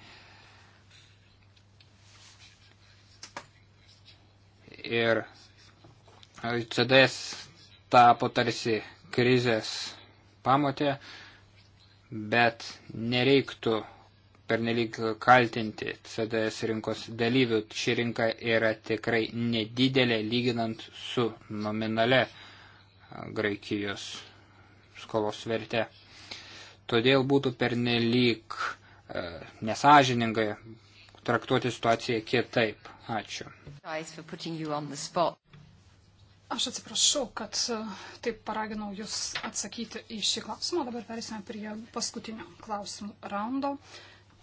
Ir CDS tapo tarsi krizės pamotė, bet nereiktų pernelyg kaltinti CDS rinkos dalyvių. Ši rinka yra tikrai nedidelė lyginant su nominale Graikijos skolos verte. Todėl būtų pernelyg e, nesažiningai traktuoti situaciją kitaip. Ačiū. Aš atsiprašau, kad e, taip paraginau Jūs atsakyti į šį klausimą. Dabar perėsime prie paskutinio klausimų raundo.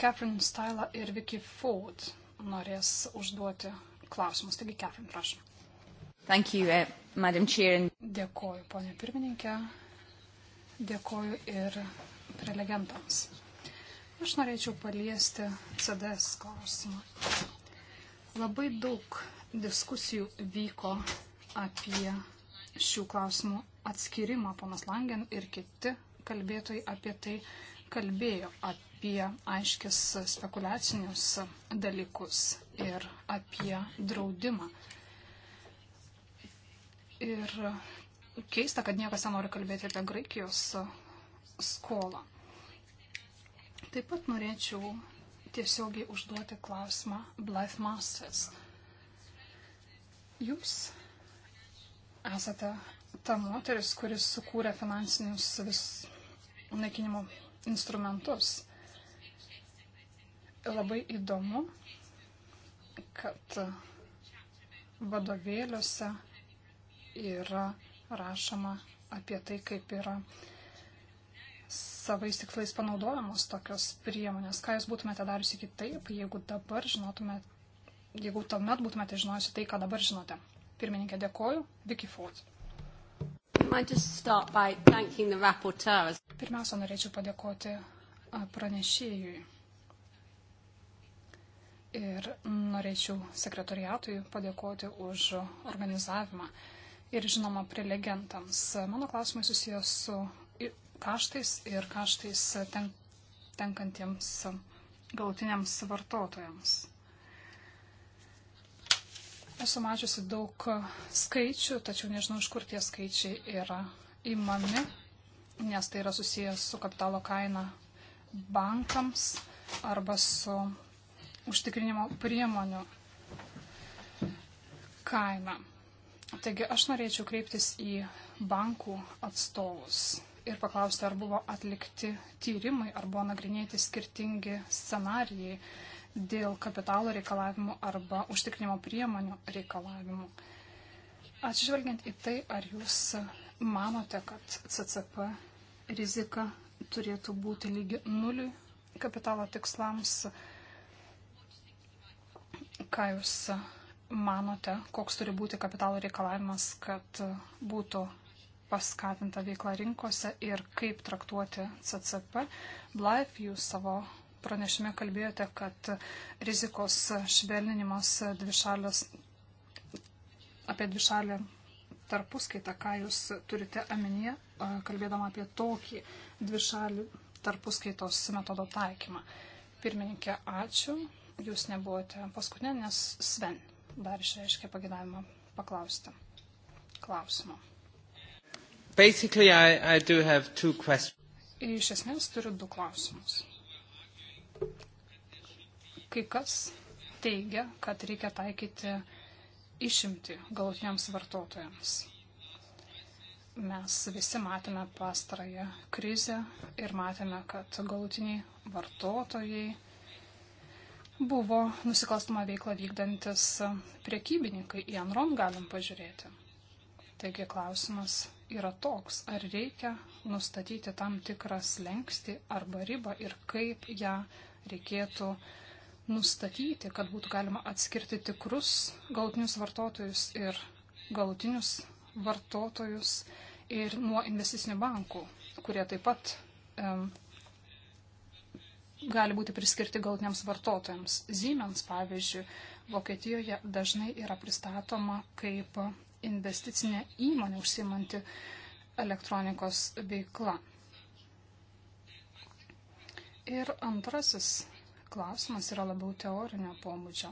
Catherine Styla ir Vicky Ford norės užduoti klausimus. Taigi, Catherine, prašom. Thank you, uh, Madam Chair. Dėkoju, ponė pirmininkė. Dėkoju ir prelegentams. Aš norėčiau paliesti CDS klausimą. Labai daug diskusijų vyko apie šių klausimų atskirimą. Ponas Langen ir kiti kalbėtojai apie tai kalbėjo, apie aiškis spekuliacinius dalykus ir apie draudimą. Ir keista, kad niekas nenori kalbėti apie Graikijos skolą. Taip pat norėčiau tiesiogiai užduoti klausimą Blythe Masters. Jūs esate ta moteris, kuris sukūrė finansinius vis naikinimo instrumentus. Labai įdomu, kad vadovėliuose yra rašoma apie tai, kaip yra savais tikslais panaudojamos tokios priemonės. Ką jūs būtumėte dariusi kitaip, jeigu dabar žinotumėte, jeigu tuomet būtumėte žinojusi tai, ką dabar žinote. Pirmininkė, dėkoju. Vicky Ford. Pirmiausia, norėčiau padėkoti pranešėjui. Ir norėčiau sekretoriatui padėkoti už organizavimą. Ir žinoma, prelegentams. Mano klausimai susijęs su kaštais ir kaštais ten, tenkantiems galutiniams vartotojams. Esu mačiusi daug skaičių, tačiau nežinau, iš kur tie skaičiai yra įmami, nes tai yra susijęs su kapitalo kaina bankams arba su užtikrinimo priemonių kaina. Taigi aš norėčiau kreiptis į bankų atstovus ir paklausti, ar buvo atlikti tyrimai, ar buvo nagrinėti skirtingi scenarijai dėl kapitalo reikalavimų arba užtikrinimo priemonių reikalavimų. Atsižvelgiant į tai, ar jūs manote, kad CCP rizika turėtų būti lygi nuliui kapitalo tikslams, ką jūs manote, koks turi būti kapitalo reikalavimas, kad būtų paskatinta veikla rinkose ir kaip traktuoti CCP. Blaif, jūs savo pranešime kalbėjote, kad rizikos švelninimas dvišalės, apie dvišalę tarpuskaitą, ką jūs turite aminyje, kalbėdama apie tokį dvišalį tarpuskaitos metodo taikymą. Pirmininkė, ačiū. Jūs nebuvote paskutinė, nes Sven dar išreiškė pagėdavimą paklausti klausimo. Basically, I, I do have two questions. Iš esmės turiu du klausimus. Kai kas teigia, kad reikia taikyti išimti galutiniams vartotojams. Mes visi matėme pastarąją krizę ir matėme, kad galutiniai vartotojai buvo nusikalstama veikla vykdantis priekybininkai. Į Enron galim pažiūrėti. Taigi klausimas yra toks, ar reikia nustatyti tam tikrą slengsti arba ribą ir kaip ją reikėtų uh, nustatyti, kad būtų galima atskirti tikrus galutinius vartotojus ir galutinius vartotojus ir nuo investicinių bankų, kurie taip pat um, gali būti priskirti galutiniams vartotojams. Siemens, pavyzdžiui, Vokietijoje dažnai yra pristatoma kaip investicinė įmonė užsimanti elektronikos veikla. Ir antrasis klausimas yra labiau teorinio pobūdžio.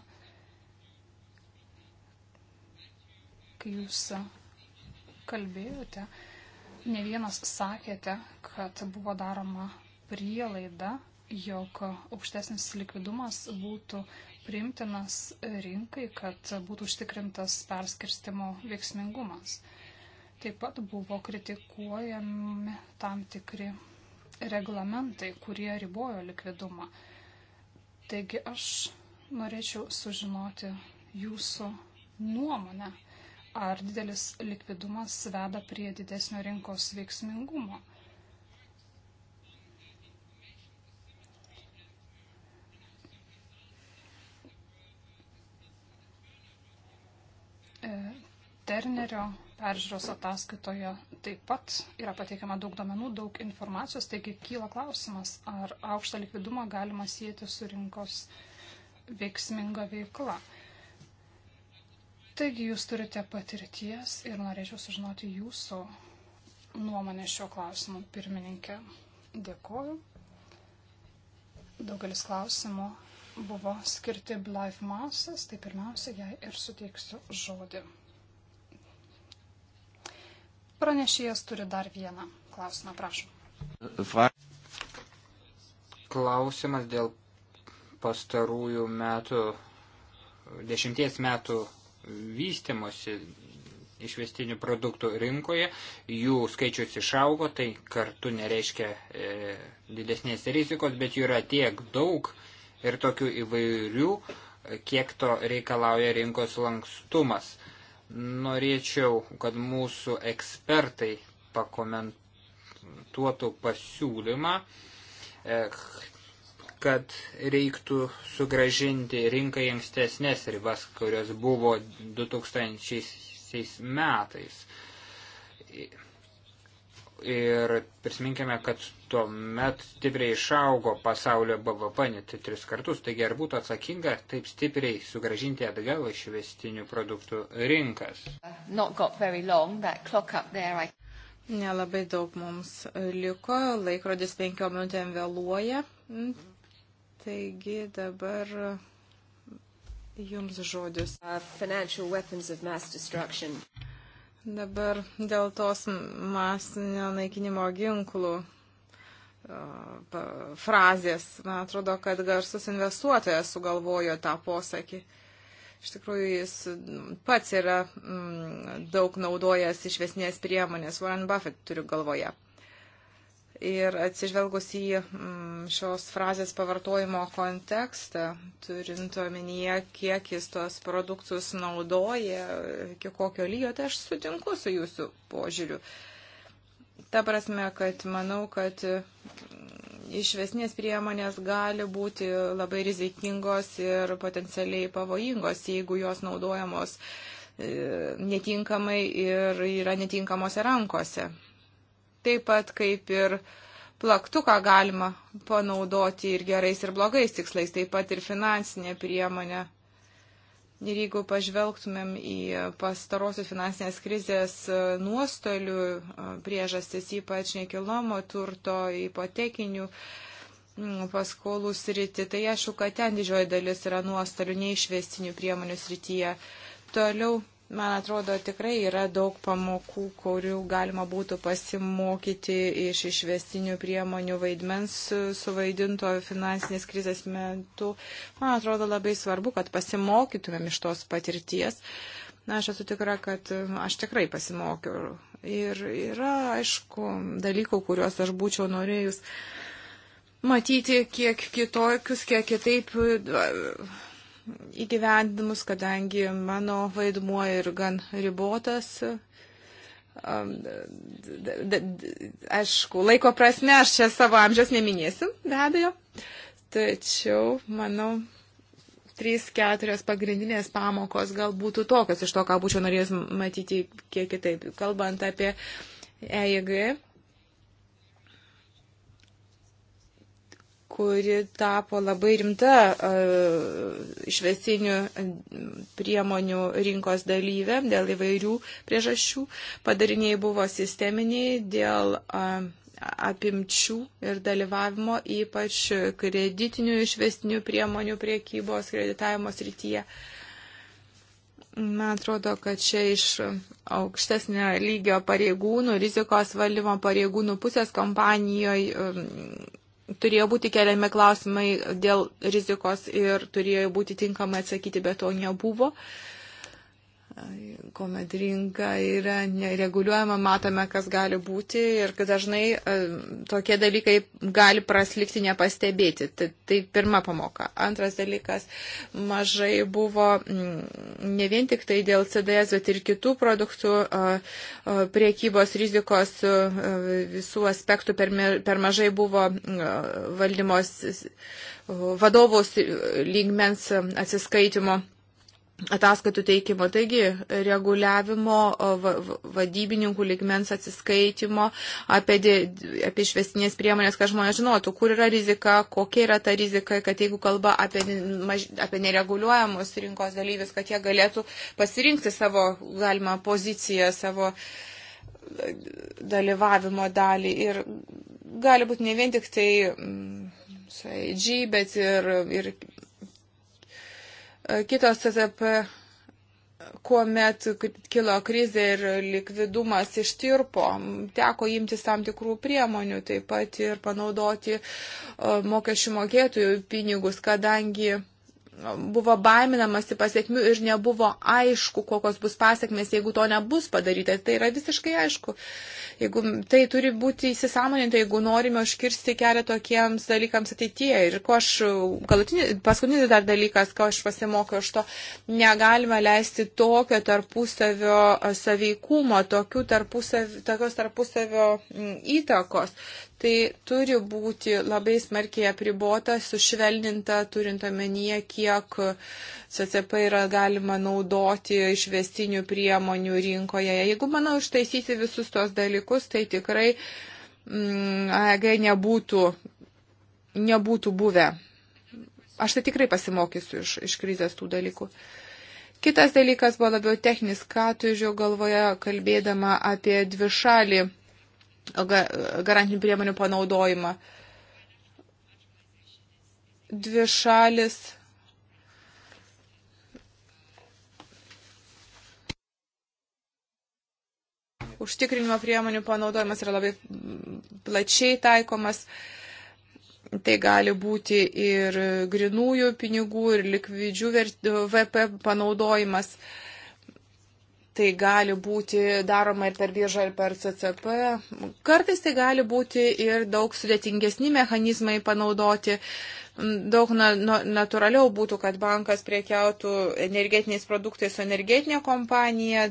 Kai jūs kalbėjote, ne vienas sakėte, kad buvo daroma prielaida, jog aukštesnis likvidumas būtų priimtinas rinkai, kad būtų užtikrintas perskirstimo veiksmingumas. Taip pat buvo kritikuojami tam tikri reglamentai, kurie ribojo likvidumą. Taigi aš norėčiau sužinoti jūsų nuomonę, ar didelis likvidumas veda prie didesnio rinkos veiksmingumo. E, Ternerio peržiūros ataskaitoje taip pat yra pateikiama daug domenų, daug informacijos, taigi kyla klausimas, ar aukštą likvidumą galima sieti su rinkos veiksminga veikla. Taigi jūs turite patirties ir norėčiau sužinoti jūsų nuomonę šio klausimu. Pirmininkė, dėkoju. Daugelis klausimų buvo skirti Blythe Masas, tai pirmiausia jai ir suteiksiu žodį. Pranešėjas turi dar vieną klausimą, prašom. Klausimas dėl pastarųjų metų, dešimties metų vystimosi išvestinių produktų rinkoje, jų skaičius išaugo, tai kartu nereiškia e, didesnės rizikos, bet jų yra tiek daug ir tokių įvairių, kiek to reikalauja rinkos lankstumas. E, Norėčiau, kad mūsų ekspertai pakomentuotų pasiūlymą, e, kad reiktų sugražinti rinkai ankstesnės ribas, kurios buvo 2000 metais. Ir prisiminkime, kad tuomet stipriai išaugo pasaulio BVP net tris kartus, taigi ar būtų atsakinga taip stipriai sugražinti atgal išvestinių produktų rinkas? Long, there, I... Nelabai daug mums liko, laikrodis penkiom minutėm vėluoja. Mm, taigi dabar jums žodis. Uh, Dabar dėl tos masinio naikinimo ginklų frazės, man atrodo, kad garsus investuotojas sugalvojo tą posakį. Iš tikrųjų, jis pats yra m, daug naudojęs išvesnės priemonės, Warren Buffett turiu galvoje. Ir atsižvelgus į mm, šios frazės pavartojimo kontekstą, turint omenyje, kiek jis tuos produktus naudoja, iki kokio lygio, tai aš sutinku su jūsų požiūriu. Ta prasme, kad manau, kad mm, išvesnės priemonės gali būti labai rizikingos ir potencialiai pavojingos, jeigu jos naudojamos e, netinkamai ir yra netinkamose rankose taip pat kaip ir plaktuką galima panaudoti ir gerais, ir blogais tikslais, taip pat ir finansinė priemonė. Ir jeigu pažvelgtumėm į pastarosios finansinės krizės e, nuostolių e, priežastis, ypač nekilomo turto, ipotekinių mm, paskolų srity, tai aišku, kad ten didžioji dalis yra nuostolių neišvestinių priemonių srityje. Toliau Man atrodo, tikrai yra daug pamokų, kurių galima būtų pasimokyti iš išvestinių priemonių vaidmens suvaidinto finansinės krizės metu. Man atrodo labai svarbu, kad pasimokytumėm iš tos patirties. Na, aš esu tikra, kad aš tikrai pasimokiau. Ir yra, aišku, dalykų, kuriuos aš būčiau norėjus matyti kiek kitokius, kiek kitaip įgyvendimus, kadangi mano vaidmuo ir gan ribotas. Aišku, laiko prasme aš čia savo amžiaus neminėsim, be abejo. Tačiau, manau, trys, keturios pagrindinės pamokos gal būtų tokios iš to, ką būčiau norėjęs matyti kiek kitaip. Kalbant apie EIG, kuri tapo labai rimta e, išvesinių e, priemonių rinkos dalyvė dėl įvairių priežasčių. Padariniai buvo sisteminiai dėl e, apimčių ir dalyvavimo, ypač kreditinių išvestinių priemonių priekybos kreditavimo srityje. Man atrodo, kad čia iš aukštesnio lygio pareigūnų, rizikos valdymo pareigūnų pusės kompanijoje um, turėjo būti keliami klausimai dėl rizikos ir turėjo būti tinkamai atsakyti, bet to nebuvo. Uh, kuomet rinka yra nereguliuojama, matome, kas gali būti ir kad dažnai e, tokie dalykai gali praslikti nepastebėti. Tai, tai pirma pamoka. Antras dalykas, mažai buvo mm, ne vien tik tai dėl CDS, bet ir kitų produktų e, e, priekybos rizikos visų aspektų per, per mažai buvo mm, valdymos vadovos lygmens atsiskaitimo ataskaitų teikimo. Taigi, reguliavimo, vadybininkų ligmens atsiskaitimo, apie, apie švestinės priemonės, kad žmonės žinotų, kur yra rizika, kokia yra ta rizika, kad jeigu kalba apie, maž, apie nereguliuojamos rinkos dalyvius, kad jie galėtų pasirinkti savo galimą poziciją, savo dalyvavimo dalį. Ir gali būti ne vien tik tai mm, su AG, bet ir, ir Kitos CZP, kuomet kilo krizė ir likvidumas ištirpo, teko imtis tam tikrų priemonių, taip pat ir panaudoti e, mokesčių mokėtojų pinigus, kadangi buvo baiminamasi pasiekmių ir nebuvo aišku, kokios bus pasiekmes, jeigu to nebus padaryta. Tai yra visiškai aišku. Jeigu tai turi būti įsisamoninta, jeigu norime užkirsti kelią tokiems dalykams ateityje. Ir ko aš, galutinį, paskutinis dar dalykas, ko aš pasimokiau iš to, negalime leisti tokio tarpusavio saveikumo, tarpusavio, tokios tarpusavio mm, įtakos tai turi būti labai smarkiai apribota, sušvelninta, turint omenyje, kiek CCP yra galima naudoti išvestinių priemonių rinkoje. Jeigu, manau, ištaisyti visus tos dalykus, tai tikrai mm, AEG nebūtų, nebūtų buvę. Aš tai tikrai pasimokysiu iš, iš krizės tų dalykų. Kitas dalykas buvo labiau techninis, ką turiu galvoje, kalbėdama apie dvišalį garantinių priemonių panaudojimą. Dvi šalis. Užtikrinimo priemonių panaudojimas yra labai plačiai taikomas. Tai gali būti ir grinųjų pinigų, ir likvidžių VP panaudojimas. Uh, Tai gali būti daroma ir per biržą, ir per CCP. Kartais tai gali būti ir daug sudėtingesni mechanizmai panaudoti. Daug na, na, natūraliau būtų, kad bankas priekiautų energetiniais produktais su energetinė kompanija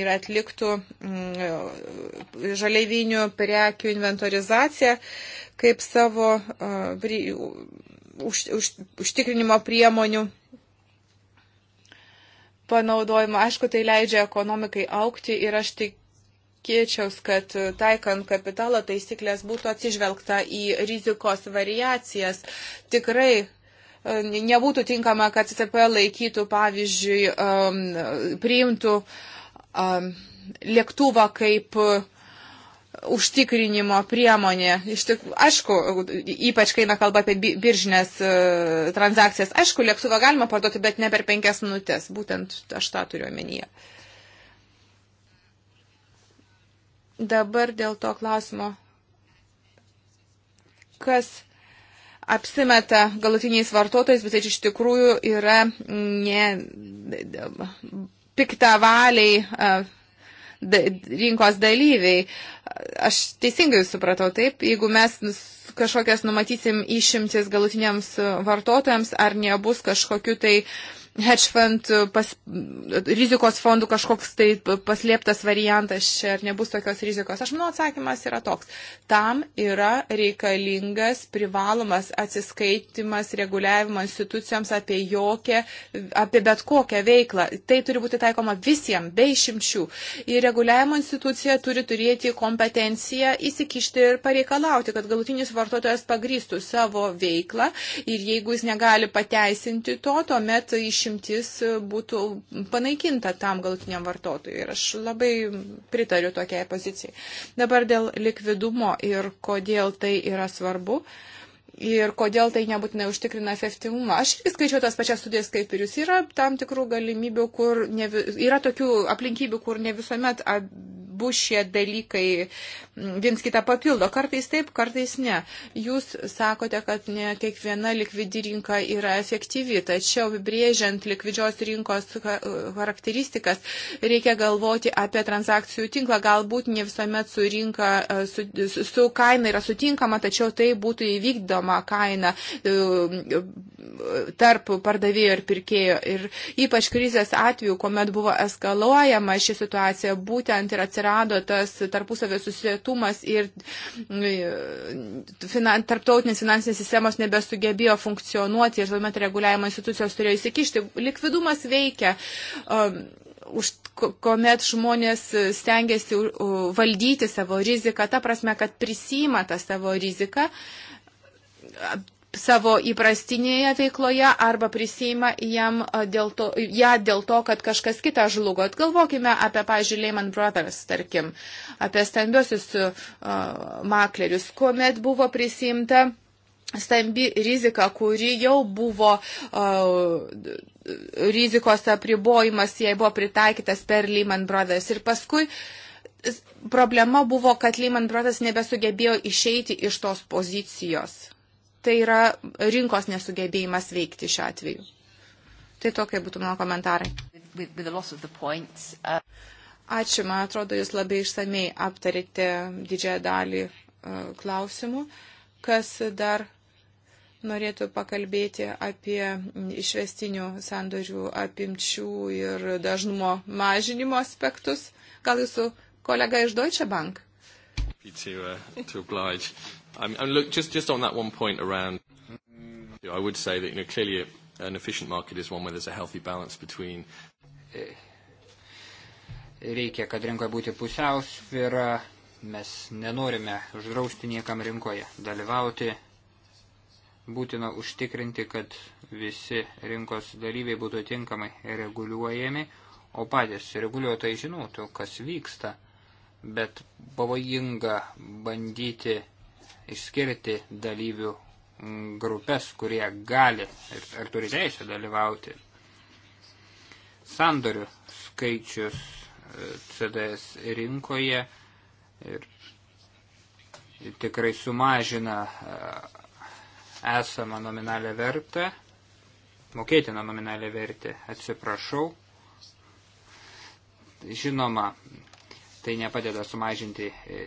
ir atliktų mm, žaliavinių prekių inventorizaciją kaip savo uh, už, už, užtikrinimo priemonių panaudojimą. Aišku, tai leidžia ekonomikai aukti ir aš tikėčiaus, kad e, taikant kapitalo taisyklės būtų atsižvelgta į rizikos variacijas. Tikrai e, nebūtų tinkama, kad CCP laikytų, pavyzdžiui, um, priimtų um, lėktuvą kaip uh, užtikrinimo priemonė. Iš tik, aišku, ypač kai eina kalba apie biržinės e, transakcijas, aišku, lėktuvą galima parduoti, bet ne per penkias minutės. Būtent aš tą turiu omenyje. Dabar dėl to klausimo, kas apsimeta galutiniais vartotojais, bet iš tikrųjų yra ne piktavaliai. Uh, e, rinkos dalyviai. Aš teisingai supratau, taip, jeigu mes kažkokias numatysim išimtis galutiniams vartotojams, ar nebus kažkokiu tai uh, hedge fund uh, pas, rizikos fondų kažkoks tai paslėptas variantas čia ar nebus tokios rizikos. Aš manau, atsakymas yra toks. Tam yra reikalingas privalomas atsiskaitimas reguliavimo institucijoms apie jokią, apie bet kokią veiklą. Tai turi būti taikoma visiems, be išimčių. Ir reguliavimo institucija turi turėti kompetenciją įsikišti ir pareikalauti, kad galutinis vartotojas pagrįstų savo veiklą ir jeigu jis negali pateisinti to, tuomet iš išimtis e, būtų panaikinta tam galutiniam vartotojui. Ir aš labai pritariu tokiai pozicijai. Dabar dėl likvidumo ir kodėl tai yra svarbu. Uh, ir kodėl tai nebūtinai užtikrina efektyvumą. Aš irgi skaičiau tas pačias studijas kaip ir jūs. Yra tam tikrų galimybių, kur ne, yra tokių aplinkybių, kur ne visuomet abu šie dalykai mm, viens kitą papildo. Kartais taip, kartais ne. Jūs sakote, kad ne kiekviena likvidi rinka yra efektyvi, tačiau apibrėžiant likvidžios rinkos charakteristikas reikia galvoti apie transakcijų tinklą. Galbūt ne visuomet su rinka, su, su kaina yra sutinkama, tačiau tai būtų įvykdoma tinkamą kainą e, tarp pardavėjo ir pirkėjo. Ir ypač krizės atveju, kuomet buvo eskaluojama ši situacija, būtent ir atsirado tas tarpusavio susietumas ir e, finan, tarptautinės finansinės sistemos nebesugebėjo funkcionuoti ir tuomet reguliavimo institucijos turėjo įsikišti. Likvidumas veikia. Um, už, kuomet žmonės stengiasi valdyti savo riziką, ta prasme, kad prisima tą savo riziką, uh, savo įprastinėje veikloje arba prisima jam dėl to, ją dėl to, kad kažkas kitas žlugo. Galvokime apie, pavyzdžiui, Lehman Brothers, tarkim, apie stambiosius uh, maklerius, kuomet buvo prisimta stambi rizika, kuri jau buvo uh, rizikos apribojimas, jai buvo pritaikytas per Lehman Brothers. Ir paskui problema buvo, kad Lehman Brothers nebesugebėjo išeiti iš tos pozicijos Tai yra rinkos nesugebėjimas veikti šiuo atveju. Tai tokie būtų mano komentarai. With, with points, uh... Ačiū, man atrodo, jūs labai išsamei aptarėte didžiąją dalį uh, klausimų. Kas dar norėtų pakalbėti apie išvestinių sandorių apimčių ir dažnumo mažinimo aspektus. Gal jūsų kolega iš Deutsche Bank? To, uh, to I mean, look, just, just on that one point around, I would say that, you know, clearly an efficient market is one where there's a healthy balance between. Eh, Reikia, kad rinkoje būtų pusiausvyra, mes nenorime uždrausti niekam rinkoje dalyvauti, būtina užtikrinti, kad visi rinkos dalyviai būtų tinkamai reguliuojami, o patys reguliuotojai žinotų, kas vyksta, bet pavojinga bandyti išskirti dalyvių mm, grupės, kurie gali ir, ir turi teisę dalyvauti. Sandorių skaičius e, CDS rinkoje ir tikrai sumažina e, esamą nominalę vertę, mokėtiną nominalę vertę, atsiprašau. Žinoma, tai nepadeda sumažinti e,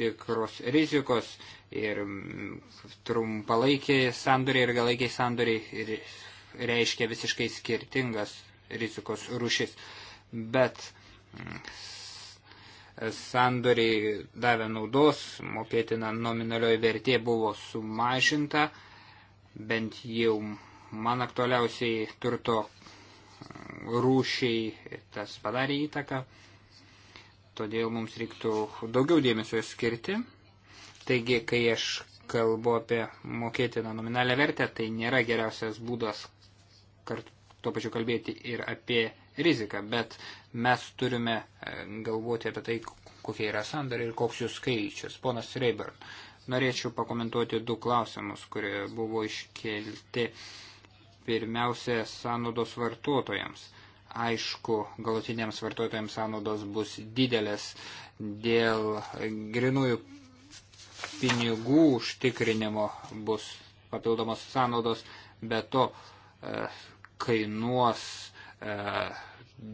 tikros rizikos ir trumpalaikiai sandoriai ir galaikiai sandoriai reiškia visiškai skirtingas rizikos rušis. Bet sandoriai davė naudos, mokėtina nominalioji vertė buvo sumažinta, bent jau man aktualiausiai turto rūšiai tas padarė įtaką todėl mums reiktų daugiau dėmesio skirti. Taigi, kai aš kalbu apie mokėtiną nominalią vertę, tai nėra geriausias būdas kartu tuo pačiu kalbėti ir apie riziką, bet mes turime e, galvoti apie tai, kokie yra sandariai ir koks jų skaičius. Ponas Reiburn, norėčiau pakomentuoti du klausimus, kurie buvo iškelti pirmiausia sąnaudos vartotojams aišku, galutiniams vartotojams sąnaudos bus didelės dėl grinųjų pinigų užtikrinimo bus papildomos sąnaudos, bet to e, kainuos e,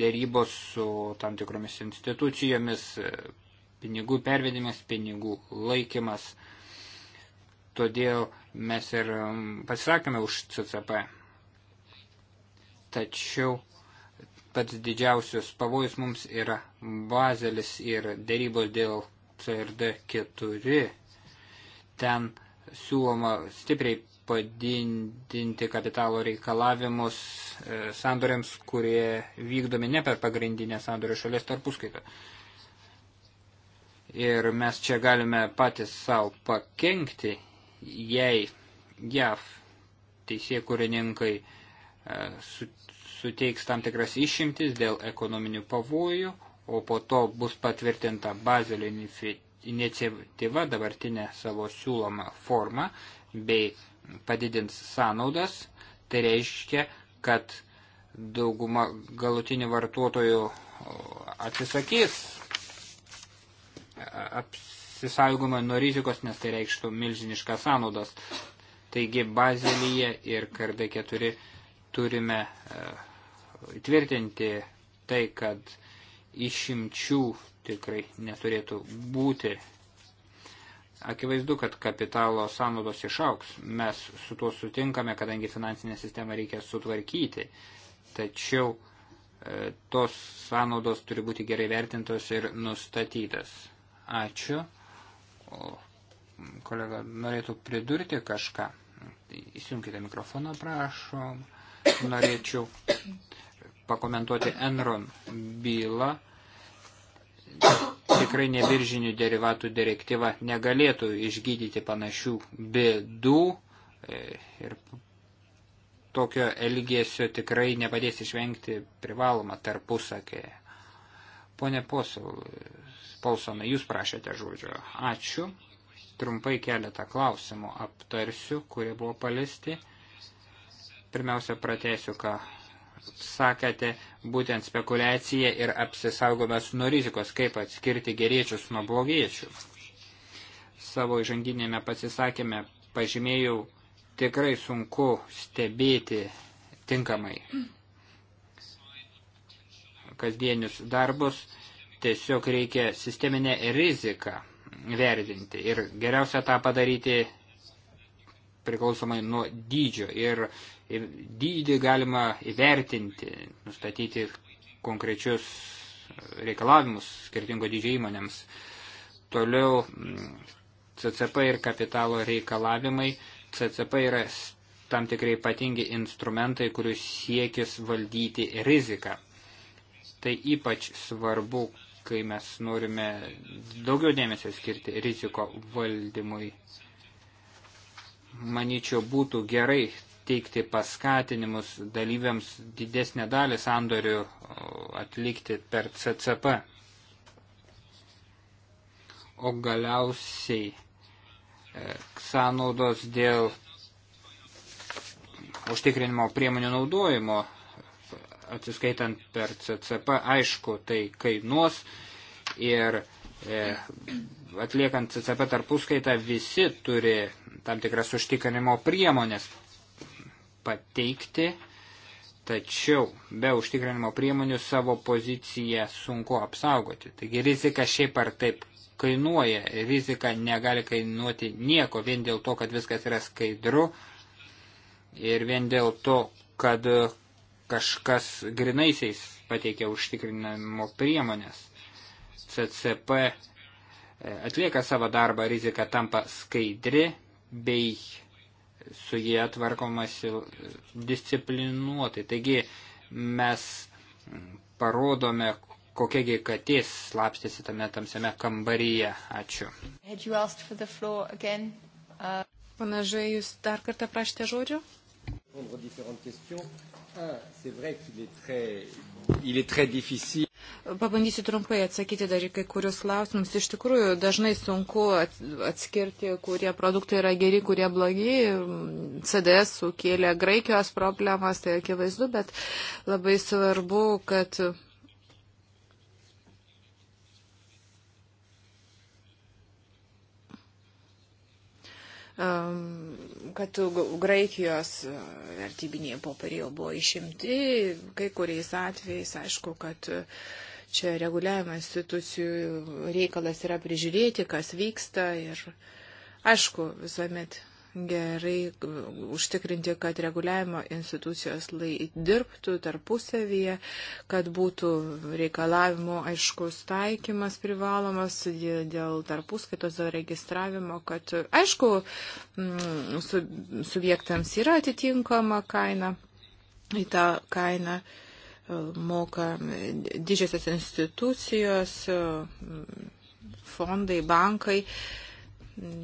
dėrybos su tam tikromis institucijomis, e, pinigų pervedimas, pinigų laikymas. Todėl mes ir pasisakėme už CCP. Tačiau pats didžiausius pavojus mums yra bazelis ir dėrybos dėl CRD 4. Ten siūloma stipriai padidinti kapitalo reikalavimus e, sandoriams, kurie vykdomi ne per pagrindinę sandorių šalies tarpuskaitą. Ir mes čia galime patys savo pakenkti, jei JAV teisėkurininkai e, su, suteiks tam tikras išimtis dėl ekonominių pavojų, o po to bus patvirtinta Bazelio iniciatyva dabartinė savo siūloma forma bei padidins sąnaudas. Tai reiškia, kad dauguma galutinių vartotojų atsisakys apsisaugomą nuo rizikos, nes tai reikštų milžiniškas sąnaudas. Taigi Bazelyje ir Karde 4 turime įtvirtinti tai, kad išimčių tikrai neturėtų būti. Akivaizdu, kad kapitalo sąnaudos išauks. Mes su tuo sutinkame, kadangi finansinę sistemą reikia sutvarkyti. Tačiau e, tos sąnaudos turi būti gerai vertintos ir nustatytas. Ačiū. O kolega norėtų pridurti kažką. Įsijunkite mikrofoną, prašom. Norėčiau pakomentuoti Enron bylą. Tikrai nebiržinių derivatų direktyva negalėtų išgydyti panašių bėdų e, ir tokio elgesio tikrai nepadės išvengti privalomą tarpusakėje. Pone Polsonai, jūs prašėte žodžio. Ačiū. Trumpai keletą klausimų aptarsiu, kurie buvo palisti. Pirmiausia, pratesiu, ką sakėte, būtent spekulacija ir apsisaugomas nuo rizikos, kaip atskirti geriečius nuo blogiečių. Savo žanginėme pasisakėme, pažymėjau, tikrai sunku stebėti tinkamai kasdienius darbus, tiesiog reikia sisteminę riziką verdinti ir geriausia tą padaryti priklausomai nuo dydžio ir dydį galima įvertinti, nustatyti konkrečius reikalavimus skirtingo dydžio įmonėms. Toliau mm, CCP ir kapitalo reikalavimai. CCP yra tam tikrai ypatingi instrumentai, kurių siekis valdyti riziką. Tai ypač svarbu, kai mes norime daugiau dėmesio skirti riziko valdymui manyčiau, būtų gerai teikti paskatinimus dalyviams didesnę dalį sandorių atlikti per CCP. O galiausiai e, sąnaudos dėl užtikrinimo priemonių naudojimo atsiskaitant per CCP, aišku, tai kainuos ir e, atliekant CCP tarpuskaitą visi turi tam tikras užtikrinimo priemonės pateikti, tačiau be užtikrinimo priemonių savo poziciją sunku apsaugoti. Taigi rizika šiaip ar taip kainuoja, rizika negali kainuoti nieko vien dėl to, kad viskas yra skaidru ir vien dėl to, kad kažkas grinaisiais pateikia užtikrinimo priemonės. CCP e, atlieka savo darbą, rizika tampa skaidri, bei su jie tvarkomasi disciplinuotai. Taigi mes parodome, kokiagi katės slapstėsi tame tamsiame kambaryje. Ačiū. Uh... Panažai, jūs dar kartą prašėte žodžio? Pabandysiu trumpai atsakyti dar į kai kurius klausimus. Iš tikrųjų, dažnai sunku atskirti, kurie produktai yra geri, kurie blogi. CDS sukėlė Graikijos problemas, tai akivaizdu, bet labai svarbu, kad um, kad Graikijos e, vertybiniai popieriai jau buvo išimti, kai kuriais atvejais, aišku, kad e, čia reguliavimo institucijų reikalas yra prižiūrėti, kas vyksta ir, aišku, visuomet gerai uh, užtikrinti, kad reguliavimo institucijos lai dirbtų tarpusavyje, kad būtų reikalavimų aiškus taikymas privalomas dėl tarpuskaitos, dėl registravimo, kad aišku, mm, su, subjektams yra atitinkama kaina, į tą kainą uh, moka didžiosios institucijos, uh, fondai, bankai.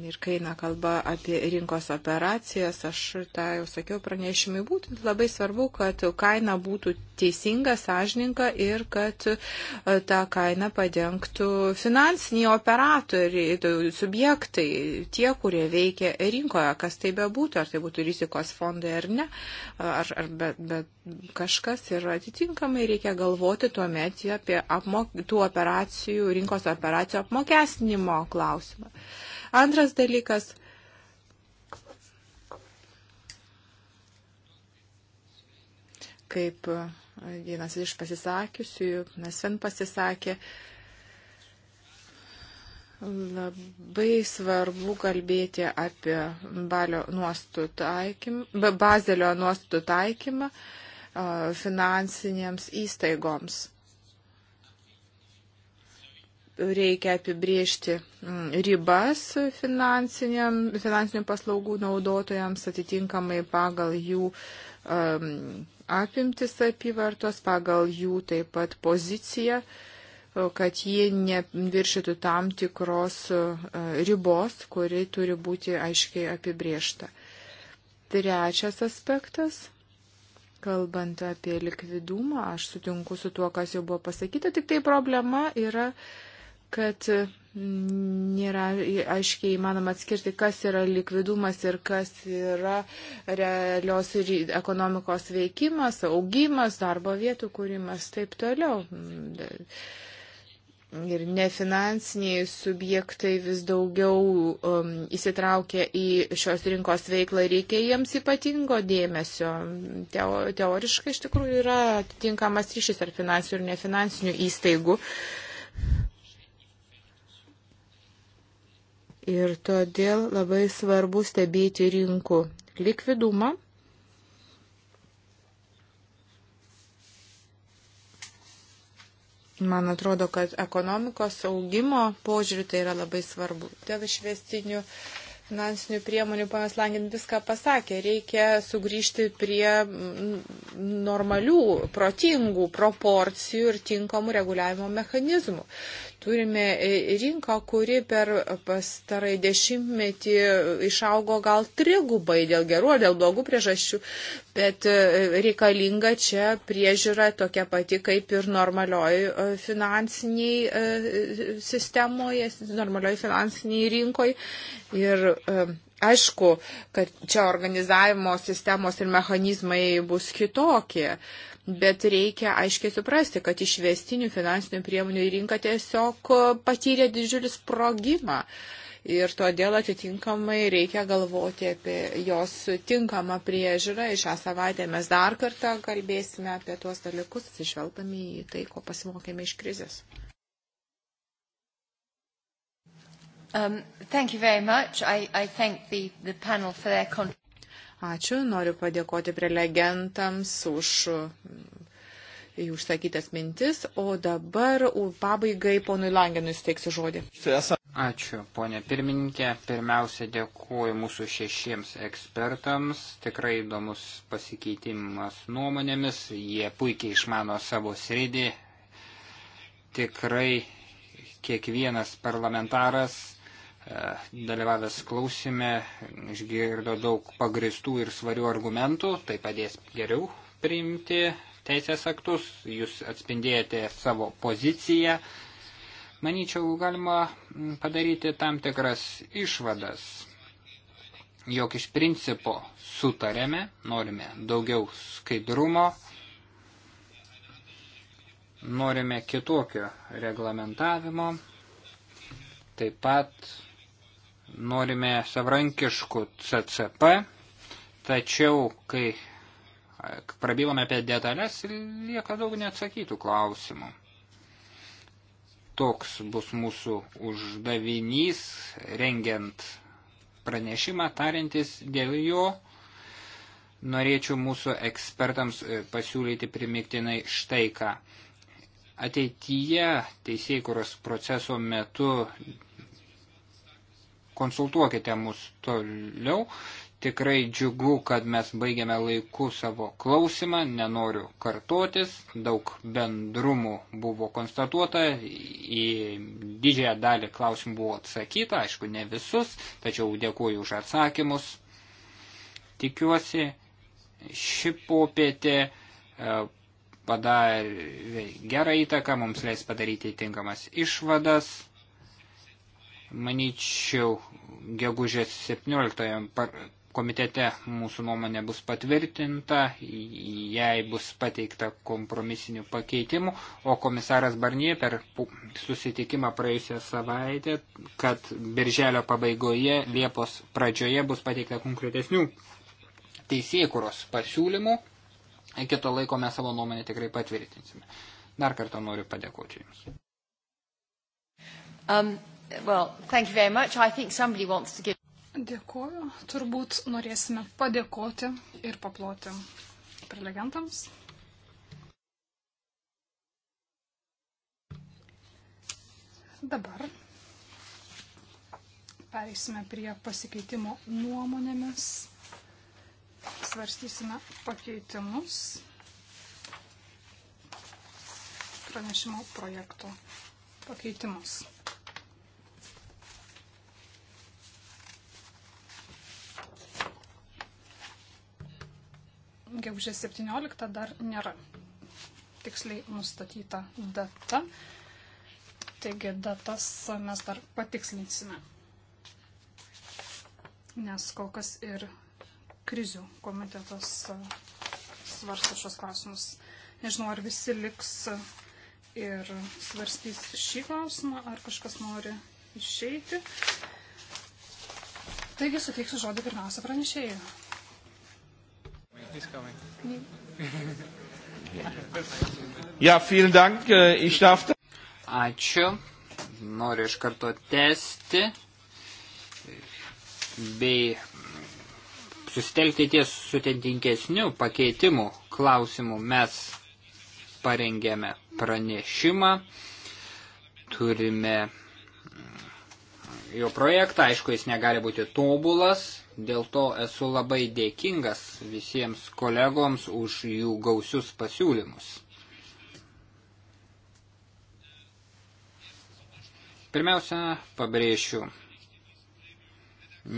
Ir kai eina kalba apie rinkos operacijas, aš tą jau sakiau pranešimui, būtent labai svarbu, kad kaina būtų teisinga, sąžininka ir kad e, tą kainą padengtų finansiniai operatoriai, subjektai, tie, kurie veikia rinkoje, kas tai bebūtų, ar tai būtų rizikos fondai ar ne, ar, ar bet, bet kažkas ir atitinkamai reikia galvoti tuomet apie apmok, tų operacijų, rinkos operacijų apmokestinimo klausimą. Antras dalykas. Kaip vienas iš pasisakiusių, Nesven pasisakė, Labai svarbu kalbėti apie nuostų taikym, bazelio nuostų taikymą finansinėms įstaigoms reikia apibriežti mm, ribas finansinių paslaugų naudotojams atitinkamai pagal jų um, apimtis apyvartos, pagal jų taip pat poziciją, kad jie neviršytų tam tikros e, ribos, kuri turi būti aiškiai apibriešta. Trečias aspektas Kalbant apie likvidumą, aš sutinku su tuo, kas jau buvo pasakyta, tik tai problema yra kad nėra aiškiai įmanoma atskirti, kas yra likvidumas ir kas yra realios ekonomikos veikimas, augimas, darbo vietų kūrimas, taip toliau. Ir nefinansiniai subjektai vis daugiau um, įsitraukia į šios rinkos veiklą, reikia jiems ypatingo dėmesio. Teo, teoriškai iš tikrųjų yra atitinkamas ryšys ar finansinių ir nefinansinių įstaigų. Uh, Ir todėl labai svarbu stebėti rinkų likvidumą. Man atrodo, kad ekonomikos augimo požiūriu tai yra labai svarbu. Dėl išvestinių uh, finansinių priemonių, panas Langin viską pasakė, reikia sugrįžti prie normalių, protingų proporcijų ir tinkamų reguliavimo mechanizmų. Turime rinką, kuri per pastarai dešimtmetį išaugo gal trigubai dėl gerų ar dėl blogų priežasčių. Bet e, reikalinga čia priežiūra tokia pati kaip ir normalioj e, finansiniai e, sistemoje, normalioj finansiniai rinkoj. Ir aišku, kad čia organizavimo sistemos ir mechanizmai bus kitokie. Bet reikia aiškiai suprasti, kad išvestinių finansinių priemonių rinka tiesiog patyrė didžiulį sprogimą. Uh, ir todėl atitinkamai reikia galvoti apie jos tinkamą priežiūrą. Ir šią savaitę mes dar kartą kalbėsime apie tuos dalykus, atsižvelgdami į tai, ko pasimokėme iš krizės. Um, thank you very much. I, I thank the, the panel for their contribution. Ačiū, noriu padėkoti prelegentams už jų mm, užsakytas mintis, o dabar pabaigai ponui Langenui steiksiu žodį. Ačiū, ponė pirmininkė. Pirmiausia, dėkuoju mūsų šešiems ekspertams. Tikrai įdomus pasikeitimas nuomonėmis. Jie puikiai išmano savo sridį. Tikrai kiekvienas parlamentaras e, dalyvavęs klausime, išgirdo daug pagristų ir svarių argumentų. Tai padės geriau priimti teisės aktus. Jūs atspindėjate savo poziciją Manyčiau, galima mm, padaryti tam tikras išvadas, jog iš principo sutarėme, norime daugiau skaidrumo, norime kitokio reglamentavimo, taip pat norime savrankiškų CCP, tačiau kai prabylame apie detalės, lieka daug neatsakytų klausimų. Toks bus mūsų uždavinys, rengiant pranešimą, tarintis dėl jo. Norėčiau mūsų ekspertams e, pasiūlyti primiktinai štai ką. Ateityje teisėkuros proceso metu konsultuokite mus toliau Tikrai džiugu, kad mes baigiame laiku savo klausimą, nenoriu kartotis, daug bendrumų buvo konstatuota, į didžiąją dalį klausimų buvo atsakyta, aišku, ne visus, tačiau dėkuoju už atsakymus. Tikiuosi, ši popietė e, padarė gerą įtaką, mums leis padaryti tinkamas išvadas manyčiau, gegužės 17 komitete mūsų nuomonė bus patvirtinta, jai bus pateikta kompromisinių pakeitimų, o komisaras Barnie per susitikimą praėjusią savaitę, kad birželio pabaigoje, Liepos pradžioje bus pateikta konkretesnių teisėkuros pasiūlymų. Iki to laiko mes savo nuomonę tikrai patvirtinsime. Dar kartą noriu padėkoti Jums. Um, well, thank you very much. I think somebody wants to give... Dėkuoju. Turbūt norėsime padėkoti ir paploti prelegentams. Dabar pereisime prie pasikeitimo nuomonėmis. Svarstysime pakeitimus pranešimo projekto pakeitimus. gegužės 17 dar nėra tiksliai nustatyta data. Taigi datas mes dar patikslinsime. Nes kol kas ir krizių komitetas e, svarsto šios klausimus. Nežinau, ar visi liks ir svarstys šį klausimą, ar kažkas nori išeiti. Taigi suteiksiu žodį pirmiausia pranešėjui. He's coming. ja, vielen Dank. Äh, ich darf. Ačiū. Noriu iš karto tęsti bei susitelkti ties sutendinkesnių pakeitimų klausimų. Mes parengėme pranešimą, turime jo projektą, aišku, jis negali būti tobulas, Dėl to esu labai dėkingas visiems kolegoms už jų gausius pasiūlymus. Pirmiausia, pabrėšiu,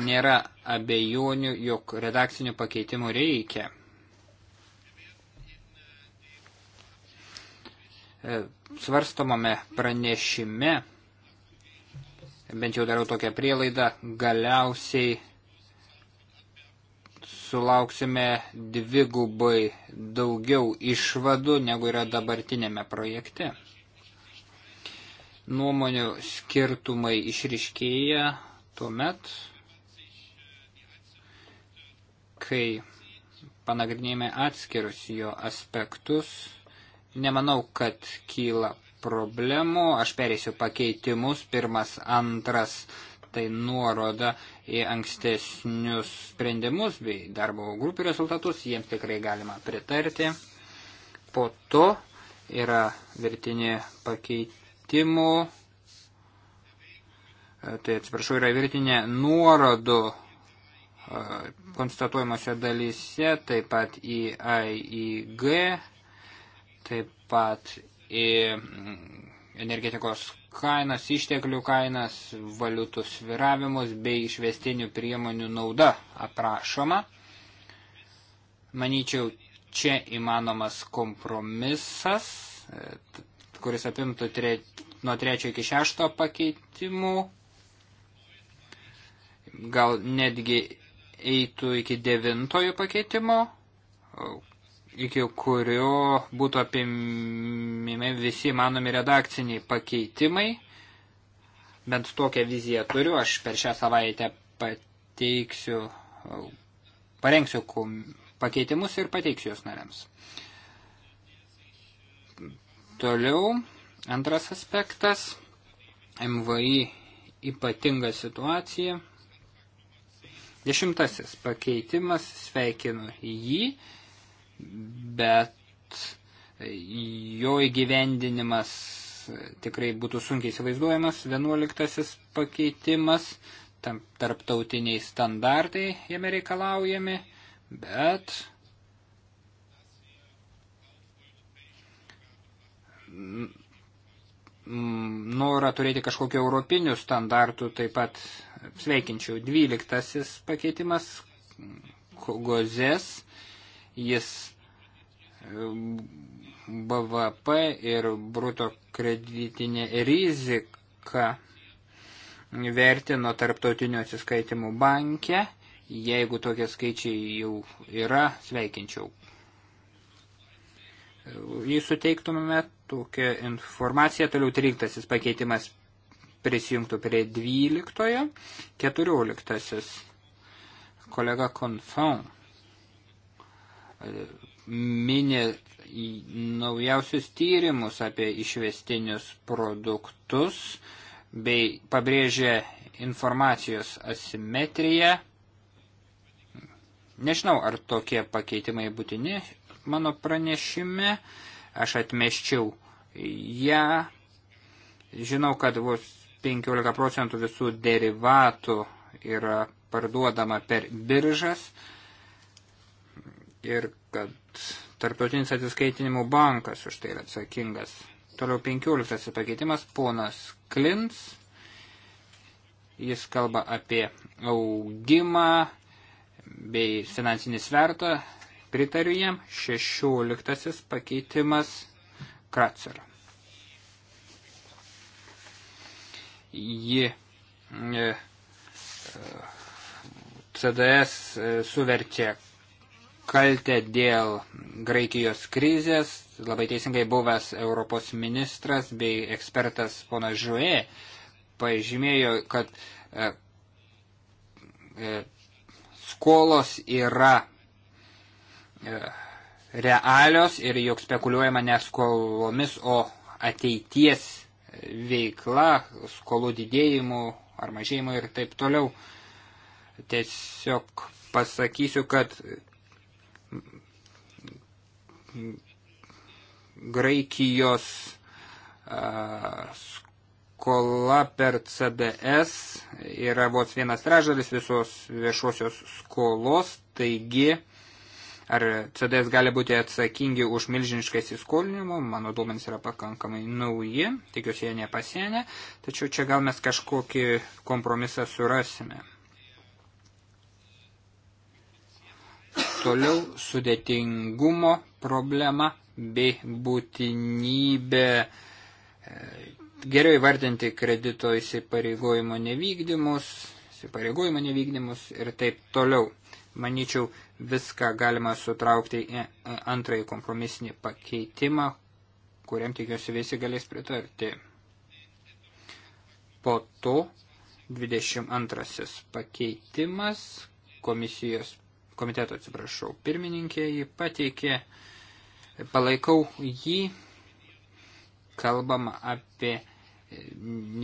nėra abejonių, jog redakcinių pakeitimų reikia. E, svarstomame pranešime, bent jau darau tokią prielaidą, galiausiai sulauksime dvigubai daugiau išvadų, negu yra dabartinėme projekte. Nuomonių skirtumai išriškėja tuo met, kai panagrinėjame atskirus jo aspektus. Nemanau, kad kyla problemų. Aš perėsiu pakeitimus. Pirmas, antras tai nuoroda į ankstesnius sprendimus bei darbo grupių rezultatus, jiems tikrai galima pritarti. Po to yra virtinė pakeitimų, e, tai atsiprašau, yra virtinė nuorodų e, konstatuojamose dalyse, taip pat į AIG, taip pat į energetikos kainas, išteklių kainas, valiutų sviravimus bei išvestinių priemonių nauda aprašoma. Manyčiau, čia įmanomas kompromisas, e, kuris apimtų tre, nuo trečio iki šešto pakeitimų, gal netgi eitų iki devintojo pakeitimo, iki kurio būtų apimimi visi manomi redakciniai pakeitimai. Bent tokią viziją turiu, aš per šią savaitę pateiksiu, parengsiu pakeitimus ir pateiksiu jos nariams. Toliau, antras aspektas, MVI ypatinga situacija. Dešimtasis pakeitimas, sveikinu jį bet jo įgyvendinimas tikrai būtų sunkiai įsivaizduojamas. Vienuoliktasis pakeitimas, tam tarptautiniai standartai jame reikalaujami, bet norą turėti kažkokiu europiniu standartu taip pat sveikinčiau. Dvyliktasis pakeitimas, gozės jis um, BVP ir bruto kreditinė rizika vertino tarptautinio atsiskaitimų banke. Jeigu tokie skaičiai jau yra, sveikinčiau. Jei suteiktumėme tokią informaciją, toliau 13 pakeitimas prisijungtų prie 12, 14 kolega Confond mini naujausius tyrimus apie išvestinius produktus bei pabrėžė informacijos asimetriją. Nežinau, ar tokie pakeitimai būtini mano pranešime. Aš atmeščiau ją. Žinau, kad vos 15 procentų visų derivatų yra parduodama per biržas ir kad tarptautinis atsiskaitinimų bankas už tai yra atsakingas. Toliau 15 pakeitimas, ponas Klins, jis kalba apie augimą bei finansinį svertą, pritariu jam, 16 pakeitimas Kratzer. Ji e, e, CDS e, suverčia kaltę dėl Graikijos krizės. Labai teisingai buvęs Europos ministras bei ekspertas pona Žuė pažymėjo, kad e, e, skolos yra e, realios ir jog spekuliuojama ne skolomis, o ateities veikla, skolų didėjimu ar mažėjimu ir taip toliau. Tiesiog pasakysiu, kad Graikijos skola per CDS yra vos vienas tražalis visos viešosios skolos, taigi ar CDS gali būti atsakingi už milžinišką įsiskolinimą, mano duomenys yra pakankamai nauji, tikiuosi jie nepasienė, tačiau čia gal mes kažkokį kompromisą surasime. Toliau sudėtingumo problema bei būtinybė e, geriau įvardinti kredito įsipareigojimo nevykdymus, įsipareigojimo nevykdymus ir taip toliau. Manyčiau, viską galima sutraukti į antrąjį kompromisinį pakeitimą, kuriam tikiuosi visi galės pritarti. Po to 22 pakeitimas komisijos komiteto, atsiprašau, pirmininkė jį pateikė, palaikau jį, kalbam apie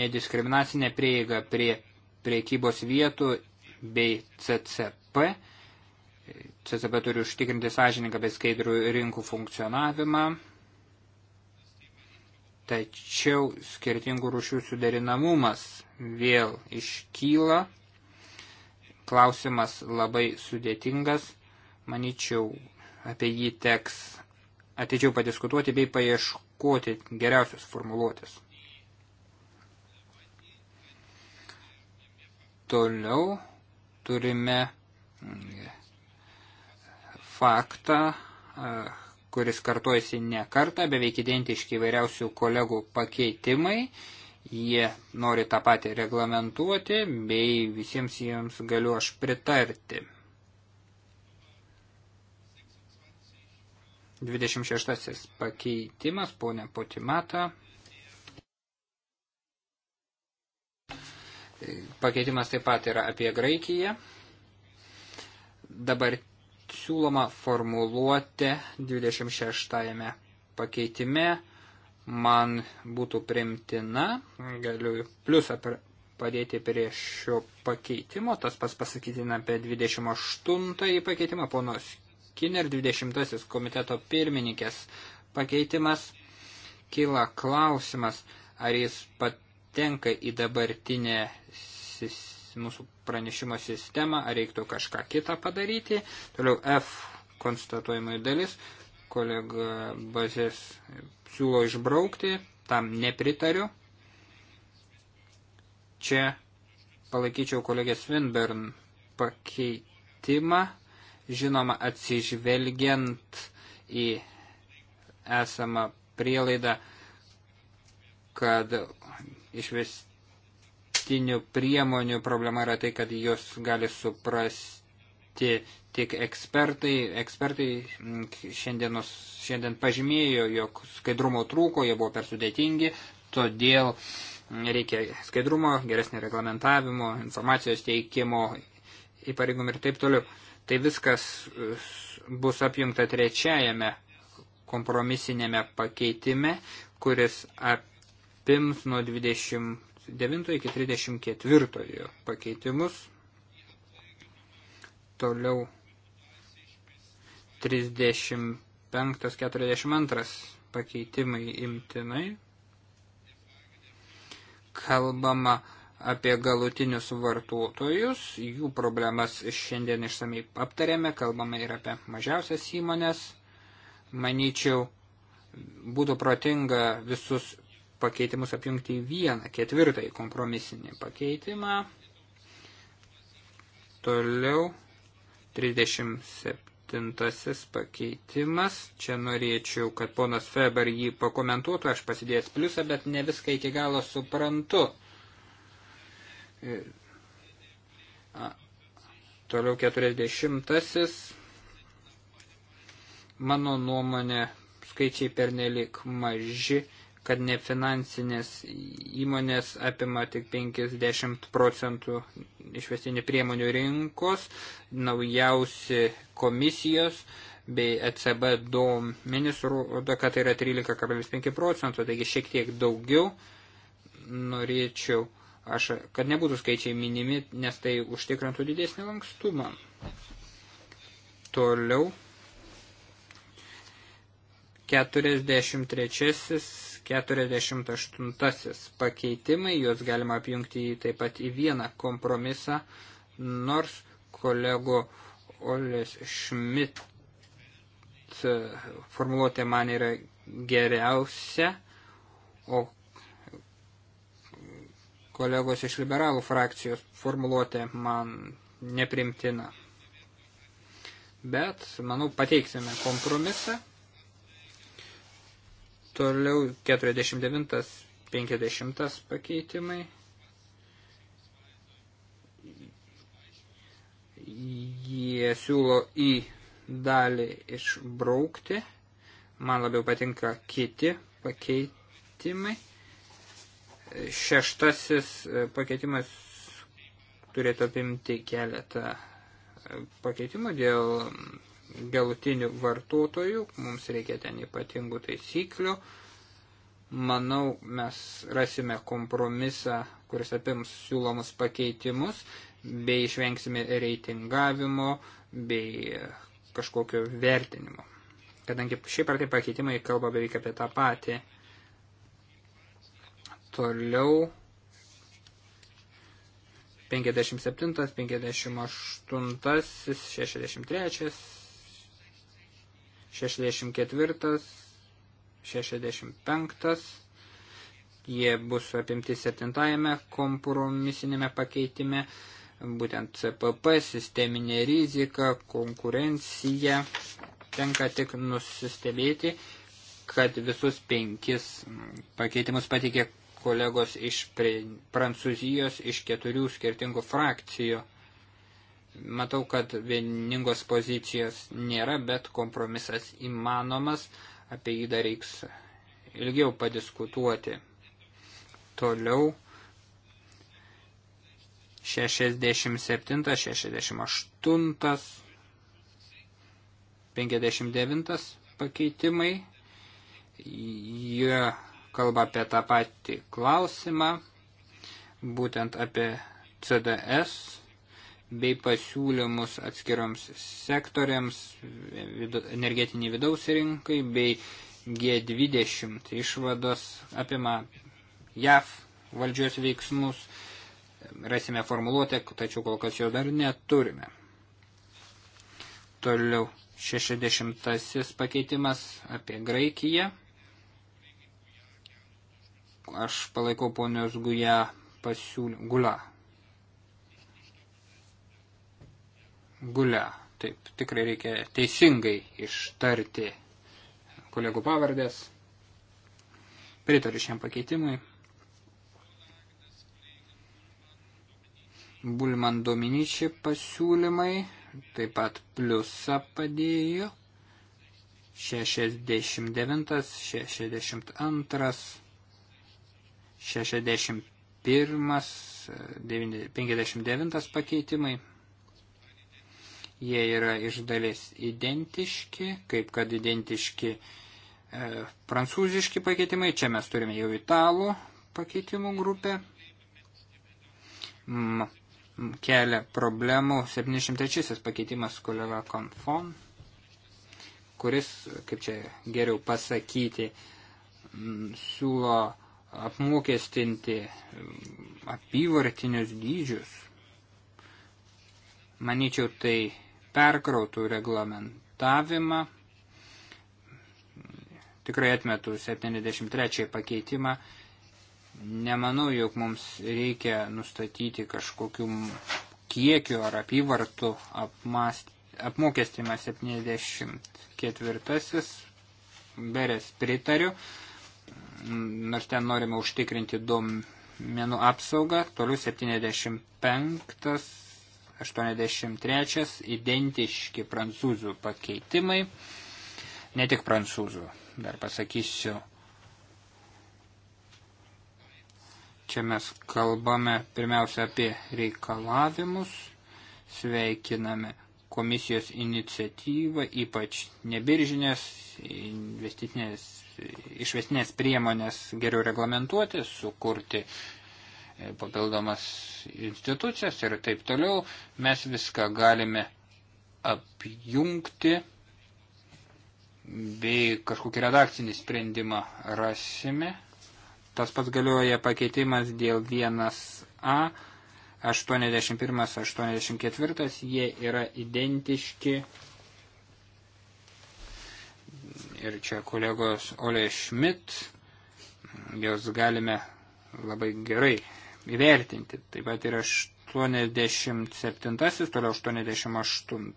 nediskriminacinę prieigą prie priekybos vietų bei CCP. CCP turi užtikrinti sąžininką bei skaidrų rinkų funkcionavimą, tačiau skirtingų rūšių suderinamumas vėl iškyla Klausimas labai sudėtingas, manyčiau, apie jį teks atidžiau padiskutuoti bei paieškoti geriausios formuluotės. Toliau turime mm, faktą, kuris kartojasi ne kartą, beveik identiški įvairiausių kolegų pakeitimai jie nori tą patį reglamentuoti, bei visiems jiems galiu aš pritarti. 26 pakeitimas, ponė Potimata. Pakeitimas taip pat yra apie Graikiją. Dabar siūloma formuluoti 26 pakeitime man būtų primtina, galiu pliusą padėti prie šio pakeitimo, tas pas pasakytina apie 28 pakeitimą, ponos Kiner 20 komiteto pirmininkės pakeitimas, kyla klausimas, ar jis patenka į dabartinę mūsų pranešimo sistemą, ar reiktų kažką kitą padaryti. Toliau F konstatuojamai dalis, kolega Bazės siūlo išbraukti, tam nepritariu. Čia palaikyčiau kolegės Winbern pakeitimą, žinoma atsižvelgiant į esamą prielaidą, kad išvestinių priemonių problema yra tai, kad jos gali suprasti kalti tik ekspertai. Ekspertai šiandienos, šiandien pažymėjo, jog skaidrumo trūko, jie buvo per sudėtingi, todėl reikia skaidrumo, geresnio reglamentavimo, informacijos teikimo įpareigom ir taip toliau. Tai viskas bus apjungta trečiajame kompromisinėme pakeitime, kuris apims nuo 29 iki 34 pakeitimus. Toliau 35-42 pakeitimai imtinai. Kalbama apie galutinius vartotojus, jų problemas šiandien išsamei aptarėme, kalbame ir apie mažiausias įmonės. Manyčiau, būtų protinga visus pakeitimus apjungti į vieną ketvirtąjį kompromisinį pakeitimą. Toliau 37 pakeitimas. Čia norėčiau, kad ponas Feber jį pakomentuotų, aš pasidėjęs pliusą, bet ne viską iki galo suprantu. A, toliau 40. Mano nuomonė, skaičiai pernelik maži kad nefinansinės įmonės apima tik 50 procentų išvestinių priemonių rinkos, naujausi komisijos bei ECB duomenys rodo, kad tai yra 13,5 procentų, taigi šiek tiek daugiau norėčiau, aš, kad nebūtų skaičiai minimi, nes tai užtikrantų didesnį lankstumą. Toliau. 43 48 pakeitimai, juos galima apjungti taip pat į vieną kompromisą, nors kolego Oles Schmidt e, formuluotė man yra geriausia, o kolegos iš liberalų frakcijos formuluotė man neprimtina. Bet, manau, pateiksime kompromisą. Toliau 49-50 pakeitimai. Jie siūlo į dalį išbraukti. Man labiau patinka kiti pakeitimai. Šeštasis e, pakeitimas turėtų apimti keletą e, pakeitimų dėl galutinių vartotojų, mums reikia ten ypatingų taisyklių. Manau, mes rasime kompromisą, kuris apims siūlomus pakeitimus, bei išvengsime reitingavimo, bei kažkokio vertinimo. Kadangi šiaip ar tai pakeitimai kalba beveik apie tą patį. Toliau 57, 58, 63, 64, 65, jie bus apimti septintajame kompromisinėme pakeitime, būtent CPP, sisteminė rizika, konkurencija, tenka tik nusistebėti, kad visus penkis pakeitimus patikė kolegos iš Prancūzijos, iš keturių skirtingų frakcijų. Matau, kad vieningos pozicijos nėra, bet kompromisas įmanomas, apie jį dar reiks ilgiau padiskutuoti. Toliau 67, 68, 59 pakeitimai. Jie kalba apie tą patį klausimą, būtent apie CDS bei pasiūlymus atskiroms sektoriams, energetiniai vidaus rinkai bei G20 išvados apima JAV valdžios veiksmus. Rasime formuluotę, tačiau kol kas jo dar neturime. Toliau 60 pakeitimas apie Graikiją. Aš palaikau ponios Guja pasiūlymą. Gulia. Taip, tikrai reikia teisingai ištarti kolegų pavardės. Pritariu šiam pakeitimui. Bulman Dominici pasiūlymai taip pat pliusą padėjo. 69, 62, 61, 59 pakeitimai. Jie yra iš dalies identiški, kaip kad identiški e, prancūziški pakeitimai. Čia mes turime jau italų pakeitimų grupę. M, kelia problemų 703 pakeitimas kolega Konfon, kuris, kaip čia geriau pasakyti, m, siūlo apmokestinti apyvartinius dydžius. Manyčiau, tai perkrautų reglamentavimą. Tikrai atmetu 73 pakeitimą. Nemanau, jog mums reikia nustatyti kažkokiu kiekiu ar apyvartų apmokestimą 74. Berės pritariu, nors ten norime užtikrinti duomenų apsaugą. Toliau 75 83 identiški prancūzų pakeitimai, ne tik prancūzų, dar pasakysiu. Čia mes kalbame pirmiausia apie reikalavimus, sveikiname komisijos iniciatyvą, ypač nebiržinės investicinės išvestinės priemonės geriau reglamentuoti, sukurti papildomas institucijas ir taip toliau, mes viską galime apjungti bei kažkokį redakcinį sprendimą rasime. Tas pats galioja pakeitimas dėl 1A, 81, 84, jie yra identiški. Ir čia kolegos Ole Schmidt, jos galime labai gerai įvertinti. Taip pat ir 87, toliau 88.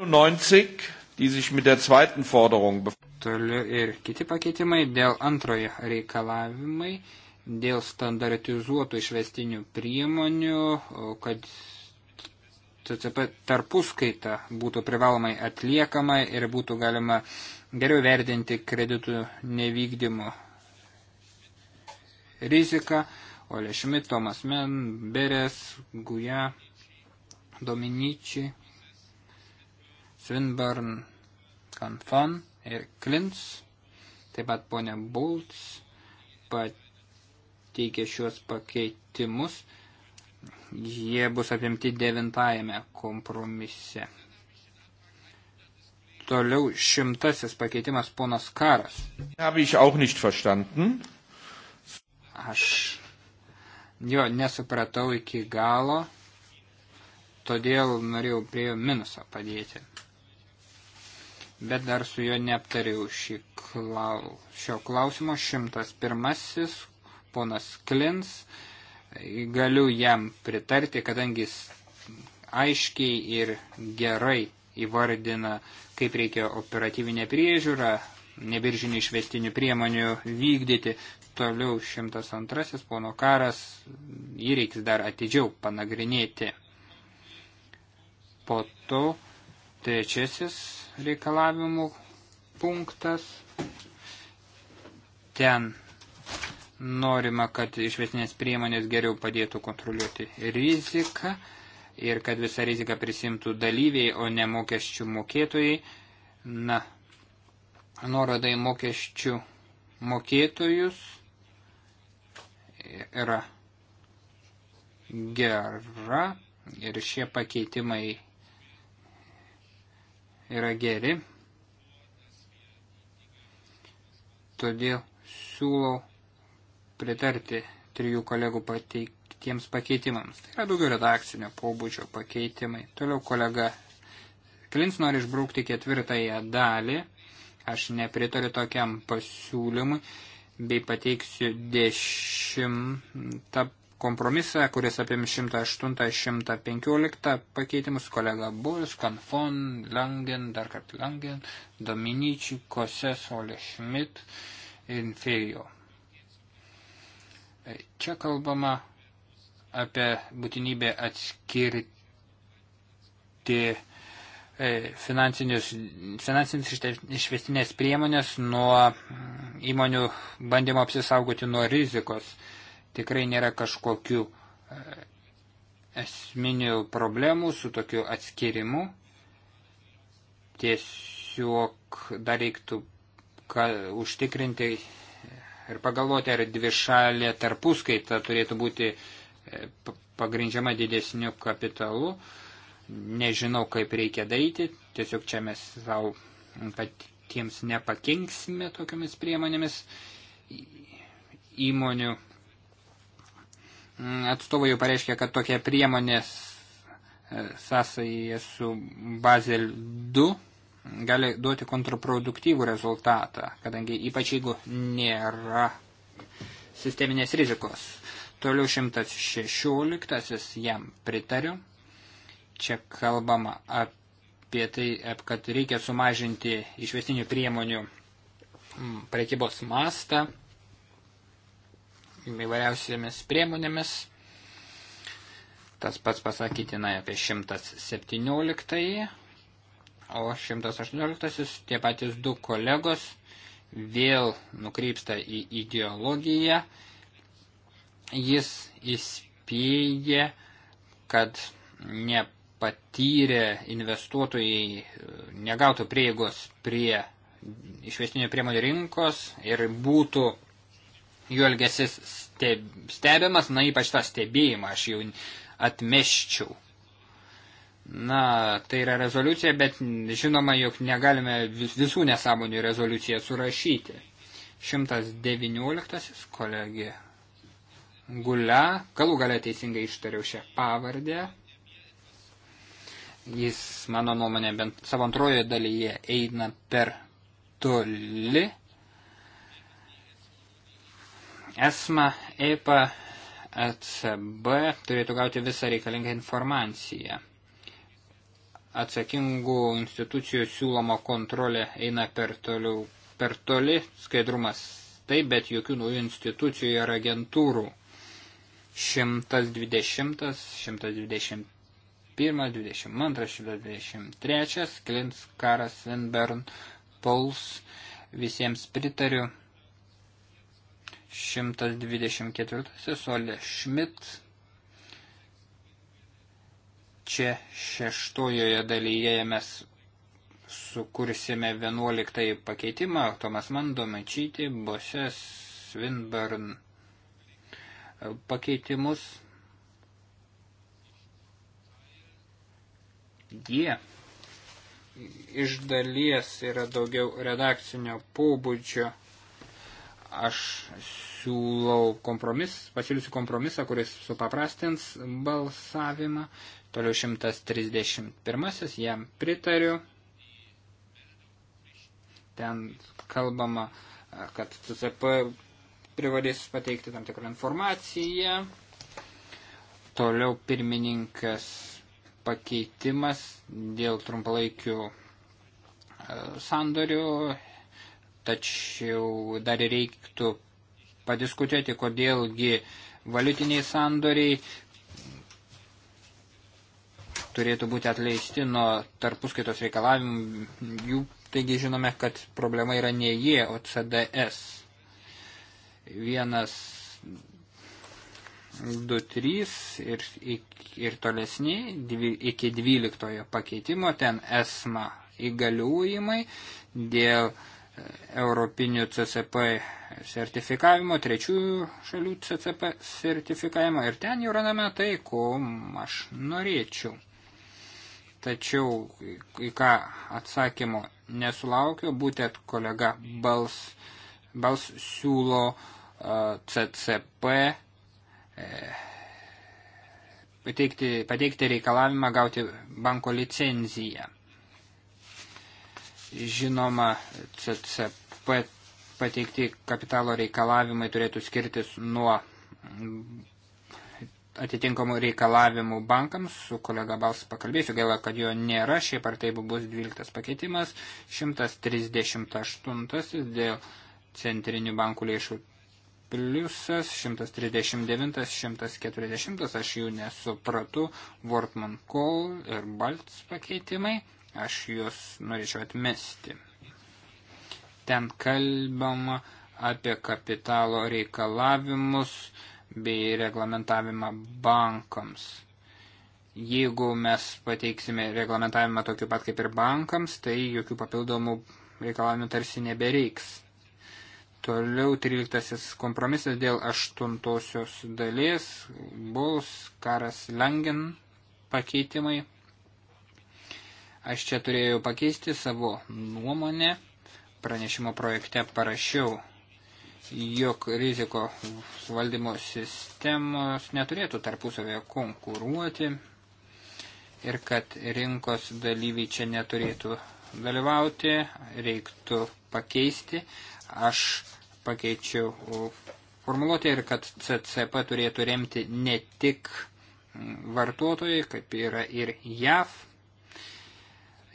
90, die sich mit der zweiten Forderung Toliau ir kiti pakeitimai dėl antrojo reikalavimai, dėl standartizuotų išvestinių priemonių, kad CCP tarpuskaita būtų privalomai atliekama ir būtų galima geriau verdinti kreditų nevykdymo rizika, Ole Šmit, Tomas Men, Beres, Guja, Dominičiai, Swinburn, Kanfan ir e, Klins, taip pat ponė Bultz pateikė šios pakeitimus, jie bus apimti devintajame kompromise. Toliau šimtasis pakeitimas ponas Karas. Habe ich auch nicht verstanden. Aš jo nesupratau iki galo, todėl norėjau prie jo minusą padėti. Bet dar su juo neaptariau šį klau... šio klausimo. 101. Ponas Klins. Galiu jam pritarti, kadangi jis aiškiai ir gerai įvardina, kaip reikia operatyvinę priežiūrą, nebiržinių išvestinių priemonių vykdyti. Toliau 102 pono karas, jį reiks dar atidžiau panagrinėti. Po to trečiasis reikalavimų punktas. Ten norima, kad išvesnės priemonės geriau padėtų kontroliuoti riziką ir kad visą riziką prisimtų dalyviai, o ne mokesčių mokėtojai. Na, nuorodai mokesčių mokėtojus yra gera ir šie pakeitimai yra geri. Todėl siūlau pritarti trijų kolegų pateiktiems pakeitimams. Tai yra daugiau redakcinio pobūdžio pakeitimai. Toliau kolega Klins nori išbraukti ketvirtąją dalį. Aš nepritariu tokiam pasiūlymui bei pateiksiu dešimtą kompromisą, kuris apim 108-115 pakeitimus kolega Bulis, Kanfon, Langen, dar kartą Langen, Dominici, Koses, Ole Schmidt, Infejo. Čia kalbama apie būtinybę atskirti E, finansinės išvestinės priemonės nuo įmonių bandymo apsisaugoti nuo rizikos. Tikrai nėra kažkokių e, esminių problemų su tokiu atskirimu. Tiesiog dar reiktų ka, užtikrinti ir pagalvoti, ar dvišalė tarpuskaita turėtų būti e, pagrindžiama didesniu kapitalu. Uh, nežinau, kaip reikia daryti, tiesiog čia mes savo patiems nepakenksime tokiamis priemonėmis. Įmonių atstovai jau pareiškia, kad tokia priemonės e, sąsąjį su Bazel 2 gali duoti kontraproduktyvų rezultatą, kadangi ypač jeigu nėra sisteminės rizikos. Toliau 116, jam pritariu. Čia kalbama apie tai, kad reikia sumažinti išvestinių priemonių mm, prekybos mastą įvairiausiamis priemonėmis. Tas pats pasakytina apie 117, o 118 tie patys du kolegos vėl nukrypsta į ideologiją. Jis įspėja, kad ne patyrę investuotojai e, negautų prieigos prie išvestinių priemonių rinkos ir būtų jų elgesis steb, stebimas, na ypač tą stebėjimą aš jau atmeščiau. Na, tai yra rezoliucija, bet žinoma, jog negalime visų nesąmonių rezoliuciją surašyti. 119 kolegė Gulia, galų galia teisingai ištariau šią pavardę. Jis, mano nuomonė, bent savo antrojoje dalyje eina per toli. ESMA, EPA, ECB turėtų gauti visą reikalingą informaciją atsakingų institucijų siūloma kontrolė eina per, toliau, per toli, skaidrumas taip, bet jokių naujų institucijų ir agentūrų. 120, 121 122-123, Klins, Karas, Winburn, Pauls, visiems pritariu. 124, Solė Šmit. Čia šeštojoje dalyje mes sukursime 11 pakeitimą, Tomas Mando, Mačyti, Bosės, Winburn pakeitimus jie iš dalies yra daugiau redakcinio pobūdžio. Aš siūlau kompromis, pasiūlysiu kompromisą, kuris supaprastins balsavimą. Toliau 131, jam pritariu. Ten kalbama, kad CCP privalės pateikti tam tikrą informaciją. Toliau pirmininkas pakeitimas dėl trumpalaikių e, sandorių, tačiau dar reiktų padiskutuoti, kodėlgi valiutiniai sandoriai turėtų būti atleisti nuo tarpuskaitos reikalavimų. Jų, taigi žinome, kad problema yra ne jie, o CDS. Vienas 2.3 ir, ir tolesni iki 12 pakeitimo, ten esma įgaliuojimai dėl e, europinių CCP sertifikavimo, trečiųjų šalių CCP sertifikavimo ir ten jau randame tai, ko aš norėčiau. Tačiau į ką atsakymo nesulaukiu, būtent kolega Bals, Bals siūlo uh, e, CCP pateikti, pateikti reikalavimą gauti banko licenciją. Žinoma, CCP pateikti kapitalo reikalavimai turėtų skirtis nuo atitinkamų reikalavimų bankams, su kolega Bals pakalbėsiu, gaila, kad jo nėra, šiaip ar taip bus 12 pakeitimas, 138 dėl centrinių bankų lėšų pliusas, 139, 140, aš jų nesupratu, Wortman Call ir Balts pakeitimai, aš juos norėčiau atmesti. Ten kalbama apie kapitalo reikalavimus bei reglamentavimą bankams. Jeigu mes pateiksime reglamentavimą tokiu pat kaip ir bankams, tai jokių papildomų reikalavimų tarsi nebereiks. Toliau 13 kompromisas dėl 8 dalies, Bols, Karas Langen pakeitimai. Aš čia turėjau pakeisti savo nuomonę, pranešimo projekte parašiau, jog riziko valdymo sistemos neturėtų tarpusavėje konkuruoti ir kad rinkos dalyviai čia neturėtų dalyvauti, reiktų pakeisti Aš pakeičiau formuluotę ir kad CCP turėtų remti ne tik vartotojai, kaip yra ir JAV,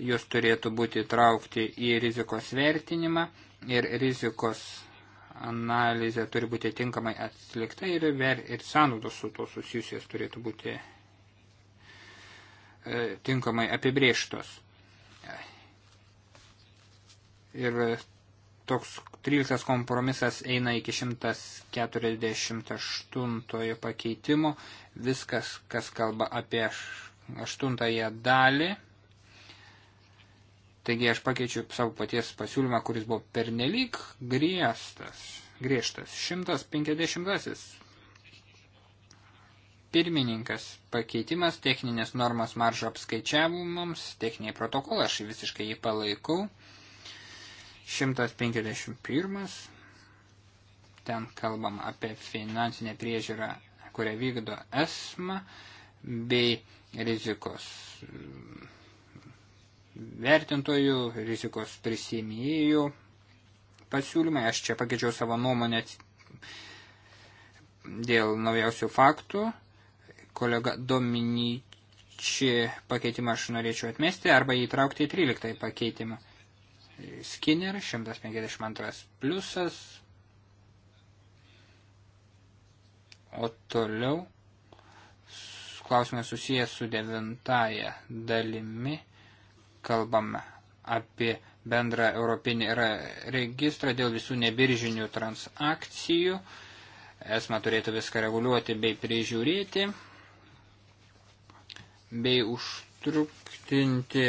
jos turėtų būti traukti į rizikos vertinimą ir rizikos analizė turi būti tinkamai atlikta ir, ver, ir sąnaudos su to susijusios turėtų būti e, tinkamai apibrėžtos. Ir toks 13 kompromisas eina iki 148 pakeitimo. Viskas, kas kalba apie 8 dalį. Taigi aš pakeičiu savo paties pasiūlymą, kuris buvo pernelyg griežtas. Griežtas. 150. Pirmininkas pakeitimas, techninės normos maržo apskaičiavimams, techniniai protokolai, aš visiškai jį palaikau. 151. Ten kalbam apie finansinę priežiūrą, kurią vykdo ESMA bei rizikos mm, vertintojų, rizikos prisimėjų pasiūlymai. Aš čia pakeičiau savo nuomonę dėl naujausių faktų. Kolega Dominičiai pakeitimą aš norėčiau atmesti arba įtraukti į 13 pakeitimą. Skinner, 152 pliusas, o toliau klausimas susijęs su devintaja dalimi, kalbame apie bendrą europinį registrą dėl visų nebiržinių transakcijų. Esma turėtų viską reguliuoti bei prižiūrėti, bei užtruktinti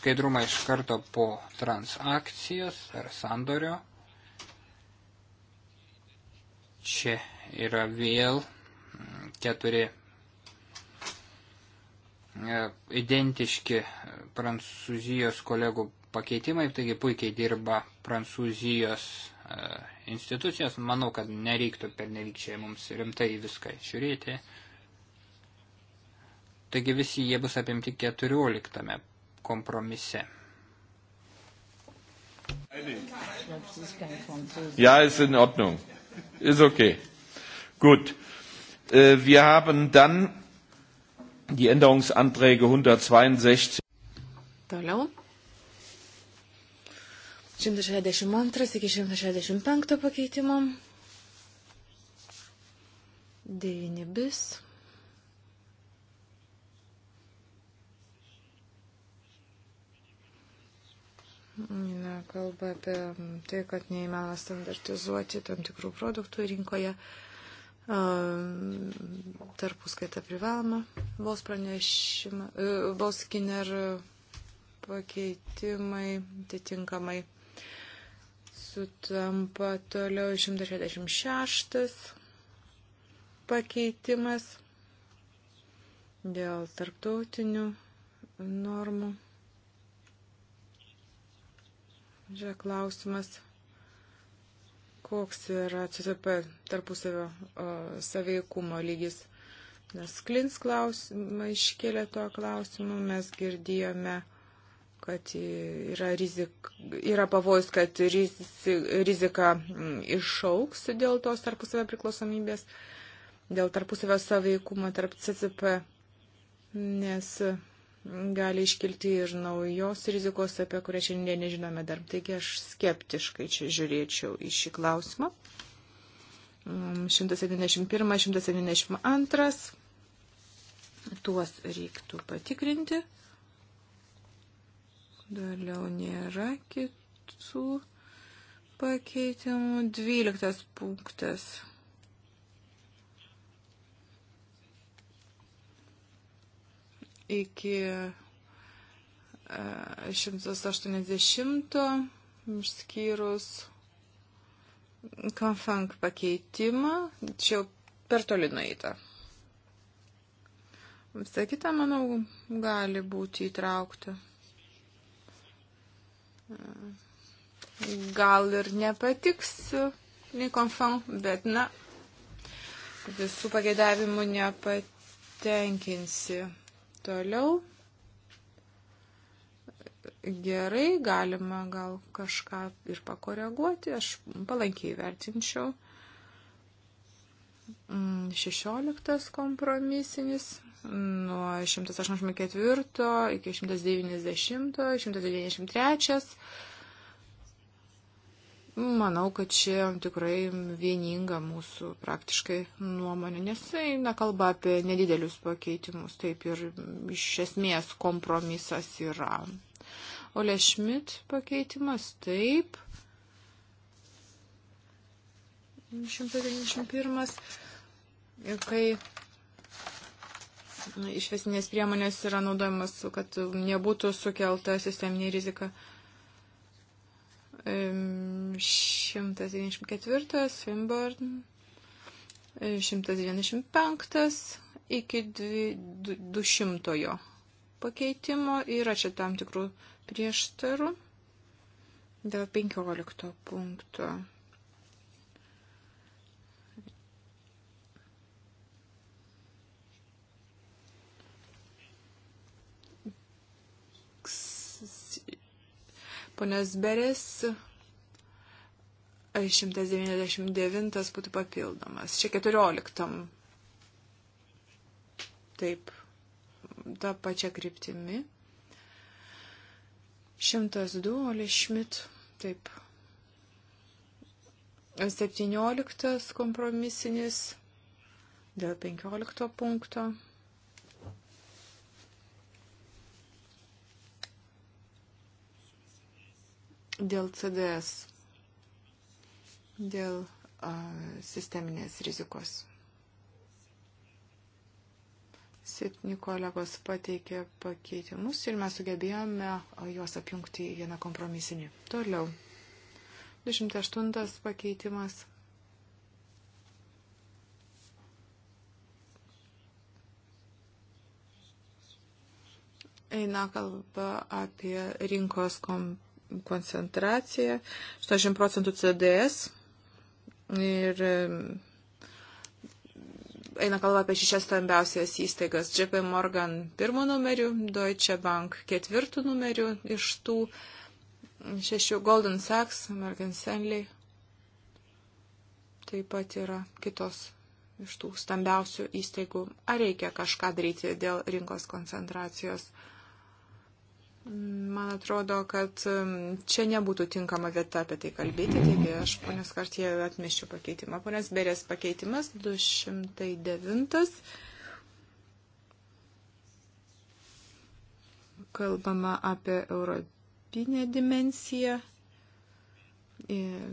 skaidrumą iš karto po transakcijos ar sandorio. Čia yra vėl mm, keturi e, identiški prancūzijos kolegų pakeitimai, taigi puikiai dirba prancūzijos e, institucijos. Manau, kad nereiktų per nelikčiai mums rimtai viską žiūrėti. Taigi visi jie bus apimti 14 kompromise. Ja, ist in Ordnung. Ist okay. Gut. Äh, wir haben dann die Änderungsanträge 162. Toliau. 162 iki 165 pakeitimo. 9 bis. na, kalba apie tai, kad neįmanoma standartizuoti tam tikrų produktų rinkoje. Tarpuskaita privaloma. Vos pranešimą, e, vos kiner pakeitimai, atitinkamai sutampa toliau 166 pakeitimas dėl tarptautinių normų. Čia klausimas, koks yra CCP tarpusavio saveikumo lygis. Nes Klins klausimą iškėlė tuo klausimu, mes girdėjome, kad yra, rizik, yra pavojus, kad rizika išauks dėl tos tarpusavio priklausomybės, dėl tarpusavio saveikumo tarp CCP, nes gali iškilti ir naujos rizikos, apie kurią šiandien nežinome dar. Taigi aš skeptiškai čia žiūrėčiau į šį klausimą. 171, mm, 172. Tuos reiktų patikrinti. Daliau nėra kitų pakeitimų. 12 punktas. iki 180 e, išskyrus konfank pakeitimą, čia jau per toli nueita. Visą kitą, manau, gali būti įtraukta. E, gal ir nepatiksiu Nikonfam, bet na, visų pageidavimų nepatenkinsi. Toliau. Gerai, galima gal kažką ir pakoreguoti, aš palankiai vertinčiau. 16 mm, kompromisinis nuo 184 iki 190, 193 Manau, kad čia tikrai vieninga mūsų praktiškai nuomonė, nes tai eina kalba apie nedidelius pakeitimus, taip ir iš esmės kompromisas yra. Ole Schmidt pakeitimas, taip. 191. Kai išvesinės priemonės yra naudojamas, kad nebūtų sukelta sisteminė rizika. 194, Swinburne, 195 iki 200 pakeitimo yra čia tam tikrų prieštarų dėl 15 punkto. Ponios Berės 199 būtų papildomas. Čia 14. Taip, tą pačią kryptimį. 102 Olė Šmit. Taip. 17 kompromisinis dėl 15 punkto. Dėl CDS, dėl a, sisteminės rizikos. Septyni kolegos pateikė pakeitimus ir mes sugebėjome juos apjungti į vieną kompromisinį. Toliau. 208 pakeitimas. eina kalba apie rinkos komp koncentracija, 80 procentų CDS ir eina kalba apie šešias stambiausias įstaigas. JP Morgan pirmo numeriu, Deutsche Bank ketvirtų numeriu iš tų šešių Golden Sachs, Morgan Stanley. Taip pat yra kitos iš tų stambiausių įstaigų. Ar reikia kažką daryti dėl rinkos koncentracijos? Uh, Man atrodo, kad um, čia nebūtų tinkama vieta apie tai kalbėti, taigi aš ponios kartie atmeščiau pakeitimą. Ponios Berės pakeitimas 209. Kalbama apie europinę dimensiją.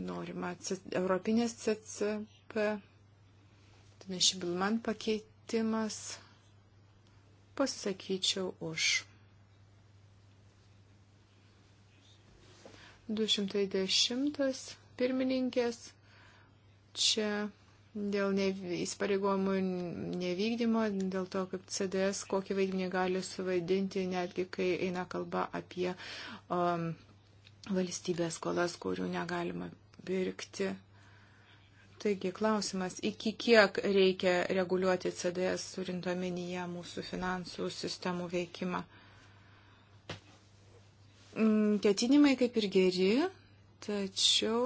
Norima europinės CCP. Nešibilman pakeitimas. Pasisakyčiau už. 210 pirmininkės. Čia dėl įsipareigojimų nevykdymo, dėl to, kaip CDS kokį vaidmenį gali suvaidinti, netgi kai eina kalba apie um, valstybės skolas, kurių negalima pirkti. Taigi klausimas, iki kiek reikia reguliuoti CDS turint omenyje mūsų finansų sistemų veikimą? ketinimai mm, kaip ir geri, tačiau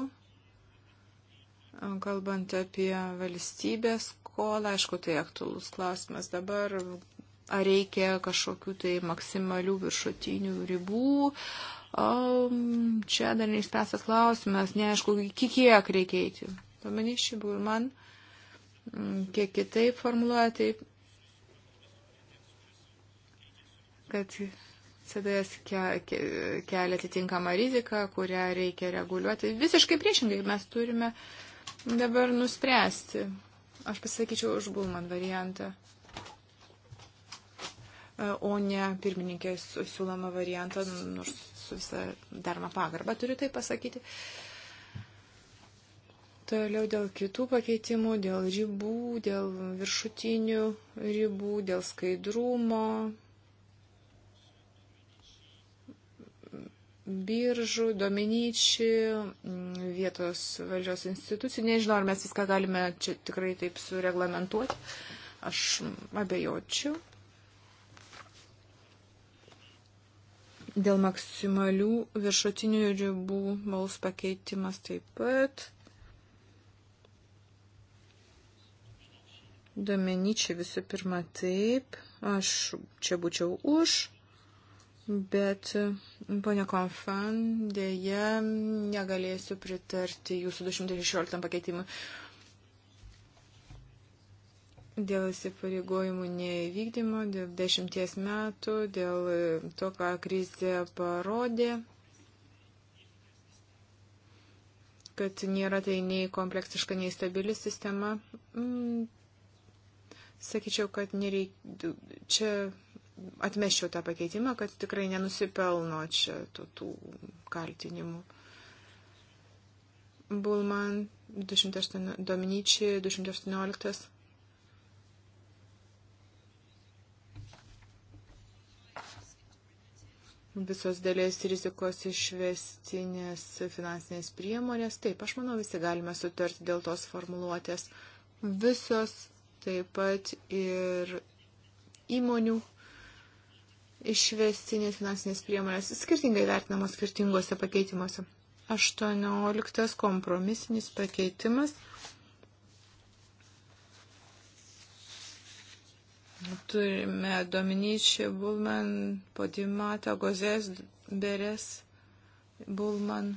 kalbant apie valstybės skolą, aišku, tai aktualus klausimas dabar, ar reikia kažkokių tai maksimalių viršutinių ribų. Um, čia dar neišspręstas klausimas, neaišku, iki kiek reikia eiti. Pamanyšiu, ir man mm, kiek kitaip formuluoja, taip, kad CDS kelia atitinkamą riziką, kurią reikia reguliuoti. Visiškai priešingai mes turime dabar nuspręsti. Aš pasakyčiau už Bulman variantą, e, o ne pirmininkės siūlomą variantą, nors su visą darmą pagarbą turiu tai pasakyti. Toliau dėl kitų pakeitimų, dėl ribų, dėl viršutinių ribų, dėl skaidrumo, biržų, dominyčių, mm, vietos valdžios institucijų. Nežinau, ar mes viską galime čia tikrai taip sureglamentuoti. Aš abejočiau. Dėl maksimalių viršutinių ribų balsų pakeitimas taip pat. Domenyčiai visų pirma taip. Aš čia būčiau už. Bet, e, ponia Konfan, dėja negalėsiu pritarti jūsų 216 pakeitimui. Dėl įsipareigojimų neįvykdymo, dėl dešimties metų, dėl e, to, ką krizė parodė, kad nėra tai nei kompleksiška, nei stabili sistema. Mm, sakyčiau, kad nereik... čia atmeščiau tą pakeitimą, kad tikrai nenusipelno čia tų, tų kaltinimų. Bulman 208, Dominici 218. Visos dėlės rizikos išvestinės finansinės priemonės. Taip, aš manau, visi galime sutarti dėl tos formuluotės. Visos taip pat ir įmonių išvestinės finansinės priemonės skirtingai vertinamos skirtinguose pakeitimuose. 18 kompromisinis pakeitimas. Turime Dominyčią Bulman, Podimatą, Gozės, Beres, Bulman.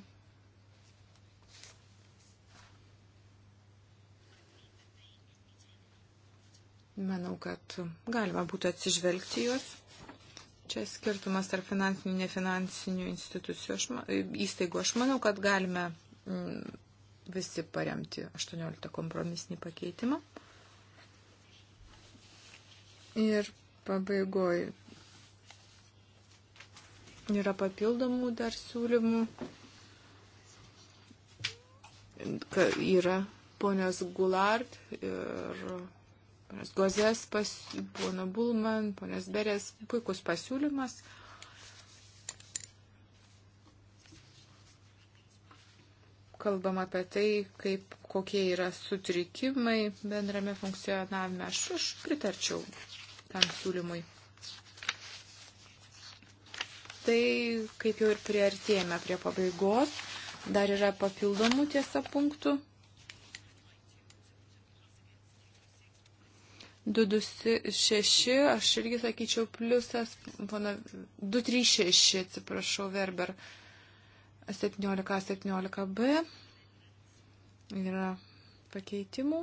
Manau, kad galima būtų atsižvelgti juos. Čia skirtumas tarp finansinių ir nefinansinių institucijų aš, įstaigų. Aš manau, kad galime mm, visi paremti 18 kompromisinį pakeitimą. Ir pabaigoju. Yra papildomų dar siūlymų. Yra ponios Gulard ir Ponas Gozės, pas, pono Bulman, ponas Berės, puikus pasiūlymas. Kalbam apie tai, kaip, kokie yra sutrikimai bendrame funkcionavime. Aš, aš pritarčiau tam siūlymui. Tai, kaip jau ir priartėjame prie pabaigos, dar yra papildomų tiesa punktų. 226, aš irgi sakyčiau pliusas, 236, atsiprašau, Verber 17-17b yra pakeitimų.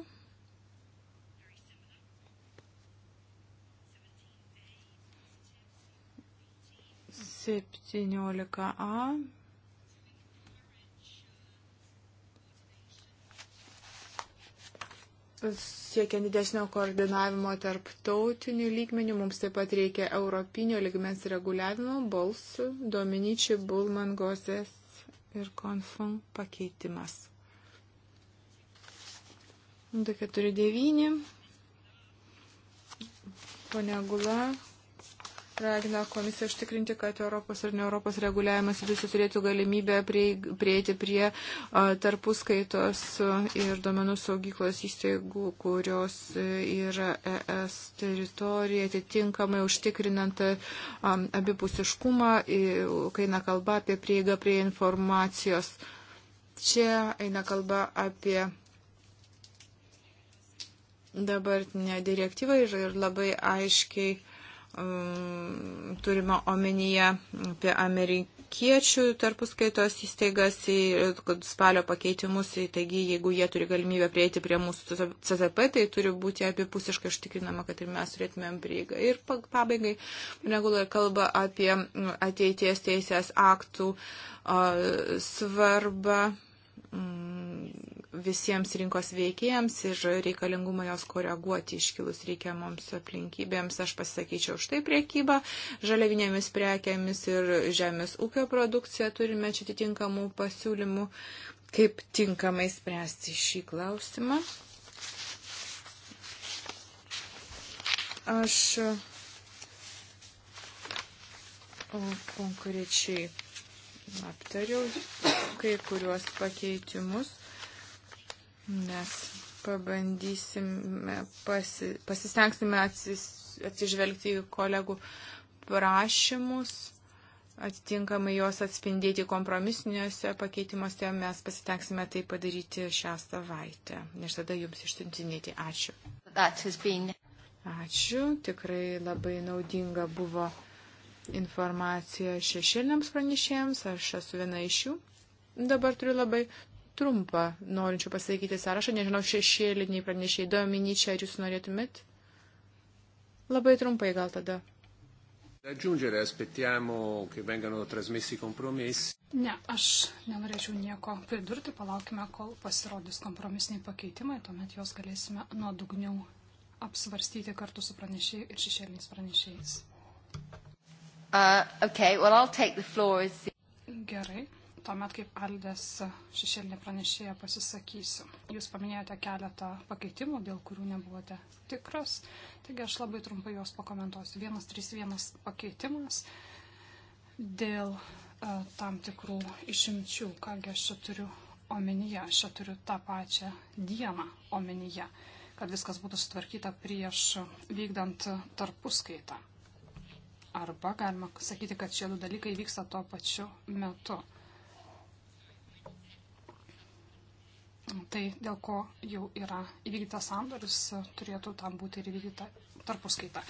Septyniolika A, siekiant didesnio koordinavimo tarp tautinių lygmenių, mums taip pat reikia europinio ligmens reguliavimo balsų, Dominičiai, Bulman, Gozės ir Konfung pakeitimas. 249. Pone Gula, ragina komisiją užtikrinti, kad Europos ir ne Europos reguliavimas visi turėtų galimybę prie, prieiti prie a, tarpuskaitos ir domenų saugyklos įsteigų, kurios e, yra ES teritorija, atitinkamai užtikrinant a, abipusiškumą, kai eina kalba apie prieigą prie informacijos. Čia eina kalba apie dabartinę direktyvą ir, ir labai aiškiai Mm, turime omenyje apie amerikiečių tarpuskaitos įstaigas, spalio pakeitimus, taigi jeigu jie turi galimybę prieiti prie mūsų CZP, tai turi būti apipusiškai užtikrinama, kad ir mes turėtumėm prieigą. Ir pabaigai, negula kalba apie mm, ateities teisės aktų svarbą mm, visiems rinkos veikėjams ir reikalingumą jos koreguoti iškilus reikiamoms aplinkybėms. Aš pasakyčiau už tai priekybą, žaliavinėmis prekiamis ir žemės ūkio produkcija turime čia atitinkamų pasiūlymų, kaip tinkamai spręsti šį klausimą. Aš konkrečiai aptariau kai kuriuos pakeitimus. Mes pabandysime, pasi, pasistengsime atsis, atsižvelgti į kolegų prašymus, atitinkamai juos atspindėti kompromisiniuose pakeitimuose. Mes pasitengsime tai padaryti šią savaitę ir tada jums išsintinėti. Ačiū. Been... Ačiū, tikrai labai naudinga buvo informacija šešėliniams pranešėjams, aš esu viena iš jų. Dabar turiu labai trumpą norinčių pasakyti sąrašą. Nežinau, šešėliniai pranešiai. Dominičia, ar jūs norėtumėt? Labai trumpai gal tada. Aggiungere, aspettiamo che vengano trasmessi compromessi. Ne, aš nenorėčiau nieko pridurti, palaukime, kol pasirodys kompromisiniai pakeitimai, tuomet juos galėsime nuodugniau apsvarstyti kartu su pranešėjai ir šešėliniais pranešėjais. Uh, okay, well, I'll take the floor as... Gerai, tuomet kaip Aldės šešėlinė pranešėja pasisakysiu. Jūs paminėjote keletą pakeitimų, dėl kurių nebuvote tikras, taigi aš labai trumpai juos pakomentuosiu. 131 pakeitimas dėl e, tam tikrų išimčių, kągi aš čia turiu omenyje, aš čia turiu tą pačią dieną omenyje, kad viskas būtų sutvarkyta prieš vykdant tarpuskaitą arba galima sakyti, kad šie du dalykai vyksta tuo pačiu metu. tai, dėl ko jau yra įvykdytas sandoris, turėtų tam būti ir įvykdyta tarpuskaita.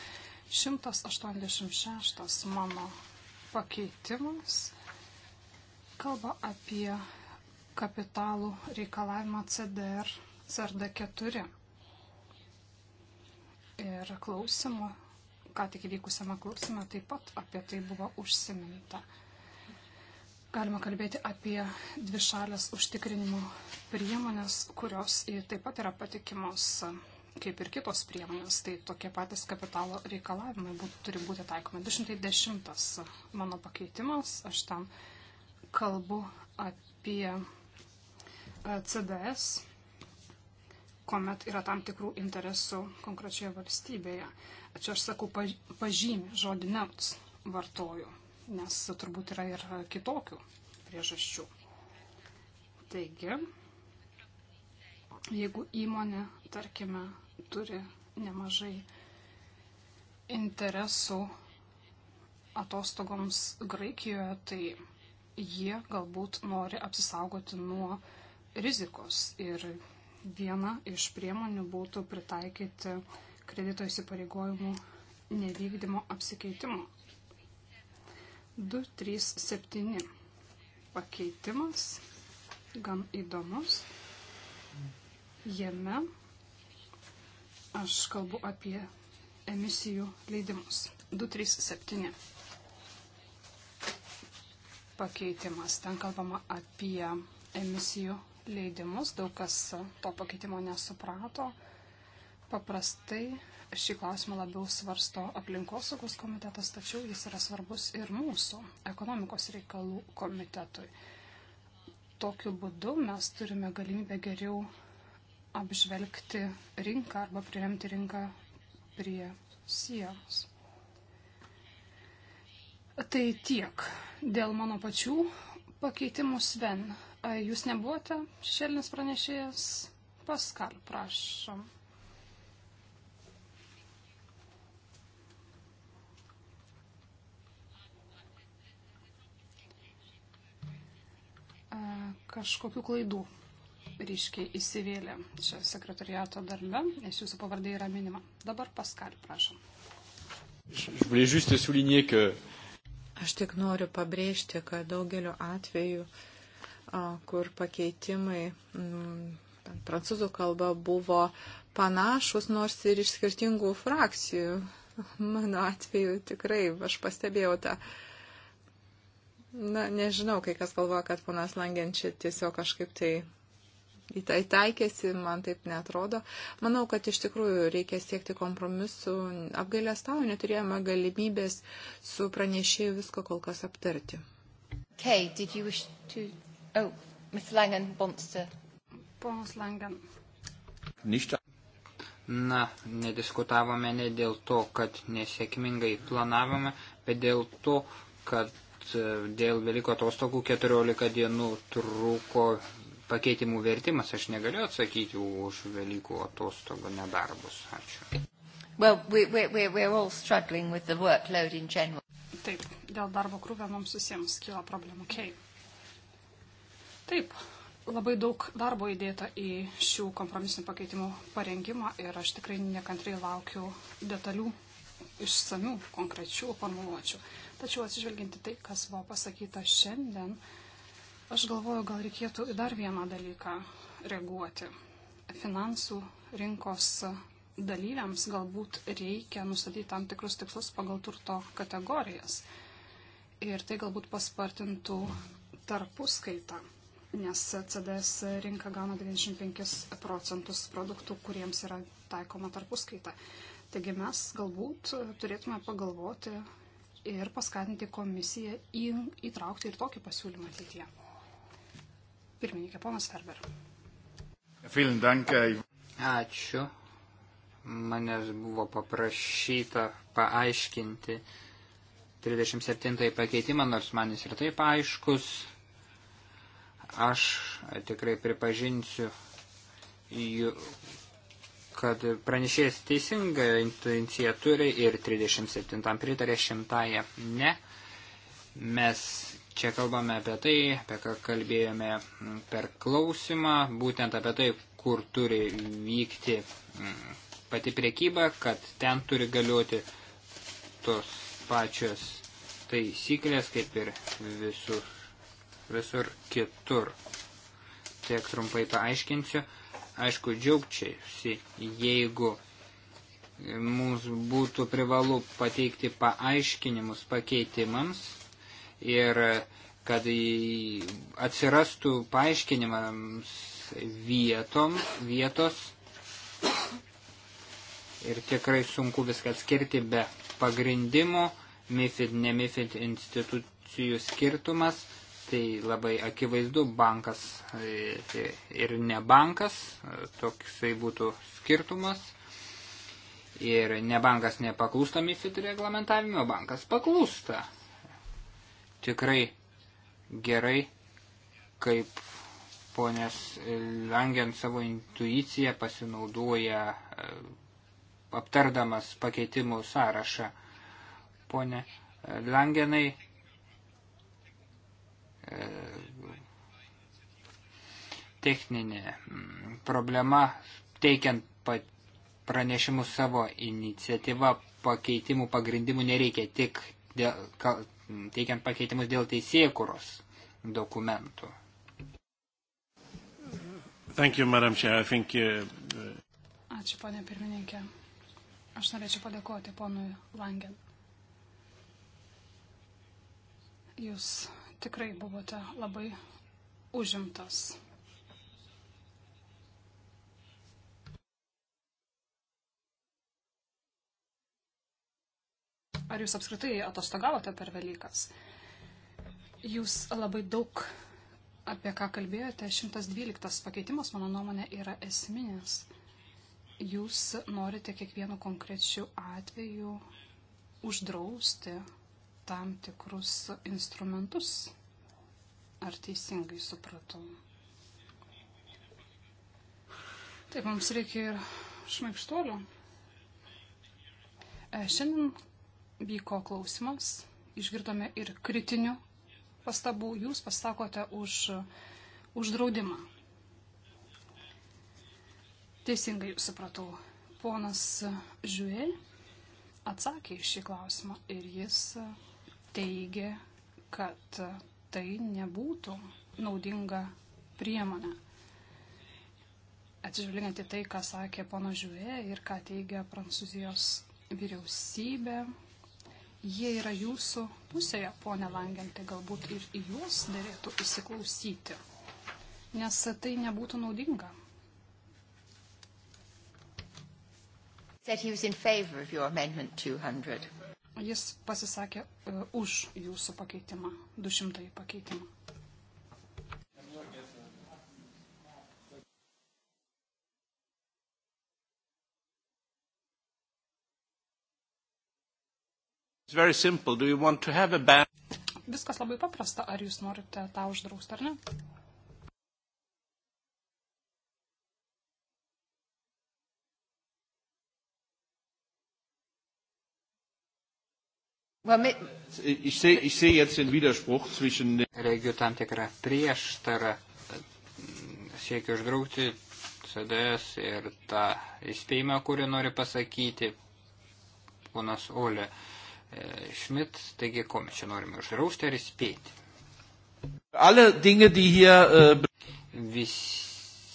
186 mano pakeitimas kalba apie kapitalų reikalavimą CDR, CRD4. Ir klausimo, ką tik įvykusiame klausime, taip pat apie tai buvo užsiminta. Galima kalbėti apie dvi šalės užtikrinimo priemonės, kurios taip pat yra patikimos kaip ir kitos priemonės, tai tokie patys kapitalo reikalavimai būtų, turi būti taikomi. 210 mano pakeitimas, aš tam kalbu apie e, CDS, kuomet yra tam tikrų interesų konkrečioje valstybėje. Čia aš sakau pažymį, žodį neuts vartoju nes turbūt yra ir kitokių priežasčių. Taigi, jeigu įmonė, tarkime, turi nemažai interesų atostogoms Graikijoje, tai jie galbūt nori apsisaugoti nuo rizikos. Ir viena iš priemonių būtų pritaikyti kredito įsipareigojimų nevykdymo apsikeitimo 237 pakeitimas, gan įdomus. Jame aš kalbu apie emisijų leidimus. 237 pakeitimas. Ten kalbama apie emisijų leidimus. Daug kas to pakeitimo nesuprato. Paprastai šį klausimą labiau svarsto aplinkosaugos komitetas, tačiau jis yra svarbus ir mūsų ekonomikos reikalų komitetui. Tokiu būdu mes turime galimybę geriau apžvelgti rinką arba priremti rinką prie sienos. Tai tiek dėl mano pačių pakeitimų Sven. Jūs nebuvote šešėlinis pranešėjas? Paskal, prašom. E, kažkokių klaidų ryškiai įsivėlė čia sekretariato darbe, nes jūsų pavardė yra minima. Dabar Paskal, prašom. Aš tik noriu pabrėžti, kad daugeliu atveju, kur pakeitimai mm, prancūzų kalba buvo panašus, nors ir iš skirtingų frakcijų, mano atveju tikrai aš pastebėjau tą. Ta Na, nežinau, kai kas galvoja, kad ponas Langen čia tiesiog kažkaip tai į tai taikėsi, man taip netrodo. Manau, kad iš tikrųjų reikia siekti kompromisų. Apgailę stavo, neturėjome galimybės su pranešėju visko kol kas aptarti. Kay, did you wish to... Oh, Miss Langen wants to... Ponas Langen. Ništa. Na, nediskutavome ne dėl to, kad nesėkmingai planavome, bet dėl to, kad E, dėl Veliko atostogų 14 dienų truko pakeitimų vertimas. Aš negaliu atsakyti už Veliko atostogų nedarbus. Ačiū. Well, we, we, we, we're all struggling with the workload in general. Taip, dėl darbo krūvio mums visiems kyla problemų. Okay. Taip, labai daug darbo įdėta į šių kompromisinių pakeitimų parengimą ir aš tikrai nekantrai laukiu detalių, išsamių, konkrečių formuluočių. Tačiau atsižvelginti tai, kas buvo pasakyta šiandien, aš galvoju, gal reikėtų į dar vieną dalyką reaguoti. Finansų rinkos dalyviams galbūt reikia nustatyti tam tikrus tikslus pagal turto kategorijas. Ir tai galbūt paspartintų tarpuskaitą, nes CDS rinka gauna 95 procentus produktų, kuriems yra taikoma tarpuskaita. Taigi mes galbūt turėtume pagalvoti ir paskatinti komisiją į, įtraukti ir tokį pasiūlymą ateityje. Pirmininkė, ponas Ferber. Ačiū. Manęs buvo paprašyta paaiškinti 37 pakeitimą, nors man jis ir taip aiškus. Aš tikrai pripažinsiu, kad pranešėjas teisinga intuicija turi ir 37 pritarė, 100 ne. Mes čia kalbame apie tai, apie ką kalbėjome per klausimą, būtent apie tai, kur turi vykti mm, pati priekyba, kad ten turi galioti tos pačios taisyklės kaip ir visur, visur kitur. Tiek trumpai paaiškinsiu. Ta aišku, džiaugčiausi, jeigu mums būtų privalu pateikti paaiškinimus pakeitimams ir kad atsirastų paaiškinimams vietom, vietos ir tikrai sunku viską atskirti be pagrindimo, MIFID, ne MIFID institucijų skirtumas, tai labai akivaizdu bankas tai ir ne bankas, toksai būtų skirtumas. Ir ne bankas nepaklūsta MIFID reglamentavimo, bankas paklūsta. Tikrai gerai, kaip ponės Langen savo intuiciją pasinaudoja aptardamas pakeitimų sąrašą. Pone Langenai, E, techninė mm, problema teikiant pranešimus savo iniciatyvą pakeitimų pagrindimų nereikia tik dėl, teikiant pakeitimus dėl teisėkuros dokumentų. Thank you, Madam Chair. I think, uh, uh Ačiū, ponė pirmininkė. Aš norėčiau padėkoti ponui Langen. Jūs tikrai buvote labai užimtas. Ar jūs apskritai atostogavote per Velykas? Jūs labai daug apie ką kalbėjote. 112 pakeitimas, mano nuomonė, yra esminis. Jūs norite kiekvienu konkrečiu atveju uždrausti tam tikrus instrumentus. Ar teisingai supratau? Taip, mums reikia ir šmaikštolio. E, šiandien vyko klausimas, išgirdome ir kritinių pastabų, jūs pasakote už uždraudimą. Teisingai jūs supratau, ponas Žiūrė atsakė į šį klausimą ir jis teigia, kad tai nebūtų naudinga priemonė. Atsižvelgiant į tai, ką sakė pono Žiūrė ir ką teigia Prancūzijos vyriausybė, jie yra jūsų pusėje, ponė Langiantė, galbūt ir į juos dėlėtų įsiklausyti, nes tai nebūtų naudinga. Said he was in favor of your amendment 200. Jis pasisakė uh, už jūsų pakeitimą, 200 pakeitimą. Viskas labai paprasta, ar jūs norite tą uždrausti ar ne? Ich sehe ich seh jetzt den Widerspruch zwischen... Regiu tam tikrą prieštarą, siekiu uždraukti CDS ir tą įspėjimą, kurį nori pasakyti ponas Olė Šmit, e, taigi ko mes čia norime uždrausti ar įspėti? Alle Dinge, die hier... Äh, Visi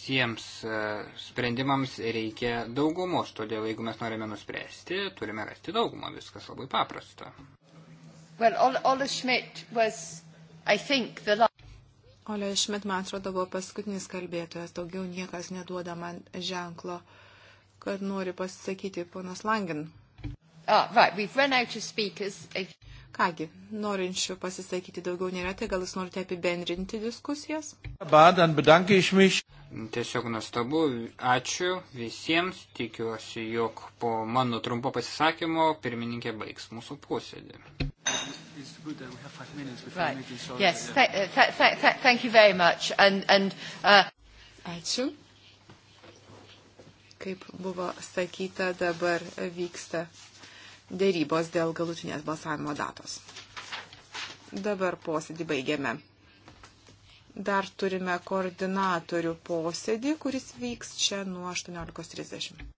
visiems e, sprendimams reikia daugumos, todėl jeigu mes norime nuspręsti, turime rasti daugumą, viskas labai paprasta. Well, Ole Schmidt was, I think, the last. Ole Šmit, man atrodo, buvo paskutinis kalbėtojas, daugiau niekas neduoda man ženklo, kad nori pasisakyti ponas Langin. Ah, right, Kągi, norinčių pasisakyti daugiau nėra, tai gal jūs norite apibendrinti diskusijas? Tiesiog nuostabu, ačiū visiems, tikiuosi, jog po mano trumpo pasisakymo pirmininkė baigs mūsų posėdį. Uh, ačiū. Kaip buvo sakyta, dabar vyksta dėrybos dėl galutinės balsavimo datos. Dabar posėdį baigiame. Dar turime koordinatorių posėdį, kuris vyks čia nuo 18.30.